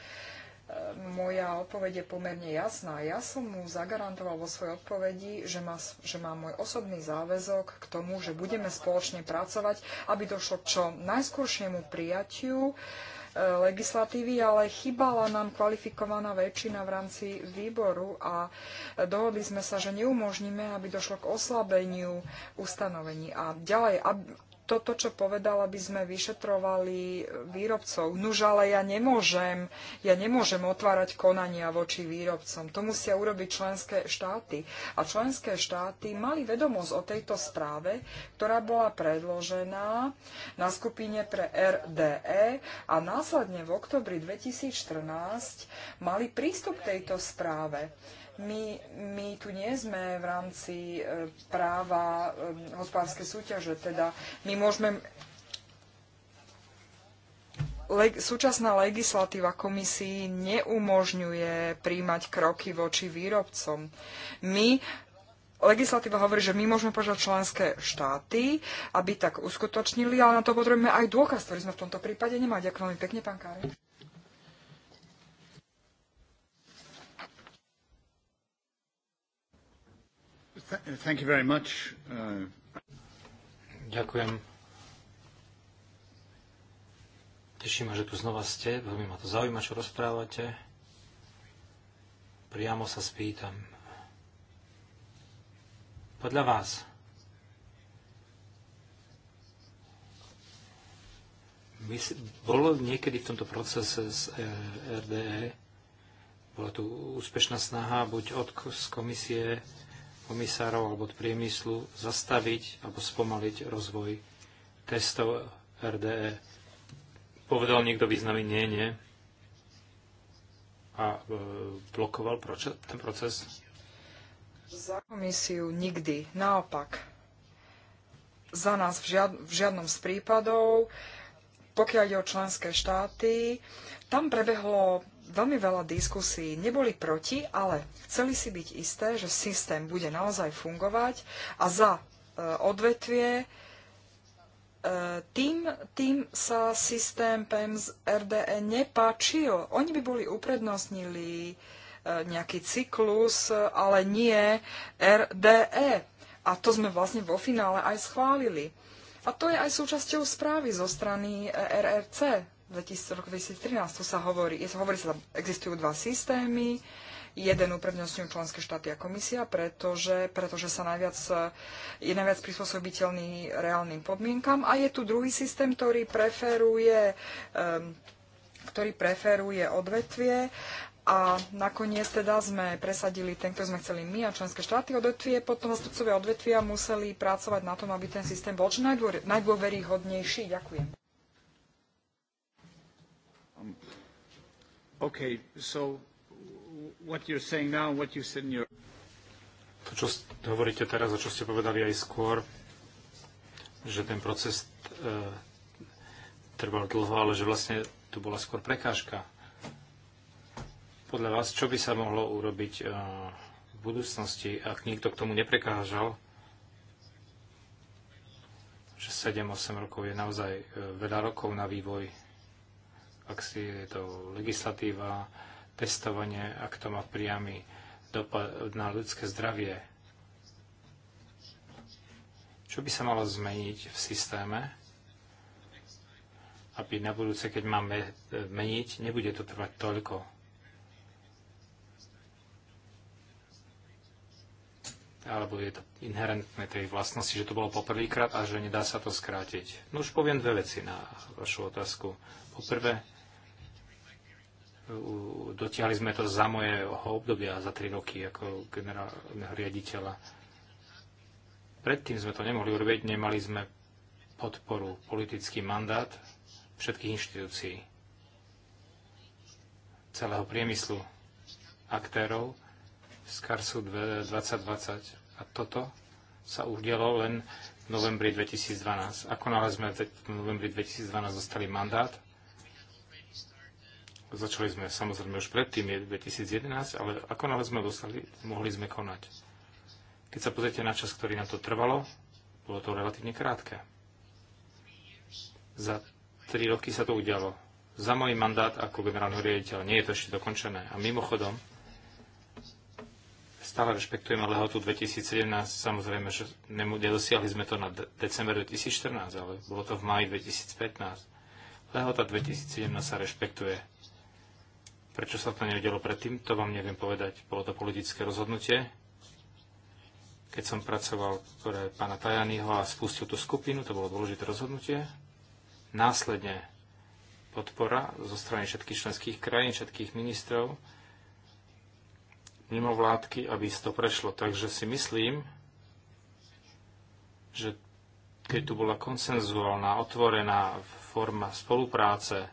moja odpoveď je pomerne jasná. Ja som mu zagarantoval vo svojej odpovedi, že má, že má môj osobný záväzok k tomu, že budeme spoločne pracovať, aby došlo k čo najskôršiemu prijatiu e, legislatívy, ale chýbala nám kvalifikovaná väčšina v rámci výboru a dohodli sme sa, že neumožníme, aby došlo k oslabeniu ustanovení. A ďalej, toto, čo povedala, by sme vyšetrovali výrobcov. Nuž, ale ja nemôžem, ja nemôžem otvárať konania voči výrobcom. To musia urobiť členské štáty. A členské štáty mali vedomosť o tejto správe, ktorá bola predložená na skupine pre RDE a následne v oktobri 2014 mali prístup k tejto správe. My, my tu nie sme v rámci e, práva e, hospodárskej súťaže, teda my môžeme Leg, súčasná legislatíva komisii neumožňuje príjmať kroky voči výrobcom. My Legislatíva hovorí, že my môžeme požiadať členské štáty, aby tak uskutočnili, ale na to potrebujeme aj dôkaz, ktorý sme v tomto prípade nemali. Ďakujem veľmi pekne, pán Kárek. Thank you very much. Uh, Ďakujem. Teší ma, že tu znova ste. Veľmi ma to zaujíma, čo rozprávate. Priamo sa spýtam. Podľa vás, bolo niekedy v tomto procese z e, RDE, bola tu úspešná snaha buď od komisie komisárov alebo od priemyslu zastaviť alebo spomaliť rozvoj testov RDE. Povedal niekto významný nie, nie a e, blokoval ten proces? Za komisiu nikdy. Naopak. Za nás v, žiad, v žiadnom z prípadov, pokiaľ ide o členské štáty, tam prebehlo veľmi veľa diskusí. Neboli proti, ale chceli si byť isté, že systém bude naozaj fungovať a za e, odvetvie e, tým, tým sa systém PEMS RDE nepáčil. Oni by boli uprednostnili e, nejaký cyklus, ale nie RDE. A to sme vlastne vo finále aj schválili. A to je aj súčasťou správy zo strany e, RRC, v roku 2013 tu sa hovorí, je, hovorí sa, existujú dva systémy, jeden uprednostňujú členské štáty a komisia, pretože, pretože sa najviac, je najviac prispôsobiteľný reálnym podmienkam a je tu druhý systém, ktorý preferuje, um, ktorý preferuje odvetvie a nakoniec teda sme presadili ten, ktorý sme chceli my a členské štáty odvetvie, potom zastupcovia odvetvia museli pracovať na tom, aby ten systém bol čo najdôveryhodnejší. Ďakujem. Okay, so what you're saying now, what you said in your... To, čo hovoríte teraz a čo ste povedali aj skôr, že ten proces e, trval dlho, ale že vlastne tu bola skôr prekážka. Podľa vás, čo by sa mohlo urobiť e, v budúcnosti, ak nikto k tomu neprekážal, že 7-8 rokov je naozaj e, veľa rokov na vývoj ak si je to legislatíva, testovanie, ak to má priamy dopad na ľudské zdravie. Čo by sa malo zmeniť v systéme, aby na budúce, keď máme meniť, nebude to trvať toľko. alebo je to inherentné tej vlastnosti, že to bolo poprvýkrát a že nedá sa to skrátiť. No už poviem dve veci na vašu otázku. Poprvé, dotiahli sme to za mojeho obdobia, za tri roky ako generálneho riaditeľa. Predtým sme to nemohli urobiť, nemali sme podporu, politický mandát všetkých inštitúcií, celého priemyslu, aktérov z Karsu 2020. A toto sa udialo len v novembri 2012. Ako náhle sme v novembri 2012 dostali mandát, Začali sme samozrejme už predtým, je 2011, ale ako náhle sme dostali, mohli sme konať. Keď sa pozriete na čas, ktorý nám to trvalo, bolo to relatívne krátke. Za tri roky sa to udialo. Za môj mandát ako generálny riaditeľ nie je to ešte dokončené. A mimochodom, stále rešpektujeme lehotu 2017. Samozrejme, že nedosiahli sme to na december 2014, ale bolo to v maji 2015. Lehota 2017 sa rešpektuje Prečo sa to nedelo predtým, to vám neviem povedať. Bolo to politické rozhodnutie. Keď som pracoval pre pána Tajanyho a spustil tú skupinu, to bolo dôležité rozhodnutie. Následne podpora zo strany všetkých členských krajín, všetkých ministrov, mimo vládky, aby to prešlo. Takže si myslím, že keď tu bola konsenzuálna, otvorená forma spolupráce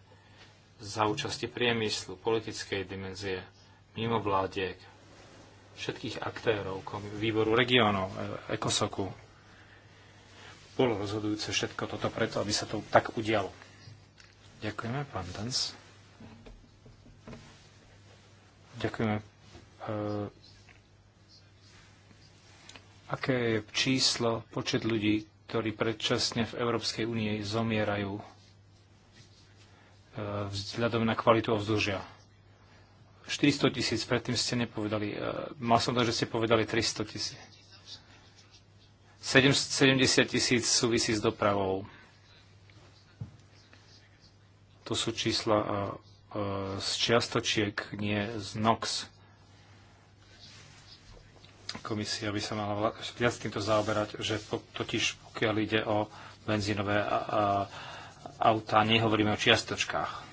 za účasti priemyslu, politickej dimenzie, mimo vládiek, všetkých aktérov, výboru regionov, e, ekosoku. Bolo rozhodujúce všetko toto preto, aby sa to tak udialo. Ďakujeme, pán Dans. Ďakujeme. E, aké je číslo, počet ľudí, ktorí predčasne v Európskej únie zomierajú E, vzhľadom na kvalitu ovzdužia. 400 tisíc, predtým ste nepovedali. E, mal som to, že ste povedali 300 tisíc. 70 tisíc súvisí s dopravou. To sú čísla e, z čiastočiek, nie z NOX. Komisia by sa mala viac týmto zaoberať, že totiž pokiaľ ide o benzínové a, a auta, nehovoríme o čiastočkách.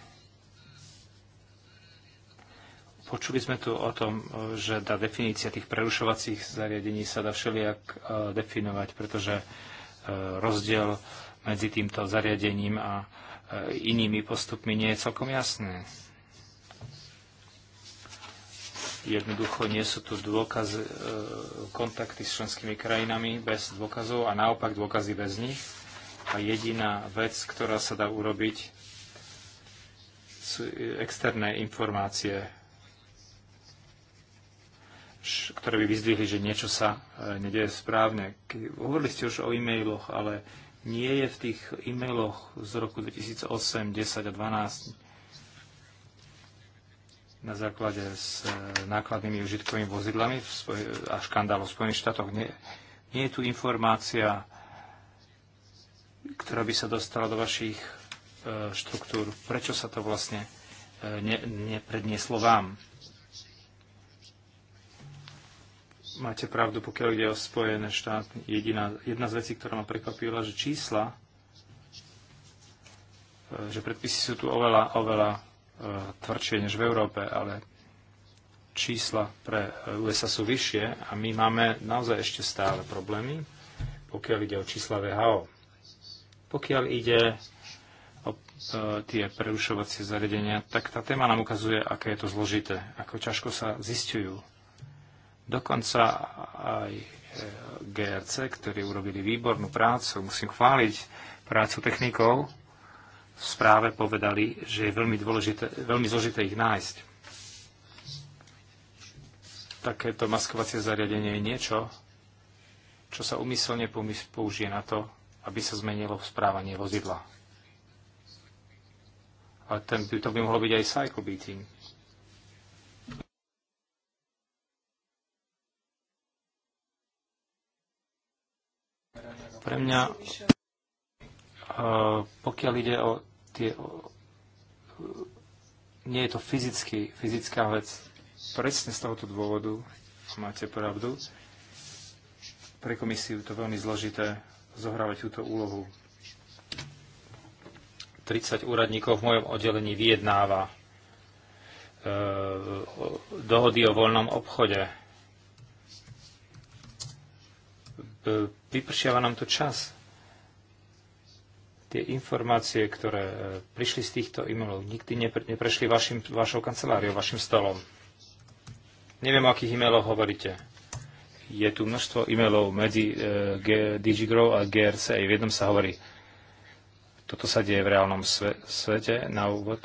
Počuli sme tu o tom, že tá definícia tých prerušovacích zariadení sa dá všelijak e, definovať, pretože e, rozdiel medzi týmto zariadením a e, inými postupmi nie je celkom jasné. Jednoducho nie sú tu dôkazy, kontakty s členskými krajinami bez dôkazov a naopak dôkazy bez nich. A jediná vec, ktorá sa dá urobiť, sú externé informácie, ktoré by vyzdvihli, že niečo sa e, nedieje správne. hovorili ste už o e-mailoch, ale nie je v tých e-mailoch z roku 2008, 10 a 12 na základe s e, nákladnými užitkovými vozidlami a škandálov v Spojených štátoch. Nie, nie je tu informácia ktorá by sa dostala do vašich e, štruktúr. Prečo sa to vlastne e, neprednieslo vám? Máte pravdu, pokiaľ ide o Spojené štáty. Jediná, jedna z vecí, ktorá ma prekvapila, že čísla, e, že predpisy sú tu oveľa, oveľa tvrdšie než v Európe, ale čísla pre USA sú vyššie a my máme naozaj ešte stále problémy, pokiaľ ide o čísla VHO. Pokiaľ ide o e, tie prerušovacie zariadenia, tak tá téma nám ukazuje, aké je to zložité, ako ťažko sa zistujú. Dokonca aj e, GRC, ktorí urobili výbornú prácu, musím chváliť prácu technikov, v správe povedali, že je veľmi, dôležité, veľmi zložité ich nájsť. Takéto maskovacie zariadenie je niečo, čo sa umyselne použije na to, aby sa zmenilo správanie vozidla. Ale ten, to by mohlo byť aj cycle beating. Pre mňa, eh, pokiaľ ide o tie... O, nie je to fyzicky, fyzická vec. Presne z tohoto dôvodu, máte pravdu, pre komisiu to veľmi zložité zohrávať túto úlohu. 30 úradníkov v mojom oddelení vyjednáva e, dohody o voľnom obchode. E, vypršiava nám tu čas. Tie informácie, ktoré e, prišli z týchto e-mailov, nikdy nepre, neprešli vašim, vašou kanceláriou, vašim stolom. Neviem, o akých e-mailoch hovoríte je tu množstvo e-mailov medzi uh, DigiGrow a GRC. V jednom sa hovorí, toto sa deje v reálnom sve, svete na úvod.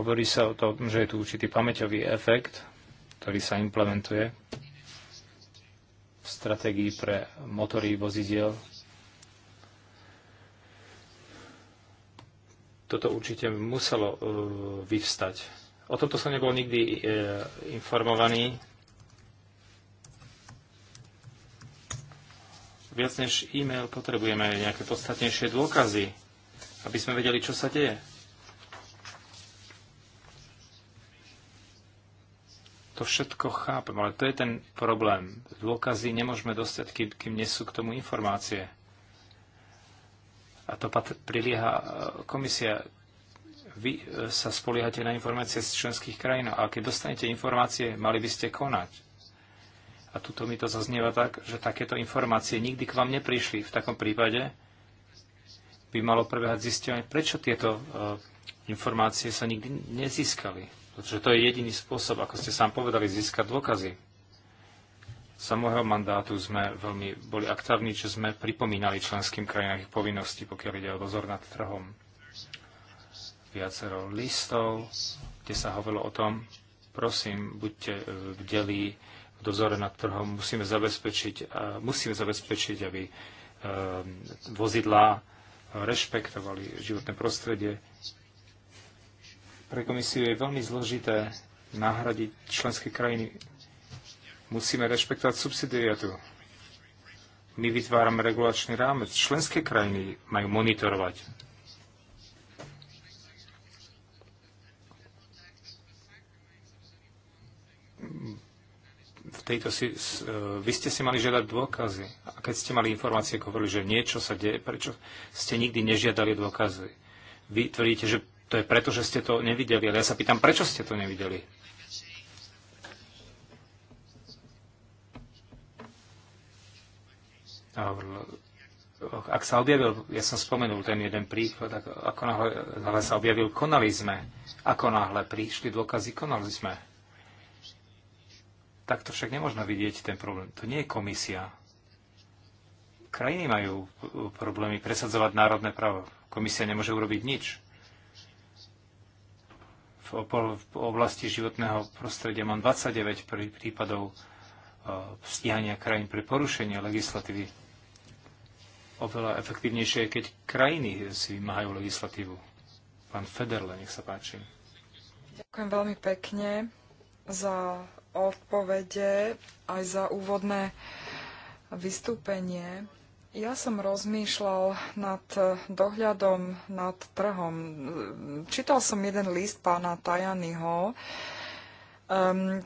Hovorí sa o tom, že je tu určitý pamäťový efekt, ktorý sa implementuje v stratégii pre motory vozidiel. Toto určite muselo uh, vyvstať. O tomto som nebol nikdy e, informovaný Viac než e-mail potrebujeme nejaké podstatnejšie dôkazy, aby sme vedeli, čo sa deje. To všetko chápem, ale to je ten problém. Dôkazy nemôžeme dostať, kým, kým nie sú k tomu informácie. A to prilieha e, komisia. Vy e, sa spoliehate na informácie z členských krajín no a keď dostanete informácie, mali by ste konať a tuto mi to zaznieva tak, že takéto informácie nikdy k vám neprišli. V takom prípade by malo prebehať zistenie, prečo tieto e, informácie sa nikdy nezískali. Pretože to je jediný spôsob, ako ste sám povedali, získať dôkazy. Za môjho mandátu sme veľmi boli aktívni, že sme pripomínali členským krajinám ich povinnosti, pokiaľ ide o dozor nad trhom. Viacero listov, kde sa hovorilo o tom, prosím, buďte v e, delí dozore nad trhom musíme zabezpečiť, musíme zabezpečiť aby ehm, vozidlá rešpektovali životné prostredie. Pre komisiu je veľmi zložité nahradiť členské krajiny. Musíme rešpektovať subsidiariatu. My vytvárame regulačný rámec. Členské krajiny majú monitorovať tejto si, e, vy ste si mali žiadať dôkazy. A keď ste mali informácie, hovorili, že niečo sa deje, prečo ste nikdy nežiadali dôkazy? Vy tvrdíte, že to je preto, že ste to nevideli. Ale ja sa pýtam, prečo ste to nevideli? Ak sa objavil, ja som spomenul ten jeden príklad, ako náhle, náhle sa objavil, konali sme. Ako náhle prišli dôkazy, konali sme. Takto však nemôžno vidieť ten problém. To nie je komisia. Krajiny majú problémy presadzovať národné právo. Komisia nemôže urobiť nič. V, oblasti životného prostredia mám 29 prípadov e, stíhania krajín pre porušenie legislatívy. Oveľa efektívnejšie je, keď krajiny si vymáhajú legislatívu. Pán Federle, nech sa páči. Ďakujem veľmi pekne za odpovede, aj za úvodné vystúpenie. Ja som rozmýšľal nad dohľadom nad trhom. Čítal som jeden list pána Tajanyho,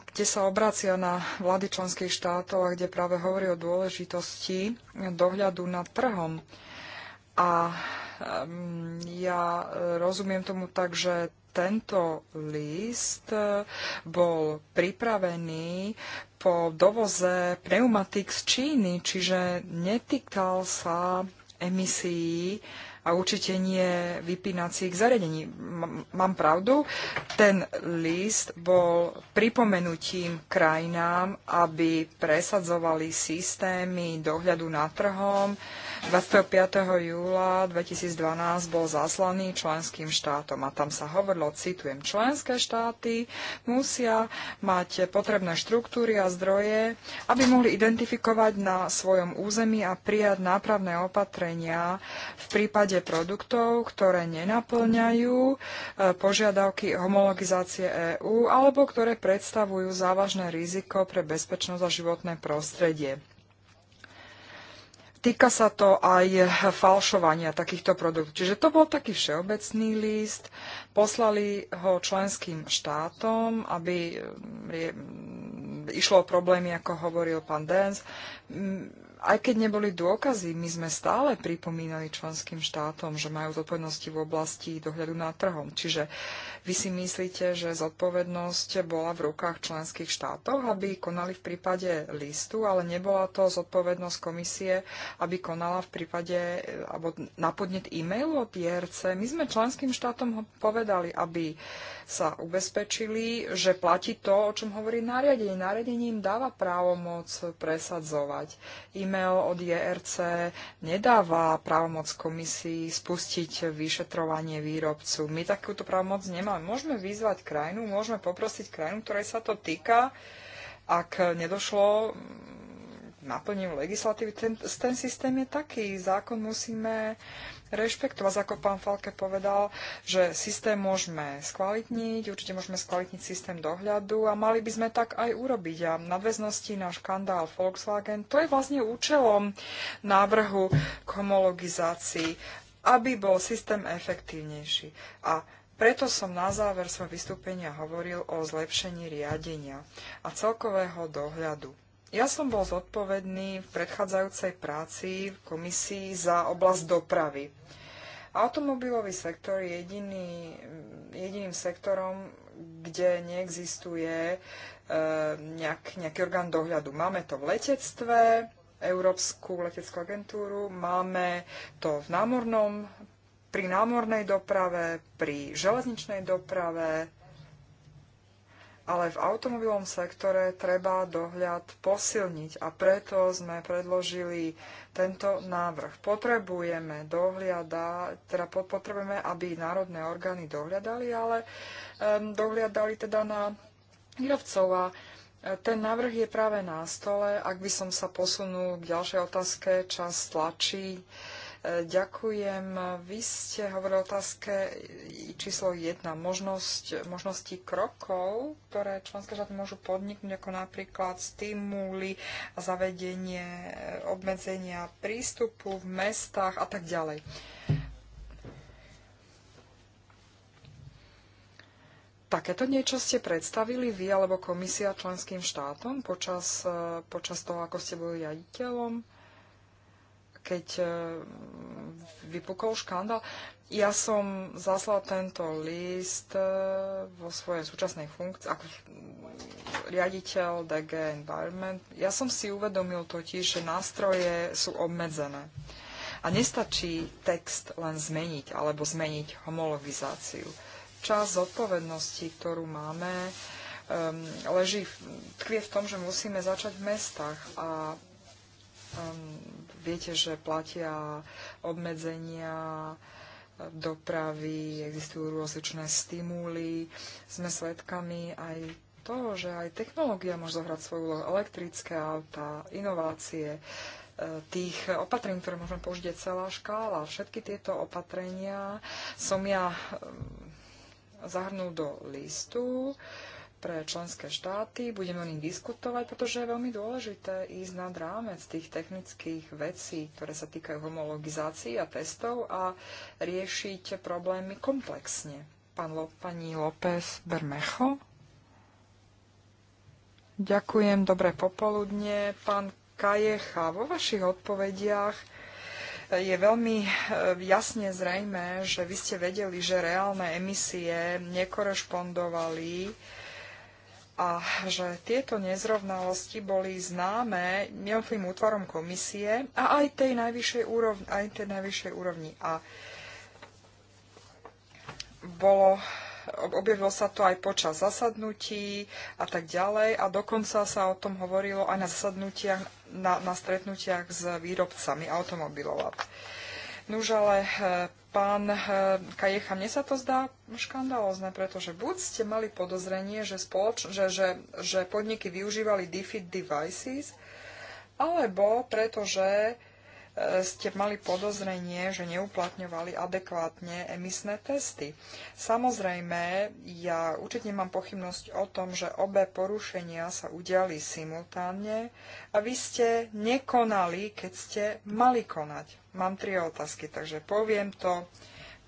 kde sa obracia na vlády členských štátov a kde práve hovorí o dôležitosti dohľadu nad trhom. A Ehm, ja e, rozumiem tomu tak, že tento list e, bol pripravený po dovoze pneumatik z Číny, čiže netýkal sa emisií a určite nie vypínacích zariadení. Mám pravdu, ten list bol pripomenutím krajinám, aby presadzovali systémy dohľadu na trhom, 25. júla 2012 bol zaslaný členským štátom a tam sa hovorilo, citujem, členské štáty musia mať potrebné štruktúry a zdroje, aby mohli identifikovať na svojom území a prijať nápravné opatrenia v prípade produktov, ktoré nenaplňajú e, požiadavky homologizácie EÚ alebo ktoré predstavujú závažné riziko pre bezpečnosť a životné prostredie. Týka sa to aj falšovania takýchto produktov. Čiže to bol taký všeobecný list. Poslali ho členským štátom, aby mm, mm, išlo o problémy, ako hovoril pán Dens aj keď neboli dôkazy, my sme stále pripomínali členským štátom, že majú zodpovednosti v oblasti dohľadu nad trhom. Čiže vy si myslíte, že zodpovednosť bola v rukách členských štátov, aby konali v prípade listu, ale nebola to zodpovednosť komisie, aby konala v prípade, alebo na podnet e-mailu od IRC. My sme členským štátom povedali, aby sa ubezpečili, že platí to, o čom hovorí nariadenie. Nariadenie im dáva právomoc presadzovať. E-mail od JRC e nedáva právomoc komisii spustiť vyšetrovanie výrobcu. My takúto právomoc nemáme. Môžeme vyzvať krajinu, môžeme poprosiť krajinu, ktorej sa to týka, ak nedošlo mm, naplnením legislatívy. Ten, ten systém je taký, zákon musíme rešpektovať, ako pán Falke povedal, že systém môžeme skvalitniť, určite môžeme skvalitniť systém dohľadu a mali by sme tak aj urobiť. A nadväznosti na škandál Volkswagen, to je vlastne účelom návrhu k homologizácii, aby bol systém efektívnejší. A preto som na záver svojho vystúpenia hovoril o zlepšení riadenia a celkového dohľadu. Ja som bol zodpovedný v predchádzajúcej práci v komisii za oblasť dopravy. Automobilový sektor je jediný, jediným sektorom, kde neexistuje e, nejak, nejaký orgán dohľadu. Máme to v letectve, Európsku leteckú agentúru, máme to v námornom, pri námornej doprave, pri železničnej doprave, ale v automobilovom sektore treba dohľad posilniť a preto sme predložili tento návrh. Potrebujeme dohliada, teda potrebujeme, aby národné orgány dohľadali, ale um, dohľadali teda na výrobcov a e, ten návrh je práve na stole. Ak by som sa posunul k ďalšej otázke, čas tlačí. Uh, Ďakujem. Vy ste hovorili o otázke číslo 1. Možnosť, možnosti krokov, ktoré členské štáty môžu podniknúť, ako napríklad stimuly a zavedenie eh, obmedzenia prístupu v mestách a tak ďalej. Takéto niečo ste predstavili vy alebo komisia členským štátom počas, eh, počas toho, ako ste boli riaditeľom? keď e, vypukol škandál. Ja som zaslal tento list e, vo svojej súčasnej funkcii ako riaditeľ DG Environment. Ja som si uvedomil totiž, že nástroje sú obmedzené. A nestačí text len zmeniť alebo zmeniť homologizáciu. Čas zodpovednosti, ktorú máme, um, leží, tkvie v tom, že musíme začať v mestách a um, Viete, že platia obmedzenia dopravy, existujú rôzne stimuly. Sme svedkami aj toho, že aj technológia môže zohrať svoju úlohu. Elektrické auta, inovácie, e, tých opatrení, ktoré môžeme použiť, je celá škála. Všetky tieto opatrenia som ja e, zahrnul do listu pre členské štáty. Budeme o nich diskutovať, pretože je veľmi dôležité ísť nad rámec tých technických vecí, ktoré sa týkajú homologizácií a testov a riešiť problémy komplexne. Pán Lo, pani López Bermecho. Ďakujem, dobré popoludne. Pán Kajecha, vo vašich odpovediach je veľmi eh, jasne zrejme, že vy ste vedeli, že reálne emisie nekorešpondovali a že tieto nezrovnalosti boli známe neotlým útvarom komisie a aj tej najvyššej úrovni. Aj tej najvyššej úrovni. A bolo, objavilo sa to aj počas zasadnutí a tak ďalej a dokonca sa o tom hovorilo aj na zasadnutiach, na, na stretnutiach s výrobcami automobilov. Nuž ale, eh, pán eh, Kajecha, mne sa to zdá škandalózne, pretože buď ste mali podozrenie, že, spoloč- že, že, že podniky využívali DeFi devices, alebo pretože ste mali podozrenie, že neuplatňovali adekvátne emisné testy. Samozrejme, ja určite mám pochybnosť o tom, že obe porušenia sa udiali simultánne a vy ste nekonali, keď ste mali konať. Mám tri otázky, takže poviem to,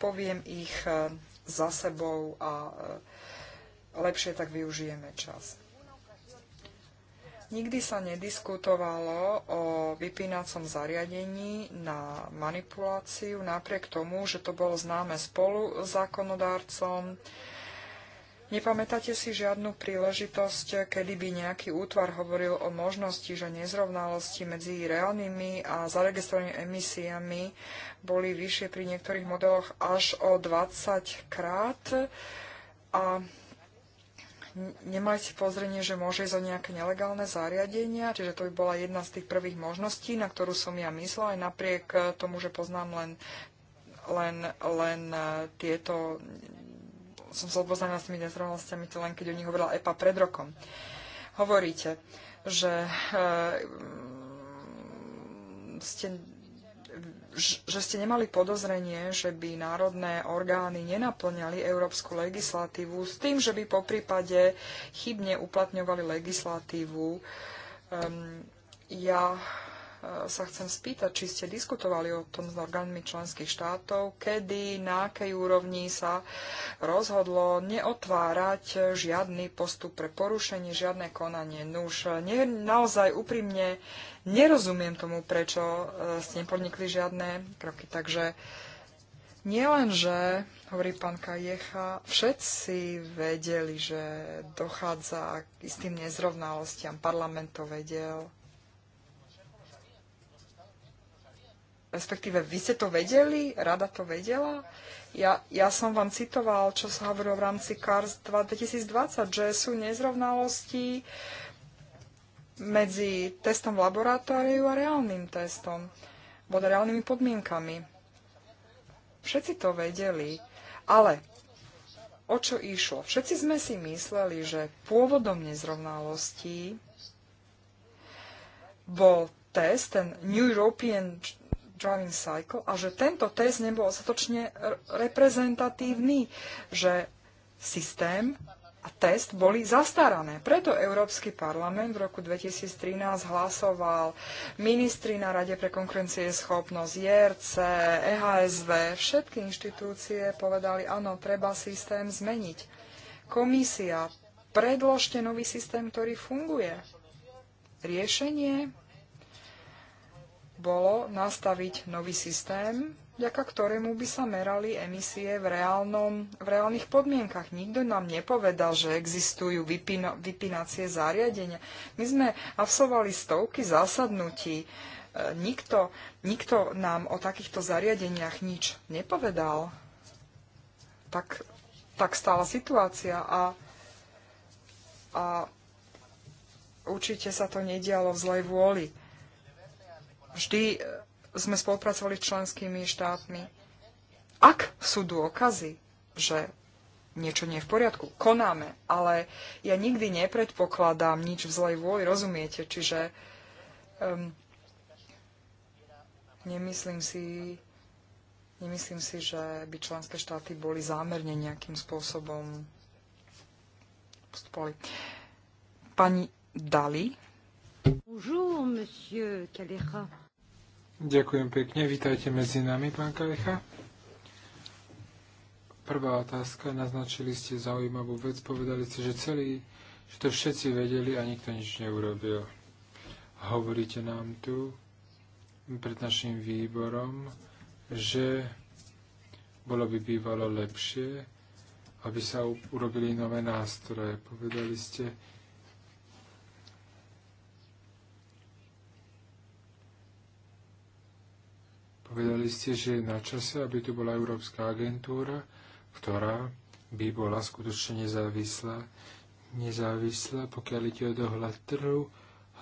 poviem ich eh, za sebou a eh, lepšie tak využijeme čas. Nikdy sa nediskutovalo o vypínacom zariadení na manipuláciu, napriek tomu, že to bolo známe spolu zákonodárcom. Nepamätáte si žiadnu príležitosť, kedy by nejaký útvar hovoril o možnosti, že nezrovnalosti medzi reálnymi a zaregistrovanými emisiami boli vyššie pri niektorých modeloch až o 20 krát a nemať pozrenie, že môže ísť o nejaké nelegálne zariadenia, čiže to by bola jedna z tých prvých možností, na ktorú som ja myslela, aj napriek eh, tomu, že poznám len, len, len eh, tieto som sa odpoznala s tými nezrovnalostiami, to len keď o nich hovorila EPA pred rokom. Hovoríte, že e, ste že ste nemali podozrenie, že by národné orgány nenaplňali európsku legislatívu s tým, že by po prípade chybne uplatňovali legislatívu. Um, ja sa chcem spýtať, či ste diskutovali o tom s orgánmi členských štátov, kedy, na akej úrovni sa rozhodlo neotvárať žiadny postup pre porušenie, žiadne konanie. No už eh, ne, naozaj úprimne nerozumiem tomu, prečo eh, ste nepodnikli žiadne kroky. Takže nielenže, hovorí pán Kajecha, všetci vedeli, že dochádza k istým nezrovnalostiam. Parlament to vedel, respektíve vy ste to vedeli, rada to vedela. Ja, ja som vám citoval, čo sa hovorilo v rámci CARS 2020, že sú nezrovnalosti medzi testom v laboratóriu a reálnym testom, pod reálnymi podmienkami. Všetci to vedeli, ale o čo išlo? Všetci sme si mysleli, že pôvodom nezrovnalostí bol test, ten New European Driving Cycle a že tento test nebol ostatočne reprezentatívny, že systém a test boli zastarané. Preto Európsky parlament v roku 2013 hlasoval ministri na Rade pre konkurencie schopnosť, JRC, EHSV, všetky inštitúcie povedali, áno, treba systém zmeniť. Komisia, predložte nový systém, ktorý funguje. Riešenie bolo nastaviť nový systém, vďaka ktorému by sa merali emisie v, reálnom, v reálnych podmienkach. Nikto nám nepovedal, že existujú vypino, vypinacie zariadenia. My sme absolvovali stovky zásadnutí. E, nikto, nikto nám o takýchto zariadeniach nič nepovedal. Tak, tak stála situácia a, a určite sa to nedialo v zlej vôli. Vždy e, sme spolupracovali s členskými štátmi. Ak sú dôkazy, že niečo nie je v poriadku, konáme, ale ja nikdy nepredpokladám nič v zlej vôli, rozumiete? Čiže um, nemyslím si, Nemyslím si, že by členské štáty boli zámerne nejakým spôsobom postupovali. Pani Dali. Bonjour, monsieur Calera. Ďakujem pekne. Vítajte medzi nami, pán Kalecha. Prvá otázka. Naznačili ste zaujímavú vec. Povedali ste, že celý, že to všetci vedeli a nikto nič neurobil. Hovoríte nám tu pred našim výborom, že bolo by bývalo lepšie, aby sa urobili nové nástroje. Povedali ste, Povedali ste, že je na čase, aby tu bola Európska agentúra, ktorá by bola skutočne nezávislá. Nezávislá, pokiaľ ide o dohľad trhu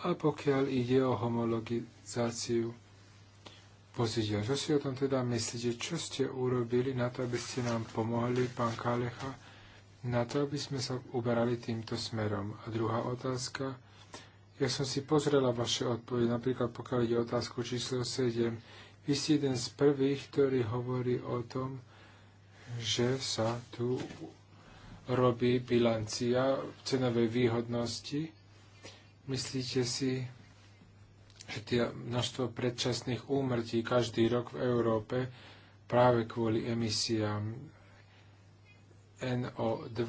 a pokiaľ ide o homologizáciu vozidel. Čo si o tom teda myslíte? Čo ste urobili na to, aby ste nám pomohli, pán Kalecha, na to, aby sme sa uberali týmto smerom? A druhá otázka. Ja som si pozrela vaše odpovede, napríklad pokiaľ ide o otázku číslo 7, vy ste jeden z prvých, ktorý hovorí o tom, že sa tu robí bilancia cenovej výhodnosti. Myslíte si, že tie množstvo predčasných úmrtí každý rok v Európe práve kvôli emisiám NO2,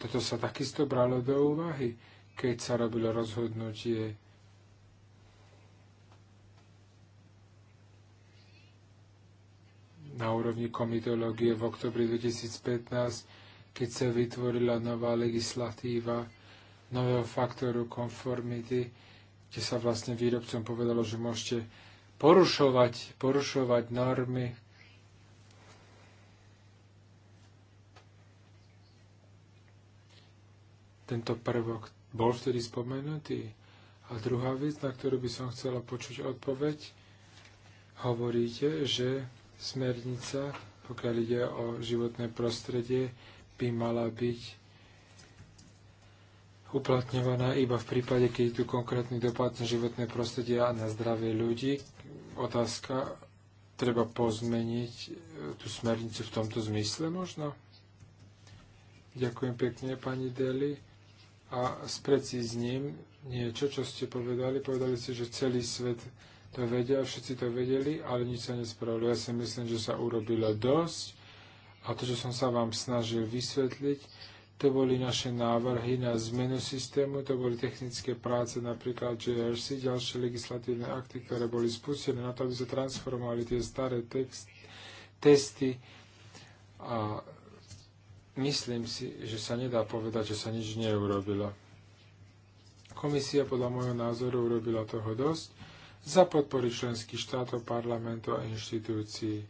toto sa takisto bralo do úvahy, keď sa robilo rozhodnutie na úrovni komitológie v oktobri 2015, keď sa vytvorila nová legislatíva nového faktoru konformity, kde sa vlastne výrobcom povedalo, že môžete porušovať, porušovať normy. Tento prvok bol vtedy spomenutý. A druhá vec, na ktorú by som chcela počuť odpoveď, hovoríte, že smernica, pokiaľ ide o životné prostredie, by mala byť uplatňovaná iba v prípade, keď je tu konkrétny dopad na životné prostredie a na zdravie ľudí. Otázka, treba pozmeniť e, tú smernicu v tomto zmysle možno? Ďakujem pekne, pani Deli. A sprecízním niečo, čo ste povedali. Povedali ste, že celý svet to vedel, všetci to vedeli, ale nič sa nespravilo. Ja si myslím, že sa urobilo dosť a to, čo som sa vám snažil vysvetliť, to boli naše návrhy na zmenu systému, to boli technické práce, napríklad JRC, ďalšie legislatívne akty, ktoré boli spustené na to, aby sa transformovali tie staré text, testy a myslím si, že sa nedá povedať, že sa nič neurobilo. Komisia podľa môjho názoru urobila toho dosť za podpory členských štátov, parlamentov a inštitúcií.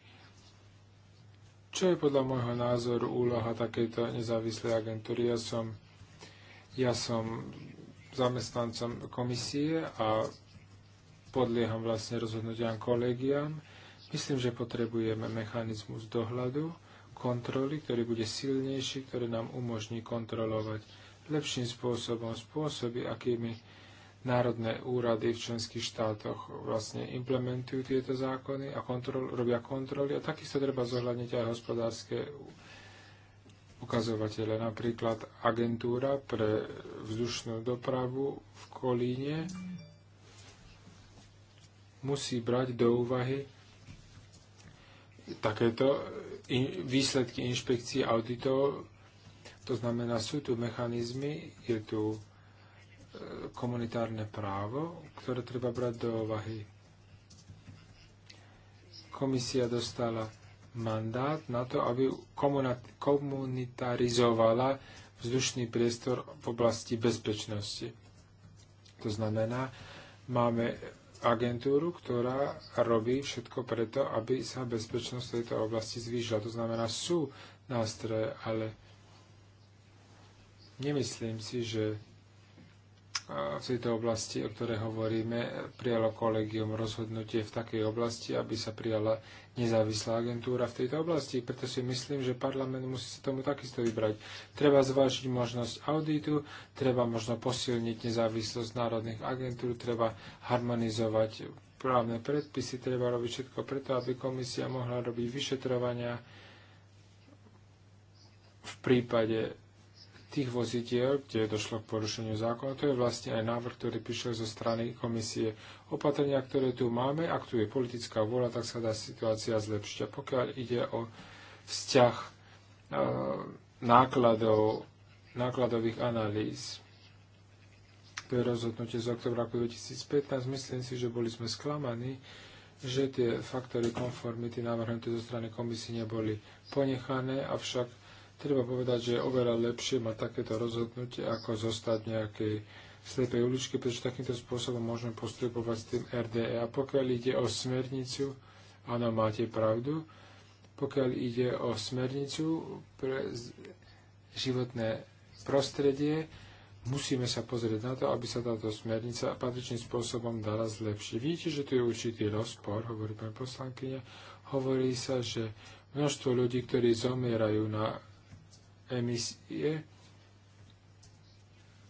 Čo je podľa môjho názoru úloha takejto nezávislej agentúry? Ja som, ja som zamestnancom komisie a podlieham vlastne rozhodnutiam kolegiám. Myslím, že potrebujeme mechanizmus dohľadu, kontroly, ktorý bude silnejší, ktorý nám umožní kontrolovať lepším spôsobom spôsoby, akými národné úrady v členských štátoch vlastne implementujú tieto zákony a kontrol, robia kontroly a takisto treba zohľadniť aj hospodárske ukazovatele. Napríklad agentúra pre vzdušnú dopravu v Kolíne musí brať do úvahy takéto in, výsledky inšpekcií auditov. To znamená, sú tu mechanizmy, je tu komunitárne právo, ktoré treba brať do ovahy. Komisia dostala mandát na to, aby komunitarizovala vzdušný priestor v oblasti bezpečnosti. To znamená, máme agentúru, ktorá robí všetko preto, aby sa bezpečnosť v tejto oblasti zvýšila. To znamená, sú nástroje, ale nemyslím si, že v tejto oblasti, o ktorej hovoríme, prijalo kolegium rozhodnutie v takej oblasti, aby sa prijala nezávislá agentúra v tejto oblasti. Preto si myslím, že parlament musí sa tomu takisto vybrať. Treba zvážiť možnosť auditu, treba možno posilniť nezávislosť národných agentúr, treba harmonizovať právne predpisy, treba robiť všetko preto, aby komisia mohla robiť vyšetrovania v prípade tých vozidiel, kde došlo k porušeniu zákona. To je vlastne aj návrh, ktorý prišiel zo strany komisie. Opatrenia, ktoré tu máme, ak tu je politická vôľa, tak sa dá situácia zlepšiť. A pokiaľ ide o vzťah e, nákladov, nákladových analýz, to je rozhodnutie z oktobra roku 2015, myslím si, že boli sme sklamaní, že tie faktory konformity navrhnuté zo strany komisie neboli ponechané, avšak Treba povedať, že je oveľa lepšie mať takéto rozhodnutie, ako zostať v nejakej slepej uličke, pretože takýmto spôsobom môžeme postupovať s tým RDE. A pokiaľ ide o smernicu, áno, máte pravdu, pokiaľ ide o smernicu pre životné prostredie, musíme sa pozrieť na to, aby sa táto smernica patričným spôsobom dala zlepšiť. Vidíte, že tu je určitý rozpor, hovorí pani poslankyňa. Hovorí sa, že množstvo ľudí, ktorí zomierajú na emisie.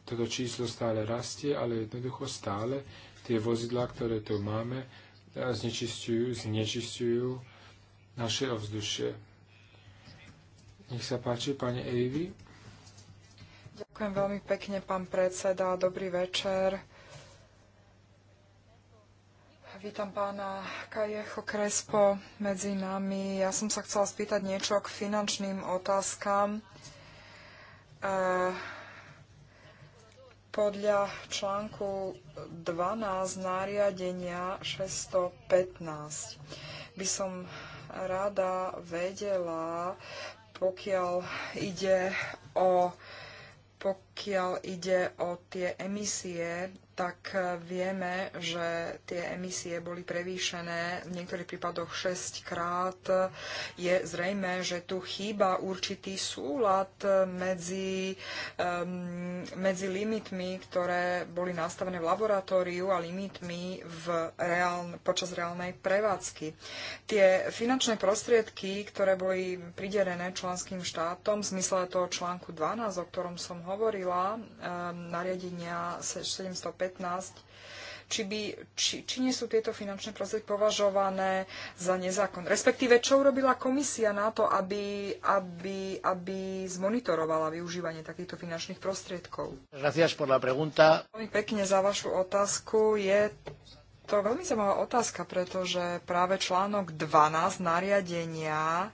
Toto číslo stále rastie, ale jednoducho stále tie vozidlá, ktoré tu máme, eh, znečistujú, znečistujú naše ovzdušie. Nech sa páči, pani Eivy. Ďakujem veľmi pekne, pán predseda. Dobrý večer. Vítam pána Kajecho Krespo medzi nami. Ja som sa chcela spýtať niečo k finančným otázkam. E, podľa článku 12 nariadenia 615 by som rada vedela, pokiaľ ide o pokiaľ ide o tie emisie tak e, vieme, že tie emisie boli prevýšené v niektorých prípadoch 6 krát. Je zrejme, že tu chýba určitý súlad medzi, um, medzi limitmi, ktoré boli nastavené v laboratóriu a limitmi v reál, počas reálnej prevádzky. Tie finančné prostriedky, ktoré boli priderené členským štátom v zmysle toho článku 12, o ktorom som hovorila, um, nariadenia 705 či, by, či, či nie sú tieto finančné prostriedky považované za nezákon. Respektíve, čo urobila komisia na to, aby, aby, aby zmonitorovala využívanie takýchto finančných prostriedkov? Gracias por la pregunta. Veľmi pekne za vašu otázku. Je to veľmi zaujímavá otázka, pretože práve článok 12 nariadenia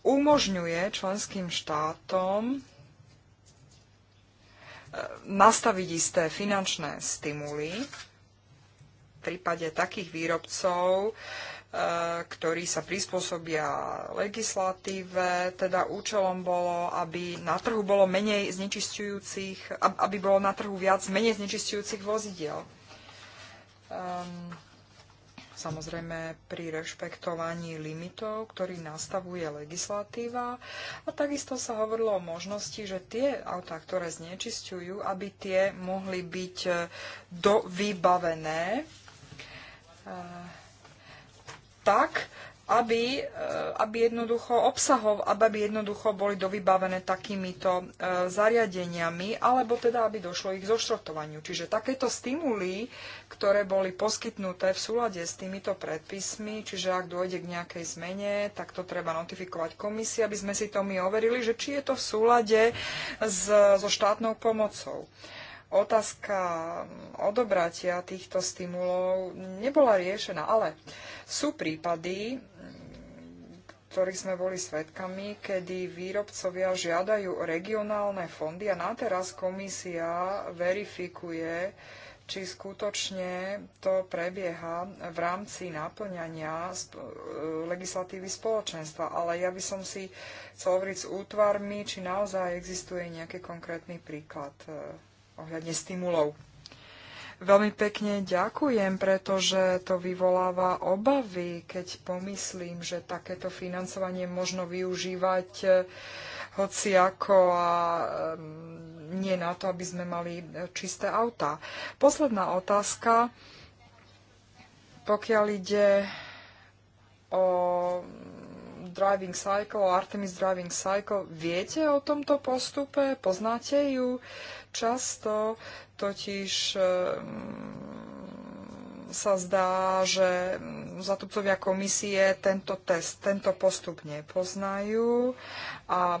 umožňuje členským štátom nastaviť isté finančné stimuly v prípade takých výrobcov, e, ktorí sa prispôsobia legislatíve, teda účelom bolo, aby na trhu bolo menej znečistujúcich, aby bolo na trhu viac menej znečistujúcich vozidiel. Um, samozrejme pri rešpektovaní limitov, ktorý nastavuje legislatíva. A takisto sa hovorilo o možnosti, že tie autá, ktoré znečisťujú, aby tie mohli byť e, dovybavené e, tak, aby, eh, aby jednoducho obsahov, aby jednoducho boli dovybavené takýmito eh, zariadeniami, alebo teda, aby došlo ich zošrotovaniu. Čiže takéto stimuly, ktoré boli poskytnuté v súlade s týmito predpismi, čiže ak dôjde k nejakej zmene, tak to treba notifikovať komisii, aby sme si to my overili, že či je to v súlade s, so štátnou pomocou otázka mm, odobratia týchto stimulov nebola riešená, ale sú prípady, ktorých sme boli svedkami, kedy výrobcovia žiadajú regionálne fondy a nateraz komisia verifikuje, či skutočne to prebieha v rámci naplňania e, legislatívy spoločenstva. Ale ja by som si chcel hovoriť s útvarmi, či naozaj existuje nejaký konkrétny príklad e, ohľadne stimulov. Veľmi pekne ďakujem, pretože to vyvoláva obavy, keď pomyslím, že takéto financovanie možno využívať eh, hoci ako a mm, nie na to, aby sme mali eh, čisté autá. Posledná otázka, pokiaľ ide o mm, Driving Cycle, o Artemis Driving Cycle. Viete o tomto postupe? Poznáte ju? Často totiž ehm, sa zdá, že zatupcovia komisie tento test, tento postup nepoznajú a e,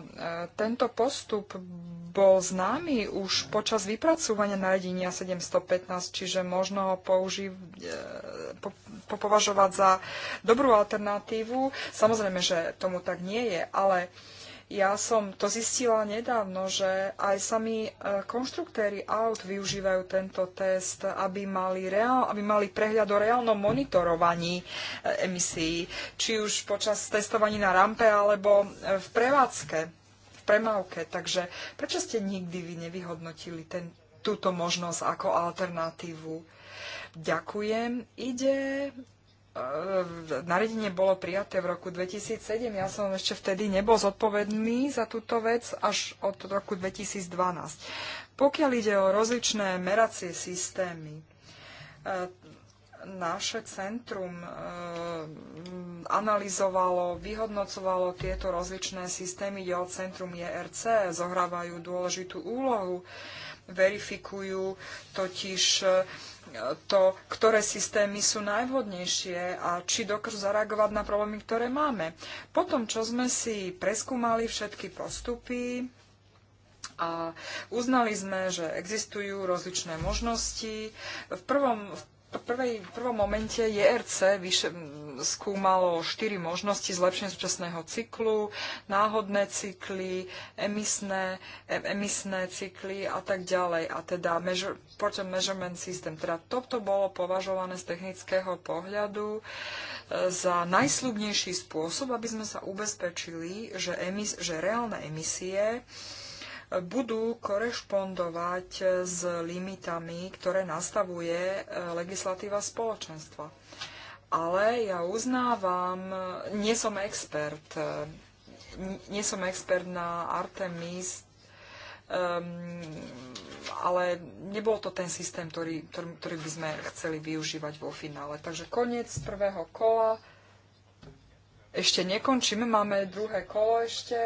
tento postup bol známy už počas vypracúvania nariadenia 715, čiže možno ho použi- e, popovažovať za dobrú alternatívu. Samozrejme, že tomu tak nie je, ale ja som to zistila nedávno, že aj sami e, konštruktéry aut využívajú tento test, aby mali, reál, aby mali prehľad o reálnom monitorovaní e, emisí, či už počas testovaní na rampe alebo e, v prevádzke, v premávke. Takže prečo ste nikdy vy nevyhodnotili ten, túto možnosť ako alternatívu? Ďakujem. Ide E, nariadenie bolo prijaté v roku 2007. Ja som ešte vtedy nebol zodpovedný za túto vec až od roku 2012. Pokiaľ ide o rozličné meracie systémy, e, naše centrum e, analyzovalo, vyhodnocovalo tieto rozličné systémy. Ide o centrum IRC, zohrávajú dôležitú úlohu, verifikujú totiž to, ktoré systémy sú najvhodnejšie a či dokážu zareagovať na problémy, ktoré máme. Potom, čo sme si preskúmali všetky postupy, a uznali sme, že existujú rozličné možnosti. V prvom, v prvej, v prvom momente JRC e vyš, skúmalo štyri možnosti zlepšenia súčasného cyklu, náhodné cykly, emisné, e, emisné cykly a tak ďalej. A teda measure, Measurement System. Teda toto bolo považované z technického pohľadu e, za najslubnejší spôsob, aby sme sa ubezpečili, že, emis, že reálne emisie uh, budú korešpondovať s limitami, ktoré nastavuje e, legislatíva spoločenstva. Ale ja uznávam, nie som expert, e, nie som expert na Artemis, ale nebol to ten systém, ktorý, ktorý, ktorý by sme chceli využívať vo finále. Takže koniec prvého kola. Ešte nekončíme, máme druhé kolo ešte.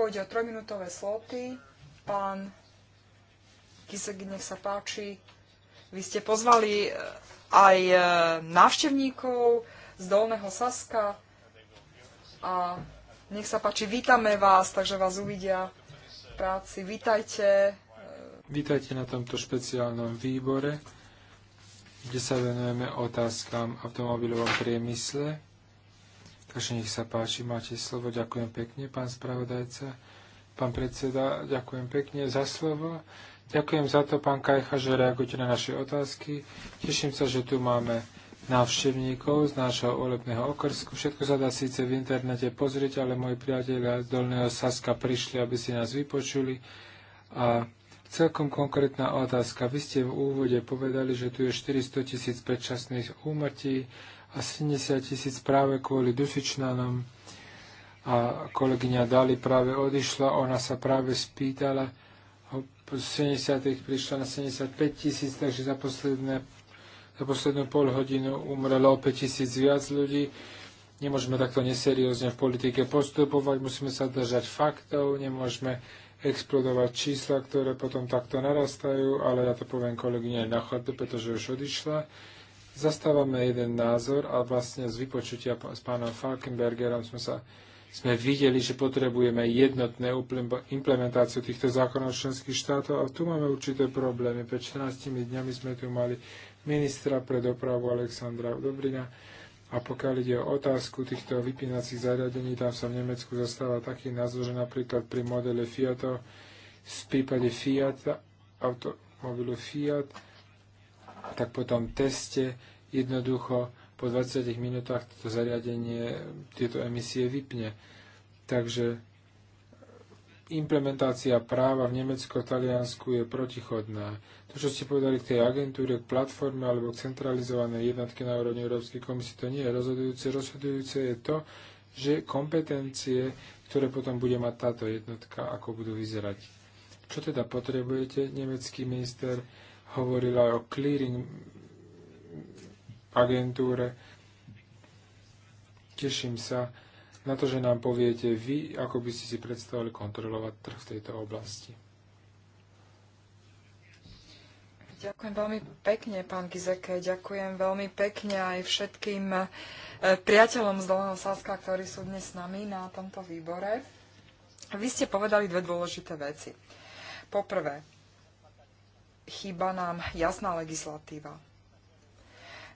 Pôjde o trojminútové sloty. Pán Kisek, nech sa páči. Vy ste pozvali e, aj e, návštevníkov z Dolného Saska a nech sa páči, vítame vás, takže vás uvidia v práci. Vítajte. Vítajte na tomto špeciálnom výbore, kde sa venujeme otázkam v automobilovom priemysle. Takže nech sa páči, máte slovo. Ďakujem pekne, pán spravodajca. Pán predseda, ďakujem pekne za slovo. Ďakujem za to, pán Kajcha, že reagujete na naše otázky. Teším sa, že tu máme návštevníkov z nášho olepného okrsku. Všetko sa dá síce v internete pozrieť, ale moji priatelia z Dolného Saska prišli, aby si nás vypočuli. A celkom konkrétna otázka. Vy ste v úvode povedali, že tu je 400 tisíc predčasných úmrtí a 70 tisíc práve kvôli dusičnanom. A kolegyňa Dali práve odišla, ona sa práve spýtala, po 70 prišla na 75 tisíc, takže za, posledné, za poslednú pol hodinu umrelo o 5 tisíc viac ľudí. Nemôžeme takto neseriózne v politike postupovať, musíme sa držať faktov, nemôžeme explodovať čísla, ktoré potom takto narastajú, ale ja to poviem kolegyne na chodbe, pretože už odišla zastávame jeden názor a vlastne z vypočutia s pánom Falkenbergerom sme sa sme videli, že potrebujeme jednotné implementáciu týchto zákonov členských štátov a tu máme určité problémy. Pred 14 dňami sme tu mali ministra pre dopravu Alexandra Dobrina a pokiaľ ide o otázku týchto vypínacích zariadení, tam sa v Nemecku zastáva taký názor, že napríklad pri modele Fiatov v prípade Fiat, automobilu Fiat, tak po tom teste jednoducho po 20 minútach toto zariadenie tieto emisie vypne. Takže implementácia práva v Nemecko-Taliansku je protichodná. To, čo ste povedali k tej agentúre, k platforme alebo k centralizovanej jednotke na úrovni Európskej komisie, to nie je rozhodujúce. Rozhodujúce je to, že kompetencie, ktoré potom bude mať táto jednotka, ako budú vyzerať. Čo teda potrebujete? Nemecký minister hovoril aj o clearing agentúre. Teším sa na to, že nám poviete vy, ako by ste si predstavili kontrolovať trh v tejto oblasti. Ďakujem veľmi pekne, pán Gizeke. Ďakujem veľmi pekne aj všetkým eh, priateľom z Dolného Saska, ktorí sú dnes s nami na tomto výbore. Vy ste povedali dve dôležité veci. Poprvé, chýba nám jasná legislatíva.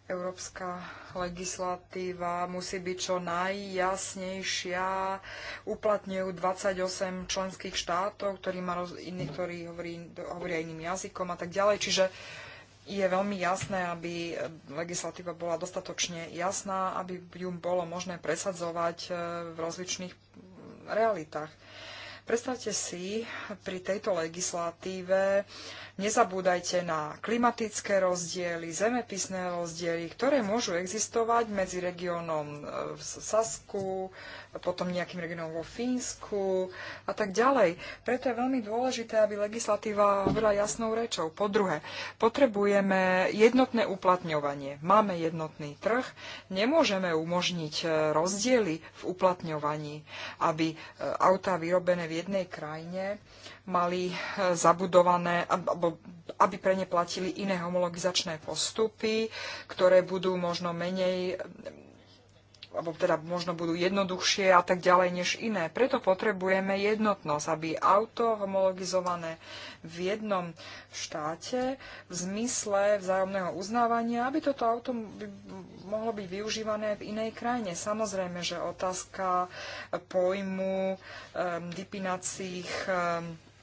Európska legislatíva musí byť čo najjasnejšia. Uplatňujú 28 členských štátov, ktorí, má roz... iní, ktorí hovorí, hovoria iným jazykom a tak ďalej. Čiže je veľmi jasné, aby legislatíva bola dostatočne jasná, aby ju bolo možné presadzovať e, v rozličných realitách. Predstavte si pri tejto legislatíve, Nezabúdajte na klimatické rozdiely, zemepisné rozdiely, ktoré môžu existovať medzi regiónom e, v Sasku, potom nejakým regiónom vo Fínsku a tak ďalej. Preto je veľmi dôležité, aby legislatíva hovorila jasnou rečou. Po druhé, potrebujeme jednotné uplatňovanie. Máme jednotný trh, nemôžeme umožniť e, rozdiely v uplatňovaní, aby e, autá vyrobené v jednej krajine mali e, zabudované, aby pre ne platili iné homologizačné postupy, ktoré budú možno menej alebo teda možno budú jednoduchšie a tak ďalej než iné. Preto potrebujeme jednotnosť, aby auto homologizované v jednom štáte v zmysle vzájomného uznávania, aby toto auto by mohlo byť využívané v inej krajine. Samozrejme, že otázka pojmu um, dipinacích um,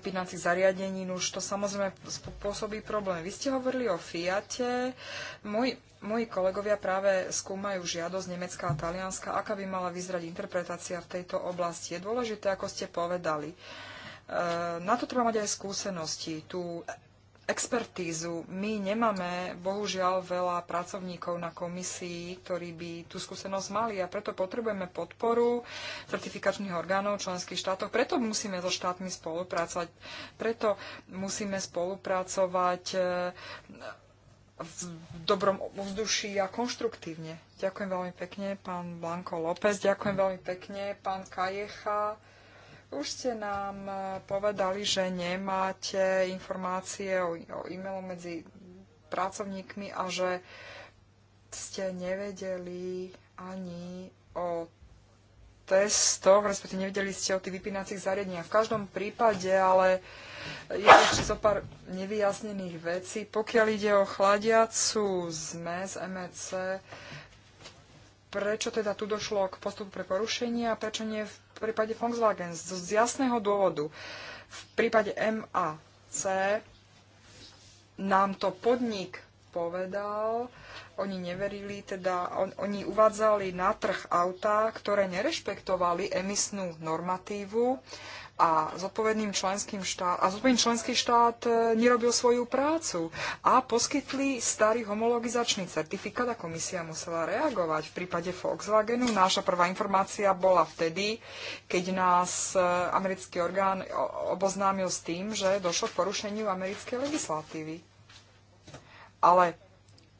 pínacích zariadení, no už to samozrejme spôsobí problém. Vy ste hovorili o Fiate. Moji, moji kolegovia práve skúmajú žiadosť Nemecká a Talianska, aká by mala vyzrať interpretácia v tejto oblasti. Je dôležité, ako ste povedali. E, na to treba mať aj skúsenosti. Tú expertízu. My nemáme bohužiaľ veľa pracovníkov na komisii, ktorí by tú skúsenosť mali a preto potrebujeme podporu certifikačných orgánov členských štátov. Preto musíme so štátmi spolupracovať. Preto musíme spolupracovať e, v dobrom ovzduší a konštruktívne. Ďakujem veľmi pekne, pán Blanko López, ďakujem veľmi pekne, pán Kajecha. Už ste nám e, povedali, že nemáte informácie o, o e-mailu medzi pracovníkmi a že ste nevedeli ani o testoch, respektíve nevedeli ste o tých vypínacích zariadeniach. V každom prípade, ale je ešte zo pár nevyjasnených vecí. Pokiaľ ide o chladiacu zmes MEC, prečo teda tu došlo k postupu pre porušenie a prečo nie v v prípade Volkswagen z jasného dôvodu. V prípade MAC nám to podnik povedal, oni neverili, teda on, oni uvádzali na trh auta, ktoré nerešpektovali emisnú normatívu a zodpovedným členským štát, a zodpovedný členský štát e, nerobil svoju prácu a poskytli starý homologizačný certifikát a komisia musela reagovať. V prípade Volkswagenu náša prvá informácia bola vtedy, keď nás e, americký orgán oboznámil s tým, že došlo k porušeniu americkej legislatívy. Ale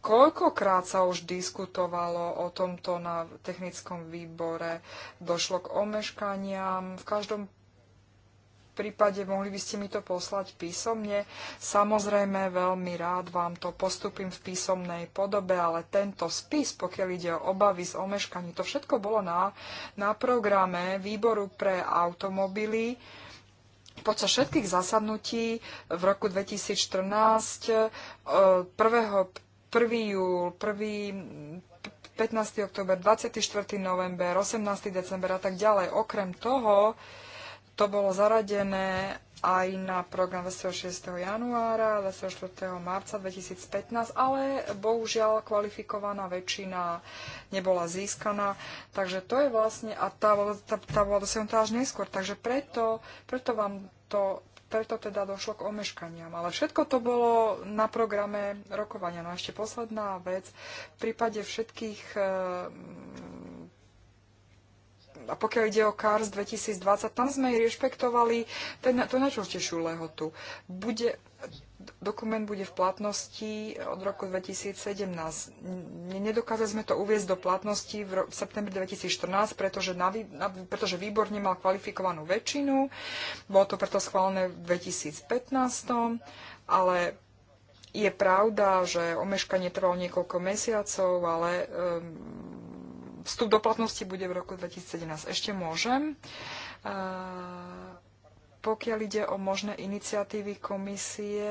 koľkokrát sa už diskutovalo o tomto na technickom výbore, došlo k omeškaniam, v každom prípade mohli by ste mi to poslať písomne. Samozrejme, veľmi rád vám to postupím v písomnej podobe, ale tento spis, pokiaľ ide o obavy z omeškaní, to všetko bolo na, na programe výboru pre automobily počas všetkých zasadnutí v roku 2014, 1. E, júl, 1. 15. október, 24. november, 18. december a tak ďalej. Okrem toho, to bolo zaradené aj na program 26. januára, 24. marca 2015, ale bohužiaľ kvalifikovaná väčšina nebola získaná. Takže to je vlastne, a tá, tá, tá bola dosiahnutá až neskôr, takže preto, preto vám to preto teda došlo k omeškaniam. Ale všetko to bolo na programe rokovania. No a ešte posledná vec. V prípade všetkých e, a pokiaľ ide o CARS 2020, tam sme rešpektovali ten, tú najčurtejšiu lehotu. Bude, dokument bude v platnosti od roku 2017. Nedokázali sme to uviezť do platnosti v, ro- v septembri 2014, pretože, na, na, pretože výbor nemal kvalifikovanú väčšinu. Bolo to preto schválené v 2015, ale je pravda, že omeškanie trvalo niekoľko mesiacov, ale um, vstup do platnosti bude v roku 2017. Ešte môžem. Pokiaľ ide o možné iniciatívy komisie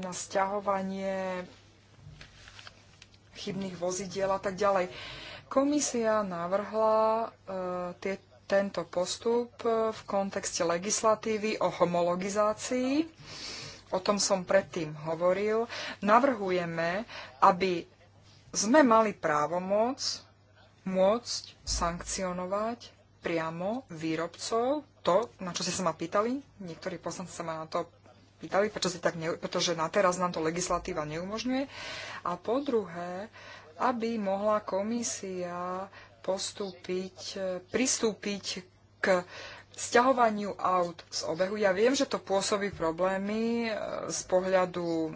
na stiahovanie chybných vozidiel a tak ďalej. Komisia navrhla tie, tento postup v kontexte legislatívy o homologizácii. O tom som predtým hovoril. Navrhujeme, aby sme mali právomoc môcť sankcionovať priamo výrobcov. To, na čo ste sa ma pýtali, niektorí poslanci sa ma na to pýtali, pretože, tak ne, pretože na teraz nám to legislatíva neumožňuje. A po druhé, aby mohla komisia postúpiť, pristúpiť k sťahovaniu aut z obehu. Ja viem, že to pôsobí problémy e, z pohľadu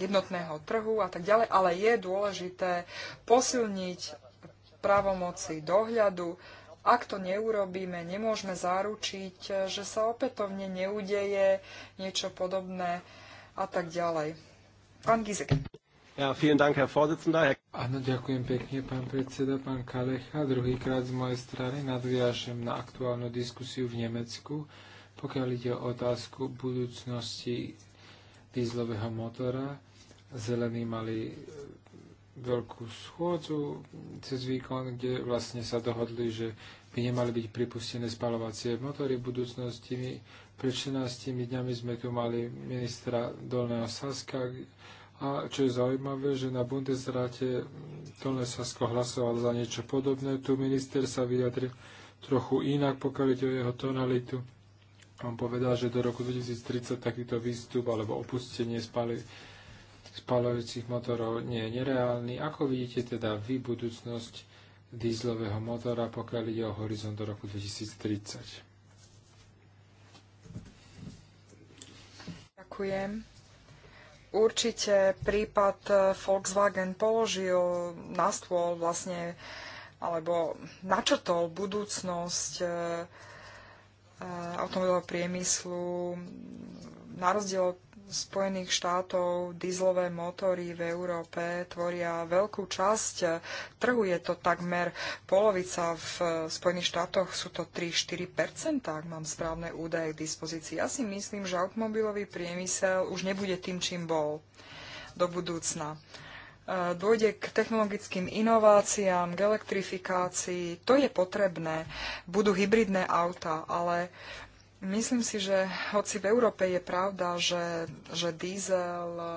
jednotného trhu a tak ďalej, ale je dôležité posilniť právomoci dohľadu. Ak to neurobíme, nemôžeme zaručiť, že sa opätovne neudeje niečo podobné a tak ďalej. Pán Gizek. Ja, vielen Dank, Herr Vorsitzender. Áno, ďakujem pekne, pán predseda, pán Kalecha. Druhýkrát z mojej strany nadviažem na aktuálnu diskusiu v Nemecku, pokiaľ ide o otázku budúcnosti dízlového motora zelení mali veľkú schôdzu cez víkon, kde vlastne sa dohodli, že by nemali byť pripustené spalovacie motory v budúcnosti. My pred 14 dňami sme tu mali ministra Dolného Saska a čo je zaujímavé, že na Bundesráte Dolné Sasko hlasoval za niečo podobné. Tu minister sa vyjadril trochu inak, pokiaľ ide o jeho tonalitu. On povedal, že do roku 2030 takýto výstup alebo opustenie spali spalujúcich motorov nie je nereálny. Ako vidíte teda vy budúcnosť dízlového motora, pokiaľ ide o horizont do roku 2030? Ďakujem. Určite prípad Volkswagen položil na stôl vlastne alebo načrtol budúcnosť e, e, automobilového priemyslu na rozdiel od Spojených štátov dizlové motory v Európe tvoria veľkú časť trhu. Je to takmer polovica. V Spojených štátoch sú to 3-4%, ak mám správne údaje k dispozícii. Ja si myslím, že automobilový priemysel už nebude tým, čím bol do budúcna. E, dôjde k technologickým inováciám, k elektrifikácii. To je potrebné. Budú hybridné auta, ale Myslím si, že hoci v Európe je pravda, že, že diesel eh,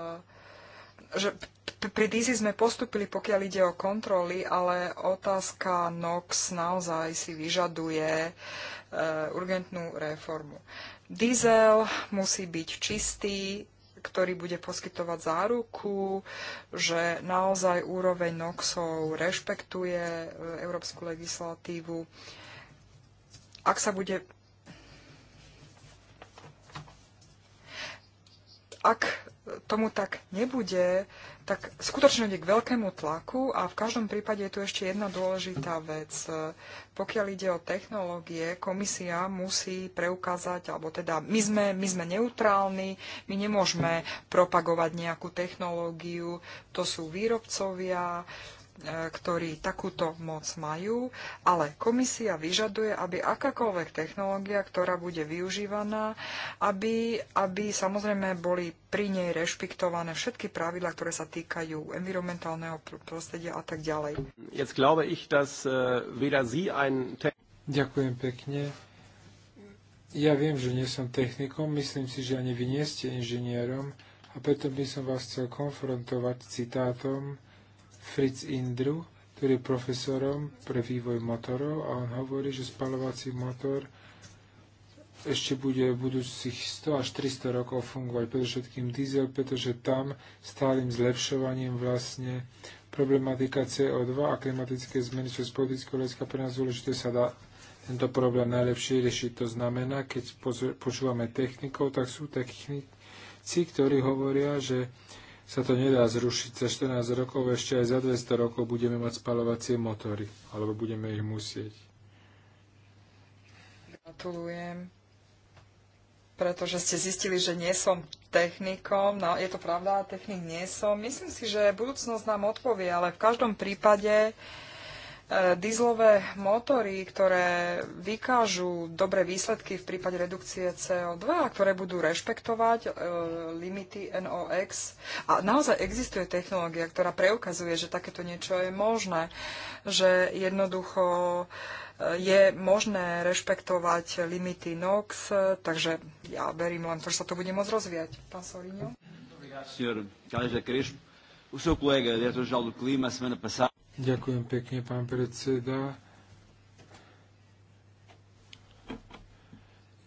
že pri Diesel sme postupili, pokiaľ ide o kontroly, ale otázka NOx naozaj si vyžaduje e, urgentnú reformu. Diesel musí byť čistý, ktorý bude poskytovať záruku, že naozaj úroveň NOxov rešpektuje eh, európsku legislatívu. Ak sa bude ak tomu tak nebude, tak skutočne ide k veľkému tlaku a v každom prípade je tu ešte jedna dôležitá vec. Pokiaľ ide o technológie, komisia musí preukázať, alebo teda my sme, my sme neutrálni, my nemôžeme propagovať nejakú technológiu, to sú výrobcovia, E, ktorí takúto moc majú, ale komisia vyžaduje, aby akákoľvek technológia, ktorá bude využívaná, aby, aby samozrejme boli pri nej rešpektované všetky pravidlá, ktoré sa týkajú environmentálneho prostredia a tak ďalej. Jetzt glaube ich, dass äh, weder Sie ein... Ďakujem pekne. Ja viem, že nie som technikom, myslím si, že ani vy nie ste inžinierom a preto by som vás chcel konfrontovať citátom Fritz Indru, ktorý je profesorom pre vývoj motorov a on hovorí, že spalovací motor ešte bude v budúcich 100 až 300 rokov fungovať, predovšetkým diesel, pretože tam stálym zlepšovaním vlastne problematika CO2 a klimatické zmeny, čo z politického hľadiska pre nás dôležité sa dá tento problém najlepšie riešiť. To znamená, keď počúvame technikov, tak sú technici, ktorí hovoria, že sa to nedá zrušiť. Za 14 rokov ešte aj za 200 rokov budeme mať spalovacie motory, alebo budeme ich musieť. Gratulujem, pretože ste zistili, že nie som technikom. No, je to pravda, technik nie som. Myslím si, že budúcnosť nám odpovie, ale v každom prípade uh, E, dizlové motory, ktoré vykážu dobré výsledky v prípade redukcie CO2 a ktoré budú rešpektovať e, limity NOx. A naozaj existuje technológia, ktorá preukazuje, že takéto niečo je možné, že jednoducho e, je možné rešpektovať limity NOx, e, takže ja verím len to, že sa to bude môcť rozvíjať. Pán Sorinio. Sorinho. Obrigado, senhor Calha Crespo. O seu colega, diretor-geral do Clima, a semana passada... Ďakujem pekne, pán predseda.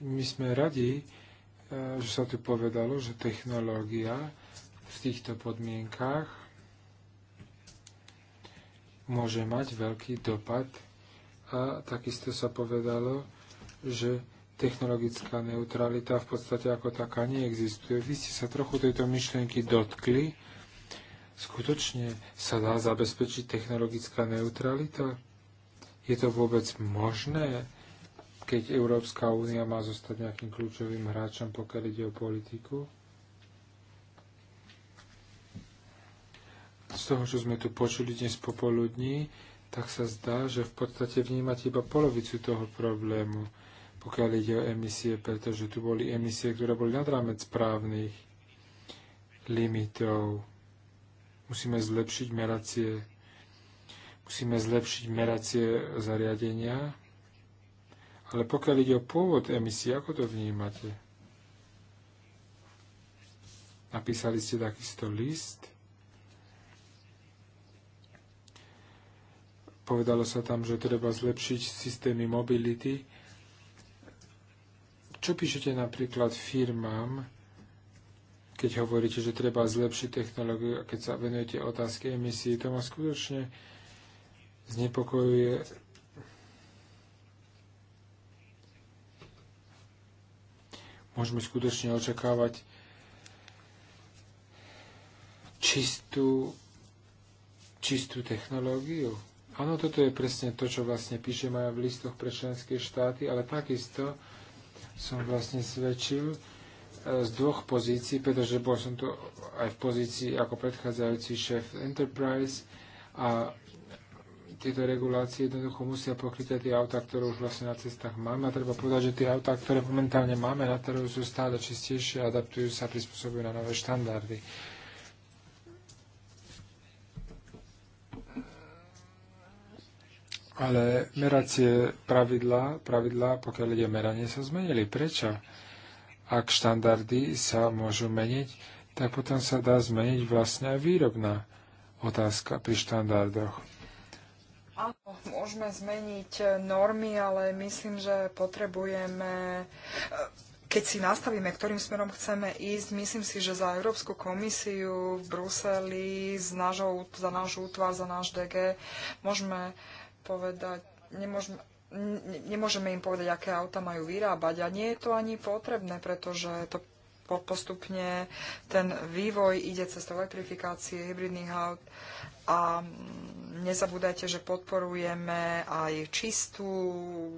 My sme radi, eh, že sa tu povedalo, že technológia v týchto podmienkách môže mať veľký dopad a takisto sa povedalo, že technologická neutralita v podstate ako taká neexistuje. Vy ste sa trochu tejto myšlienky dotkli, Skutočne sa dá zabezpečiť technologická neutralita? Je to vôbec možné, keď Európska únia má zostať nejakým kľúčovým hráčom, pokiaľ ide o politiku? Z toho, čo sme tu počuli dnes popoludní, tak sa zdá, že v podstate vnímať iba polovicu toho problému, pokiaľ ide o emisie, pretože tu boli emisie, ktoré boli nad rámec správnych limitov Musíme zlepšiť meracie, musíme zlepšiť meracie zariadenia, ale pokiaľ ide o pôvod emisí, ako to vnímate? Napísali ste takisto list. Povedalo sa tam, že treba zlepšiť systémy mobility. Čo píšete napríklad firmám, keď hovoríte, že treba zlepšiť technológiu a keď sa venujete otázke emisí, to ma skutočne znepokojuje. Môžeme skutočne očakávať čistú, čistú technológiu. Áno, toto je presne to, čo vlastne píšem aj v listoch pre členské štáty, ale takisto som vlastne svedčil, z dvoch pozícií, pretože bol som tu aj v pozícii ako predchádzajúci šéf Enterprise a tieto regulácie jednoducho musia pokryť aj tie autá, ktoré už vlastne na cestách máme. A treba povedať, že tie autá, ktoré momentálne máme na trhu, sú stále čistejšie, adaptujú sa, prispôsobujú na nové štandardy. Ale meracie pravidlá, pravidlá, pokiaľ ide meranie, sa zmenili. Prečo? ak štandardy sa môžu meniť, tak potom sa dá zmeniť vlastne aj výrobná otázka pri štandardoch. Áno, môžeme zmeniť normy, ale myslím, že potrebujeme keď si nastavíme, ktorým smerom chceme ísť, myslím si, že za Európsku komisiu v Bruseli, z nášho, za náš útvar, za náš DG, môžeme povedať, nemôžeme, nemôžeme im povedať, aké auta majú vyrábať a nie je to ani potrebné, pretože to postupne ten vývoj ide cez elektrifikácie hybridných aut a nezabúdajte, že podporujeme aj čistú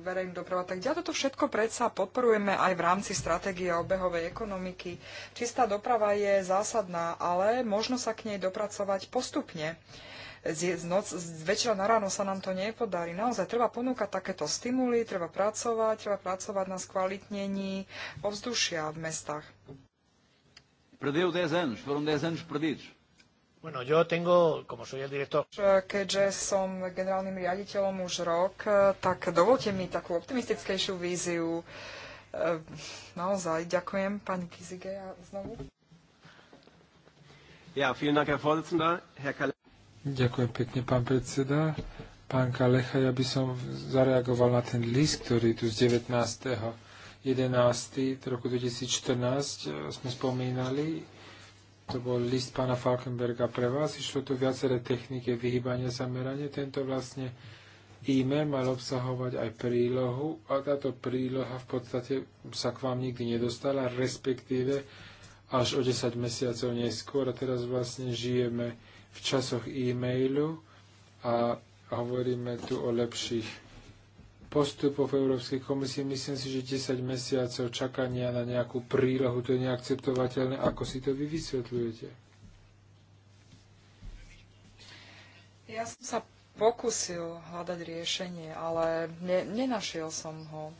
verejnú dopravu a tak ďalej. Toto všetko predsa podporujeme aj v rámci stratégie obehovej ekonomiky. Čistá doprava je zásadná, ale možno sa k nej dopracovať postupne z, noc, z večera na ráno sa nám to nepodarí. Naozaj treba ponúkať takéto stimuly, treba pracovať, treba pracovať na skvalitnení ovzdušia v mestách. Bueno, yo tengo, como soy el director... Eh, keďže som generálnym riaditeľom už rok, eh, tak dovolte mi takú optimistickejšiu víziu. Eh, naozaj ďakujem pani Kizige a znovu. Ja, vielen Dank, Herr Vorsitzender, Herr Kal Ďakujem pekne, pán predseda. Pán Kalecha, ja by som zareagoval na ten list, ktorý tu z 19. 11. roku 2014 e, sme spomínali. To bol list pána Falkenberga pre vás. Išlo tu viaceré techniky vyhýbania zamerania. Tento vlastne e-mail mal obsahovať aj prílohu a táto príloha v podstate sa k vám nikdy nedostala, respektíve až o 10 mesiacov neskôr a teraz vlastne žijeme v časoch e-mailu a hovoríme tu o lepších v Európskej komisie. Myslím si, že 10 mesiacov čakania na nejakú prílohu, to je neakceptovateľné. Ako si to vy vysvetľujete? Ja som sa pokusil hľadať riešenie, ale ne, nenašiel som ho.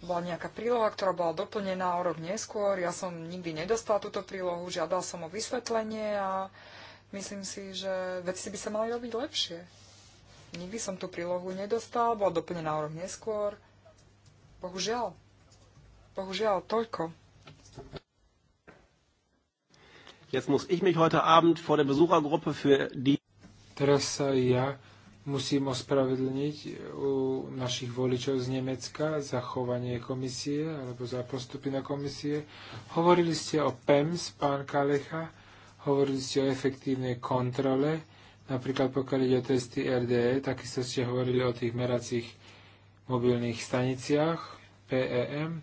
Bola nejaká príloha, ktorá bola doplnená o rok neskôr. Ja som nikdy nedostal túto prílohu, žiadal som o vysvetlenie a Myslím si, že veci by sa mali robiť lepšie. Nikdy som tú prílohu nedostal, bola doplnená o rok neskôr. Bohužiaľ. Bohužiaľ, toľko. Jetzt muss ich mich heute Abend vor der Besuchergruppe für die... Teraz sa ja musím ospravedlniť u našich voličov z Nemecka za chovanie komisie alebo za postupy na komisie. Hovorili ste o PEMS, pán Kalecha. Hovorili ste o efektívnej kontrole, napríklad pokiaľ ide o testy RDE, takisto ste hovorili o tých meracích mobilných staniciach PEM.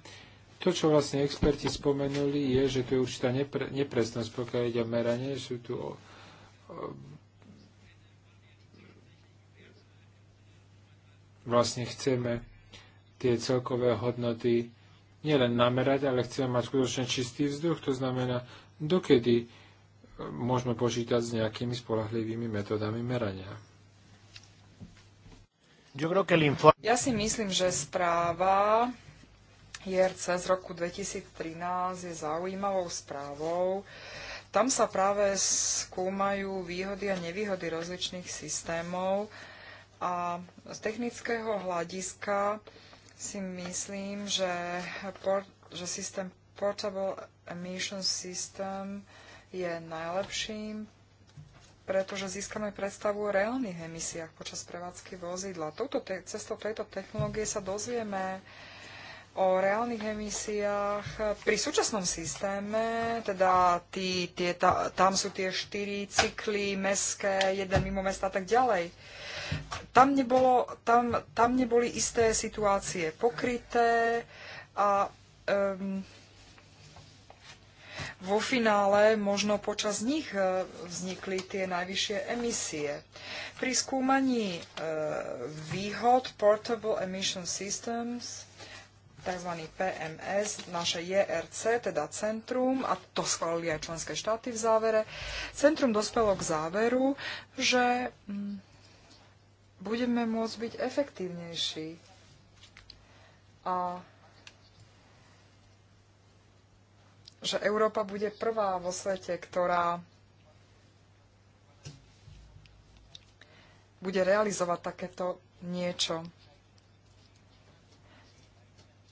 To, čo vlastne experti spomenuli, je, že tu je určitá nepre, nepresnosť, pokiaľ ide o meranie. Sú tu o, o, vlastne chceme tie celkové hodnoty nielen namerať, ale chceme mať skutočne čistý vzduch. To znamená, dokedy môžeme počítať s nejakými spolahlivými metodami merania. Ja si myslím, že správa IRC z roku 2013 je zaujímavou správou. Tam sa práve skúmajú výhody a nevýhody rozličných systémov a z technického hľadiska si myslím, že, že systém Portable Emission System je najlepším, pretože získame predstavu o reálnych emisiách počas prevádzky vozidla. Touto te- cestou tejto technológie sa dozvieme o reálnych emisiách pri súčasnom systéme, teda tí, tie, tá, tam sú tie štyri cykly, meské, jeden mimo mesta a tak ďalej. Tam, nebolo, tam, tam neboli isté situácie pokryté a um, vo finále možno počas nich e, vznikli tie najvyššie emisie. Pri skúmaní e, výhod Portable Emission Systems tzv. PMS, naše JRC, teda centrum, a to schválili aj členské štáty v závere, centrum dospelo k záveru, že mm, budeme môcť byť efektívnejší. A že Európa bude prvá vo svete, ktorá bude realizovať takéto niečo.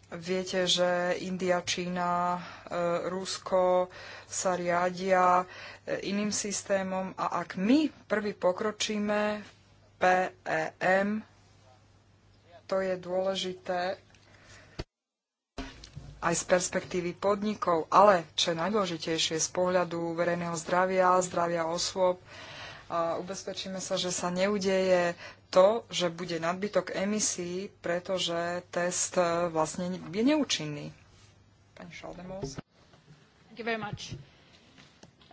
Viete, že India, Čína, e, Rusko sa riadia e, iným systémom a ak my prvý pokročíme v PEM, to je dôležité aj z perspektívy podnikov, ale čo je najdôležitejšie z pohľadu verejného zdravia, zdravia osôb, a ubezpečíme sa, že sa neudeje to, že bude nadbytok emisí, pretože test e, vlastne je neúčinný. Pani Šaldemos. Thank you very much.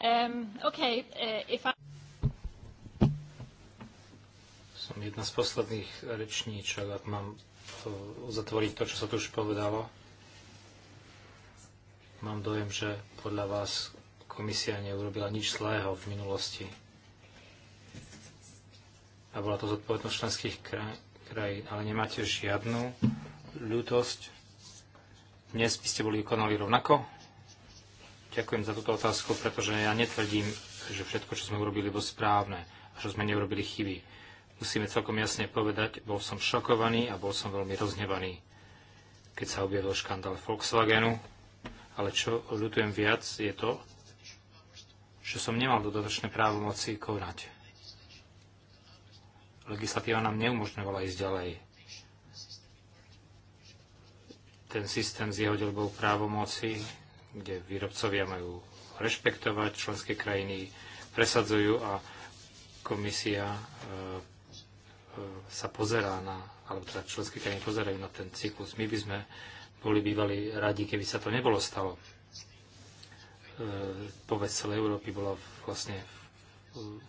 Um, okay, uh, if I... Som jedna z posledných rečníčok, ak mám uzatvoriť to, čo sa tu už povedalo. Mám dojem, že podľa vás komisia neurobila nič zlého v minulosti. A bola to zodpovednosť členských kraj, krajín, ale nemáte žiadnu ľútosť. Dnes by ste boli konali rovnako? Ďakujem za túto otázku, pretože ja netvrdím, že všetko, čo sme urobili, bolo správne a že sme neurobili chyby. Musíme celkom jasne povedať, bol som šokovaný a bol som veľmi roznevaný, keď sa objavil škandál Volkswagenu ale čo ľutujem viac je to, že som nemal dodatočné právomoci konať. Legislatíva nám neumožňovala ísť ďalej. Ten systém s jeho delbou právomoci, kde výrobcovia majú rešpektovať členské krajiny, presadzujú a komisia e, e, sa pozerá na, alebo teda členské krajiny pozerajú na ten cyklus. My by sme boli bývali radi, keby sa to nebolo stalo. E, povedz celej Európy bola vlastne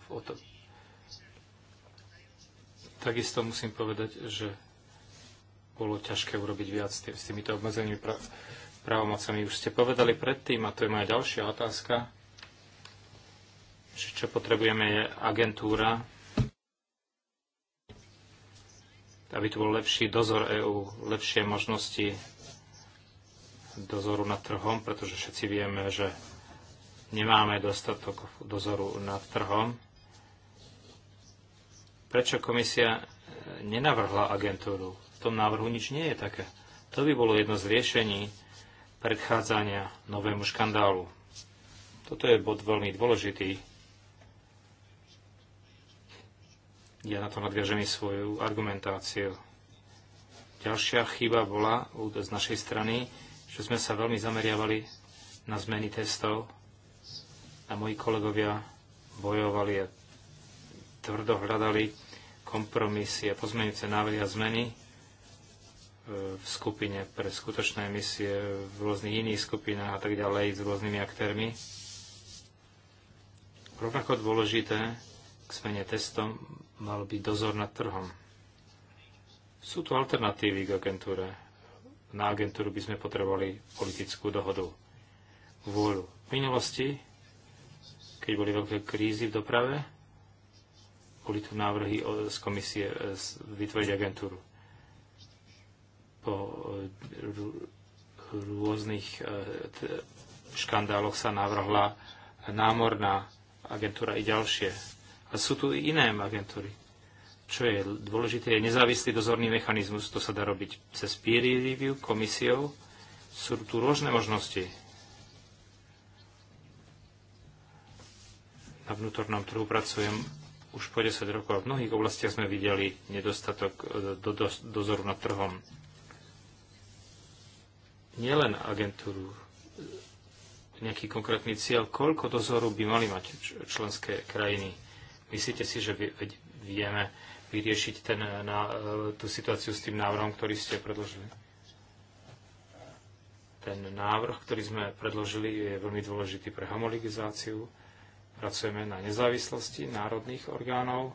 o to. Takisto musím povedať, že bolo ťažké urobiť viac s týmito obmedzenými právomocami. Už ste povedali predtým, a to je moja ďalšia otázka, že čo potrebujeme je agentúra, aby tu bol lepší dozor EÚ, lepšie možnosti dozoru nad trhom, pretože všetci vieme, že nemáme dostatok dozoru nad trhom. Prečo komisia e, nenavrhla agentúru? V tom návrhu nič nie je také. To by bolo jedno z riešení predchádzania novému škandálu. Toto je bod veľmi dôležitý. Ja na to nadviažem svoju argumentáciu. Ďalšia chyba bola z našej strany že sme sa veľmi zameriavali na zmeny testov a moji kolegovia bojovali a tvrdo hľadali kompromisy a pozmeňujúce návrhy a zmeny e, v skupine pre skutočné misie, v rôznych iných skupinách a tak ďalej s rôznymi aktérmi. Rovnako dôležité k zmene testom mal byť dozor nad trhom. Sú tu alternatívy k agentúre na agentúru by sme potrebovali politickú dohodu. Vôľu. V minulosti, keď boli veľké krízy v doprave, boli tu návrhy z komisie e, vytvoriť agentúru. Po e, rôznych e, škandáloch sa navrhla námorná agentúra i ďalšie. A sú tu i iné agentúry čo je dôležité, je nezávislý dozorný mechanizmus. To sa dá robiť cez peer review, komisiou. Sú tu rôzne možnosti. Na vnútornom trhu pracujem už po 10 rokov a v mnohých oblastiach sme videli nedostatok e, do, do, dozoru nad trhom. Nielen agentúru, e, nejaký konkrétny cieľ, koľko dozoru by mali mať členské krajiny. Myslíte si, že vieme vyriešiť ten, na, e, tú situáciu s tým návrhom, ktorý ste predložili? Ten návrh, ktorý sme predložili, je veľmi dôležitý pre homologizáciu. Pracujeme na nezávislosti národných orgánov,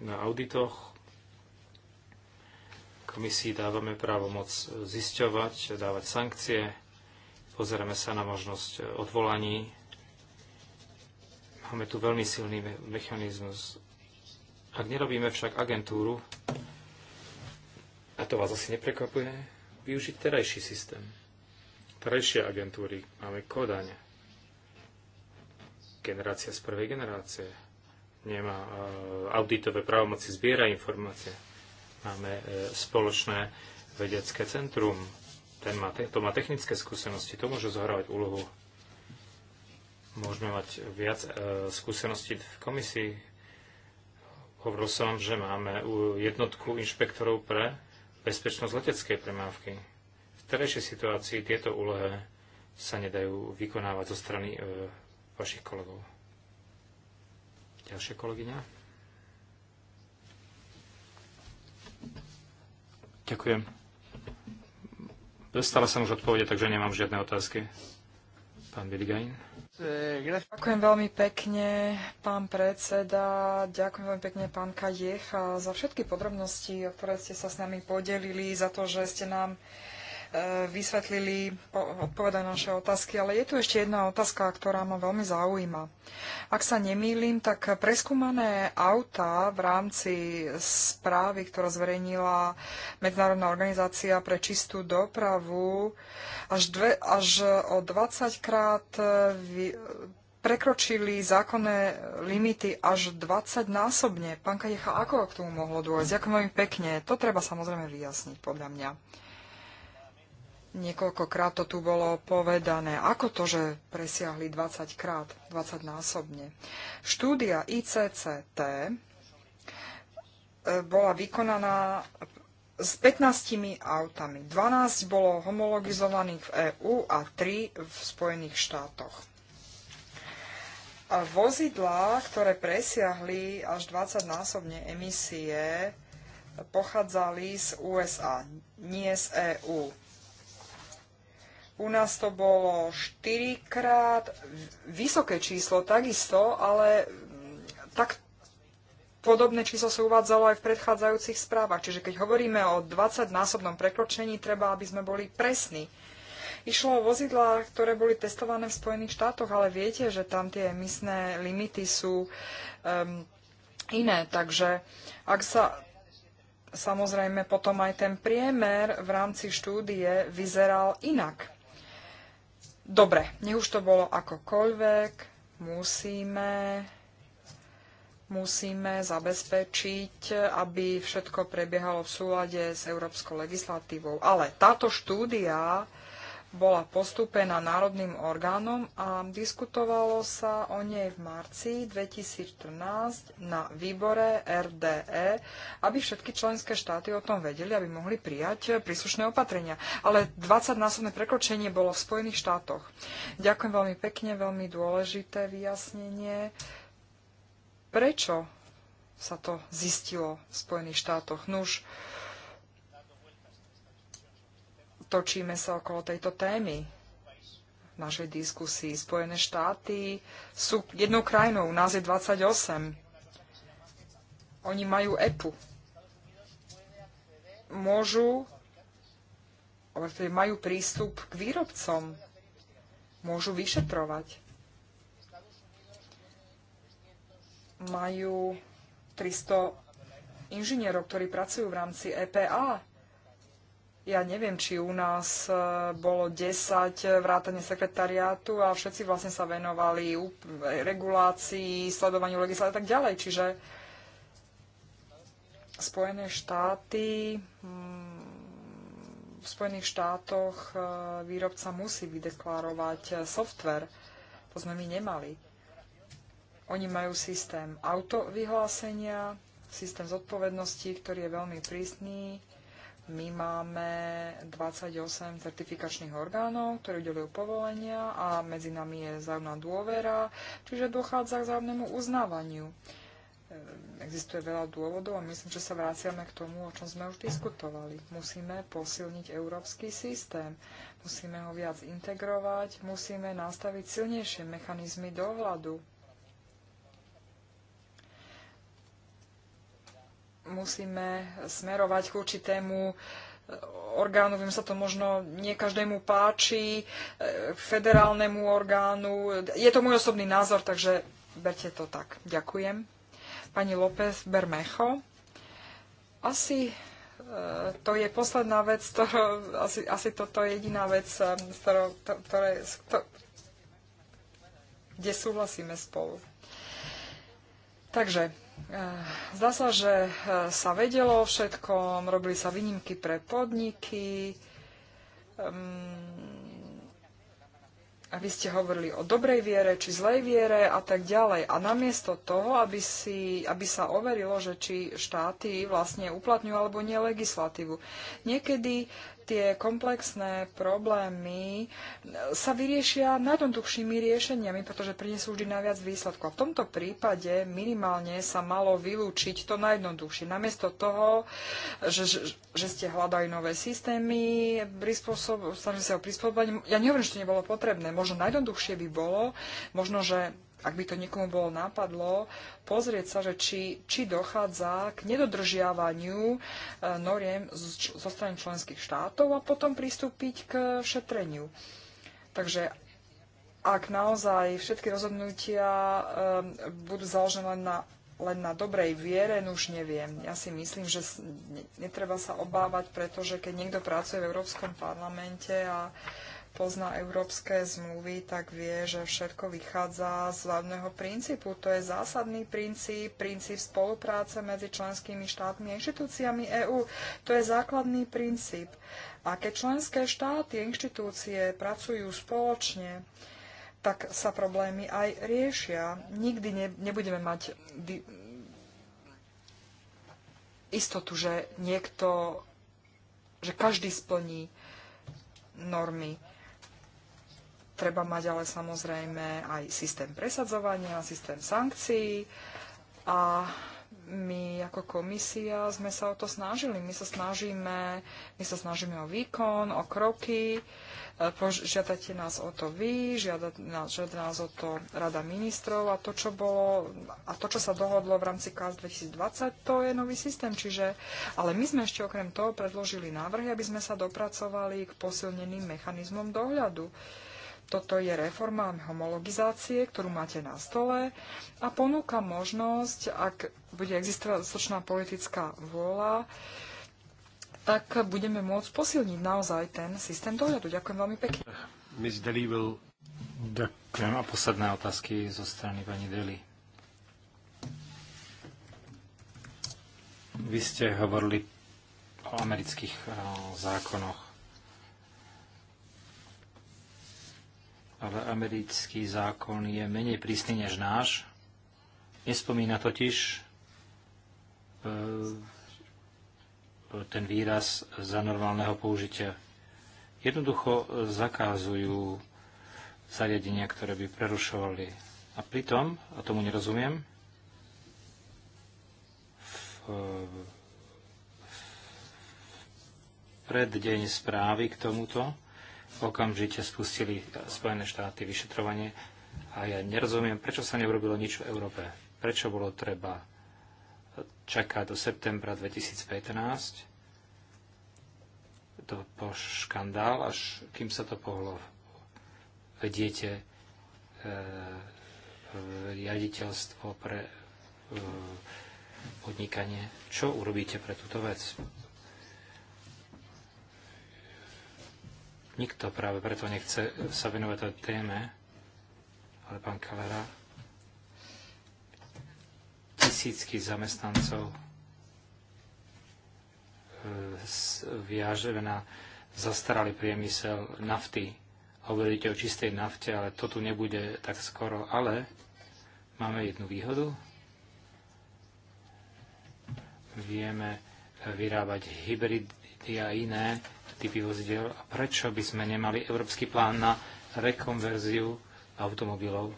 na auditoch. Komisii dávame právomoc zisťovať, dávať sankcie. pozeráme sa na možnosť odvolaní. Máme tu veľmi silný mechanizmus ak nerobíme však agentúru, a to vás asi neprekvapuje, využiť terajší systém. Terajšie agentúry máme Kodaň. Generácia z prvej generácie nemá e, auditové právomoci, zbiera informácie. Máme e, spoločné vedecké centrum. Ten má, to má technické skúsenosti, to môže zohrávať úlohu. Môžeme mať viac e, skúseností v komisii, Hovoril som, že máme jednotku inšpektorov pre bezpečnosť leteckej premávky. V terejšej situácii tieto úlohy sa nedajú vykonávať zo strany e, vašich kolegov. Ďalšia kolegyňa. Ďakujem. Dostala sa už odpovede, takže nemám žiadne otázky. Pán Bilgain. Ďakujem veľmi pekne, pán predseda. Ďakujem veľmi pekne, pán Kajech, za všetky podrobnosti, o ktoré ste sa s nami podelili, za to, že ste nám E, vysvetlili, odpovedať na naše otázky, ale je tu ešte jedna otázka, ktorá ma veľmi zaujíma. Ak sa nemýlim, tak preskúmané auta v rámci správy, ktorá zverejnila Medzinárodná organizácia pre čistú dopravu, až, dve, až o 20 krát e, vy, prekročili zákonné limity až 20 násobne. Pán Kadecha, ako k tomu mohlo dôjsť? Ďakujem veľmi pekne. To treba samozrejme vyjasniť, podľa mňa. Niekoľkokrát to tu bolo povedané. Ako to, že presiahli 20 krát, 20 násobne? Štúdia ICCT e, bola vykonaná s 15 autami. 12 bolo homologizovaných v EÚ a 3 v Spojených štátoch. A vozidlá, ktoré presiahli až 20 násobne emisie, pochádzali z USA, nie z EÚ. U nás to bolo 4 krát, vysoké číslo takisto, ale tak podobné číslo sa uvádzalo aj v predchádzajúcich správach. Čiže keď hovoríme o 20-násobnom prekročení, treba, aby sme boli presní. Išlo o vozidlá, ktoré boli testované v Spojených štátoch, ale viete, že tam tie emisné limity sú um, iné. Takže ak sa samozrejme potom aj ten priemer v rámci štúdie vyzeral inak. Dobre, nech už to bolo akokoľvek, musíme, musíme zabezpečiť, aby všetko prebiehalo v súlade s európskou legislatívou. Ale táto štúdia bola postúpená národným orgánom a diskutovalo sa o nej v marci 2014 na výbore RDE, aby všetky členské štáty o tom vedeli, aby mohli prijať príslušné opatrenia. Ale 20-násobné prekročenie bolo v Spojených štátoch. Ďakujem veľmi pekne, veľmi dôležité vyjasnenie. Prečo sa to zistilo v Spojených štátoch? Nuž, no točíme sa okolo tejto témy v našej diskusii. Spojené štáty sú jednou krajinou, nás je 28. Oni majú EPU. Môžu, majú prístup k výrobcom. Môžu vyšetrovať. Majú 300 inžinierov, ktorí pracujú v rámci EPA ja neviem, či u nás e, bolo 10 vrátane sekretariátu a všetci vlastne sa venovali regulácii, sledovaniu legislatívy a tak ďalej. Čiže Spojené štáty, mm, v Spojených štátoch e, výrobca musí vydeklarovať e, software. To sme my nemali. Oni majú systém autovyhlásenia, systém zodpovednosti, ktorý je veľmi prísný my máme 28 certifikačných orgánov, ktoré udelujú povolenia a medzi nami je vzájomná dôvera, čiže dochádza k vzájomnému uznávaniu. Ehm, existuje veľa dôvodov a myslím, že sa vraciame k tomu, o čom sme už diskutovali. Musíme posilniť európsky systém, musíme ho viac integrovať, musíme nastaviť silnejšie mechanizmy dohľadu, musíme smerovať k určitému e, orgánu, viem sa to možno nie každému páči, e, federálnemu orgánu. Je to môj osobný názor, takže berte to tak. Ďakujem. Pani López Bermecho. Asi e, to je posledná vec, ktorou, asi, asi toto je jediná vec, ktorou, to, ktoré, to, kde súhlasíme spolu. Takže Eh, zdá sa, že eh, sa vedelo o všetkom, robili sa výnimky pre podniky. Ehm, a vy ste hovorili o dobrej viere či zlej viere a tak ďalej. A namiesto toho, aby, si, aby sa overilo, že či štáty vlastne uplatňujú alebo nie legislatívu. Niekedy tie komplexné problémy sa vyriešia najjednoduchšími riešeniami, pretože prinesú vždy najviac výsledkov. V tomto prípade minimálne sa malo vylúčiť to najjednoduchšie. Namiesto toho, že, že, že ste hľadali nové systémy, prispôsob, sa o prispôsobenie, ja nehovorím, že to nebolo potrebné, možno najjednoduchšie by bolo, možno, že ak by to niekomu bolo nápadlo, pozrieť sa, že či, či dochádza k nedodržiavaniu e, noriem zo strany členských štátov a potom pristúpiť k šetreniu. Takže ak naozaj všetky rozhodnutia e, budú založené len na, len na dobrej viere, no už neviem. Ja si myslím, že netreba sa obávať, pretože keď niekto pracuje v Európskom parlamente a uh, pozná európske zmluvy, tak vie, že všetko vychádza z hlavného princípu. To je zásadný princíp, princíp spolupráce medzi členskými štátmi a inštitúciami EÚ. To je základný princíp. A keď členské štáty a inštitúcie pracujú spoločne, tak sa problémy aj riešia. Nikdy ne, nebudeme mať istotu, že niekto, že každý splní normy. Treba mať ale samozrejme aj systém presadzovania, systém sankcií a my ako komisia sme sa o to snažili. My sa snažíme, my sa snažíme o výkon, o kroky. E, žiadate nás o to vy, žiada, žiada nás o to Rada ministrov a to, čo bolo, a to, čo sa dohodlo v rámci KAS 2020, to je nový systém. Čiže, ale my sme ešte okrem toho predložili návrhy, aby sme sa dopracovali k posilneným mechanizmom dohľadu. Uh, toto je reforma homologizácie, ktorú máte na stole a ponúka možnosť, ak bude existovať dostatočná politická vôľa, tak budeme môcť posilniť naozaj ten systém dohľadu. Ďakujem veľmi pekne. Deli will... Ďakujem. A posledné otázky zo strany pani Deli. Vy ste hovorili o amerických eh, zákonoch. ale americký zákon je menej prísny než náš. Nespomína totiž e, ten výraz za normálneho použitia. Jednoducho e, zakázujú zariadenia, ktoré by prerušovali. A pritom, a tomu nerozumiem, v, e, v preddeň správy k tomuto okamžite spustili Spojené štáty vyšetrovanie a ja nerozumiem, prečo sa neurobilo nič v Európe. Prečo bolo treba čakať do septembra 2015 to po škandál, až kým sa to pohlo. Vediete e, riaditeľstvo pre e, podnikanie. Čo urobíte pre túto vec? Nikto práve preto nechce sa venovať tej téme, ale pán Kalera, tisícky zamestnancov e, viaže na zastaralý priemysel nafty. Hovoríte o čistej nafte, ale to tu nebude tak skoro. Ale máme jednu výhodu. Vieme vyrábať hybrid, a iné typy vozidel a prečo by sme nemali európsky plán na rekonverziu automobilov.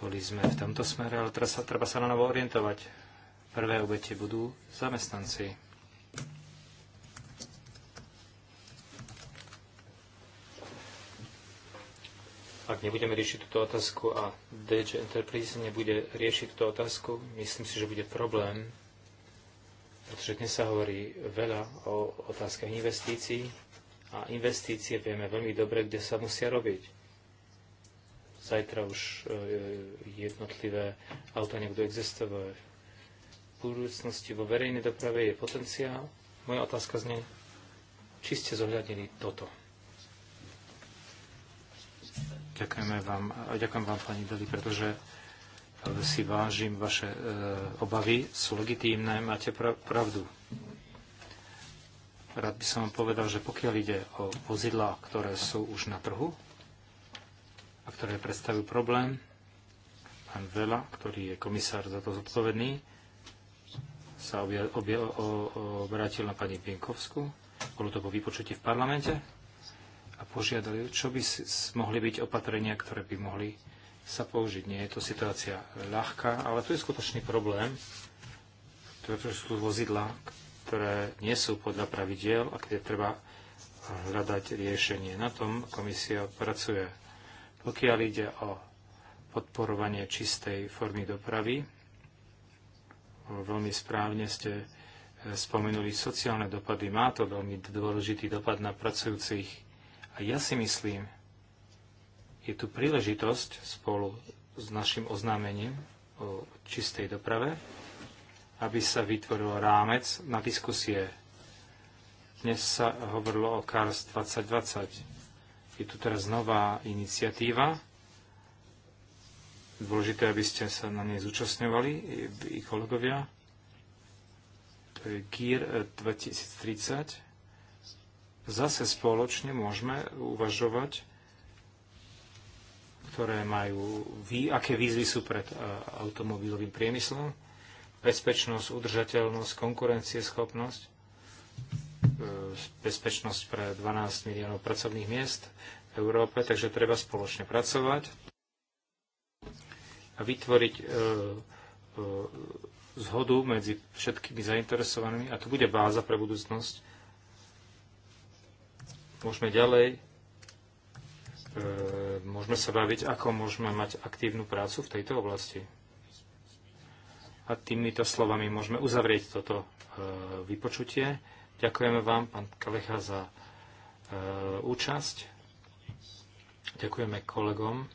Boli sme v tomto smere, ale teraz sa, treba sa na novo orientovať. Prvé obete budú zamestnanci. Ak nebudeme riešiť túto otázku a DG Enterprise nebude riešiť túto otázku, myslím si, že bude problém, pretože dnes sa hovorí veľa o otázkach investícií a investície vieme veľmi dobre, kde sa musia robiť zajtra už e, jednotlivé auta nebudú existovať. V budúcnosti vo verejnej doprave je potenciál. Moja otázka znie, či ste zohľadnili toto. Ďakujeme vám, ďakujem vám, pani Deli, pretože si vážim vaše e, obavy, sú legitímne, máte pra- pravdu. Rád by som vám povedal, že pokiaľ ide o vozidlá, ktoré sú už na trhu a ktoré predstavujú problém, pán Vela, ktorý je komisár za to zodpovedný, sa obja- obja- obrátil na pani Pienkovsku. Bolo to po vypočutí v parlamente a požiadali, čo by mohli byť opatrenia, ktoré by mohli sa použiť. Nie je to situácia ľahká, ale to je skutočný problém. pretože sú vozidla, ktoré nie sú podľa pravidiel a kde treba hľadať riešenie. Na tom komisia pracuje. Pokiaľ ide o podporovanie čistej formy dopravy, veľmi správne ste eh, spomenuli sociálne dopady. Má to veľmi dôležitý dopad na pracujúcich a ja si myslím, je tu príležitosť spolu s našim oznámením o čistej doprave, aby sa vytvoril rámec na diskusie. Dnes sa hovorilo o CARS 2020. Je tu teraz nová iniciatíva. Dôležité, aby ste sa na nej zúčastňovali, i kolegovia. To je GIR 2030. Eh, zase spoločne môžeme uvažovať, ktoré majú, aké výzvy sú pred automobilovým priemyslom, bezpečnosť, udržateľnosť, konkurencieschopnosť, e, bezpečnosť pre 12 miliónov pracovných miest v Európe, takže treba spoločne pracovať a vytvoriť e, e, zhodu medzi všetkými zainteresovanými a to bude báza pre budúcnosť Môžeme ďalej. E, môžeme sa baviť, ako môžeme mať aktívnu prácu v tejto oblasti. A týmito slovami môžeme uzavrieť toto e, vypočutie. Ďakujeme vám, pán Kalecha, za e, účasť. Ďakujeme kolegom,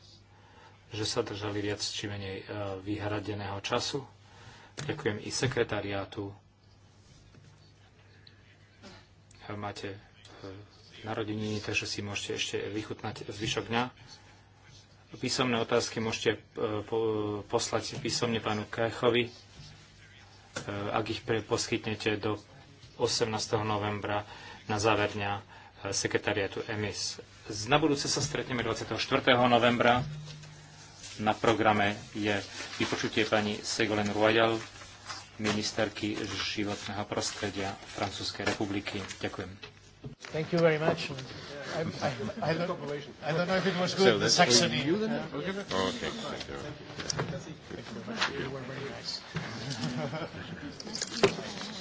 že sa držali viac či menej vyhradeného času. Ďakujem i sekretariátu. Máte narodeniny, takže si môžete ešte vychutnať zvyšok dňa. Písomné otázky môžete e, poslať písomne pánu Kajchovi, e, ak ich poskytnete do 18. novembra na záver dňa e, sekretariatu EMIS. Na budúce sa stretneme 24. novembra. Na programe je vypočutie pani Segolen Royal, ministerky životného prostredia Francúzskej republiky. Ďakujem. Thank you very much. I, I, I, don't, I don't know if it was good, so the Saxony. You then? Yeah. Okay. Oh, okay. Thank you. Thank you very much. You were very nice.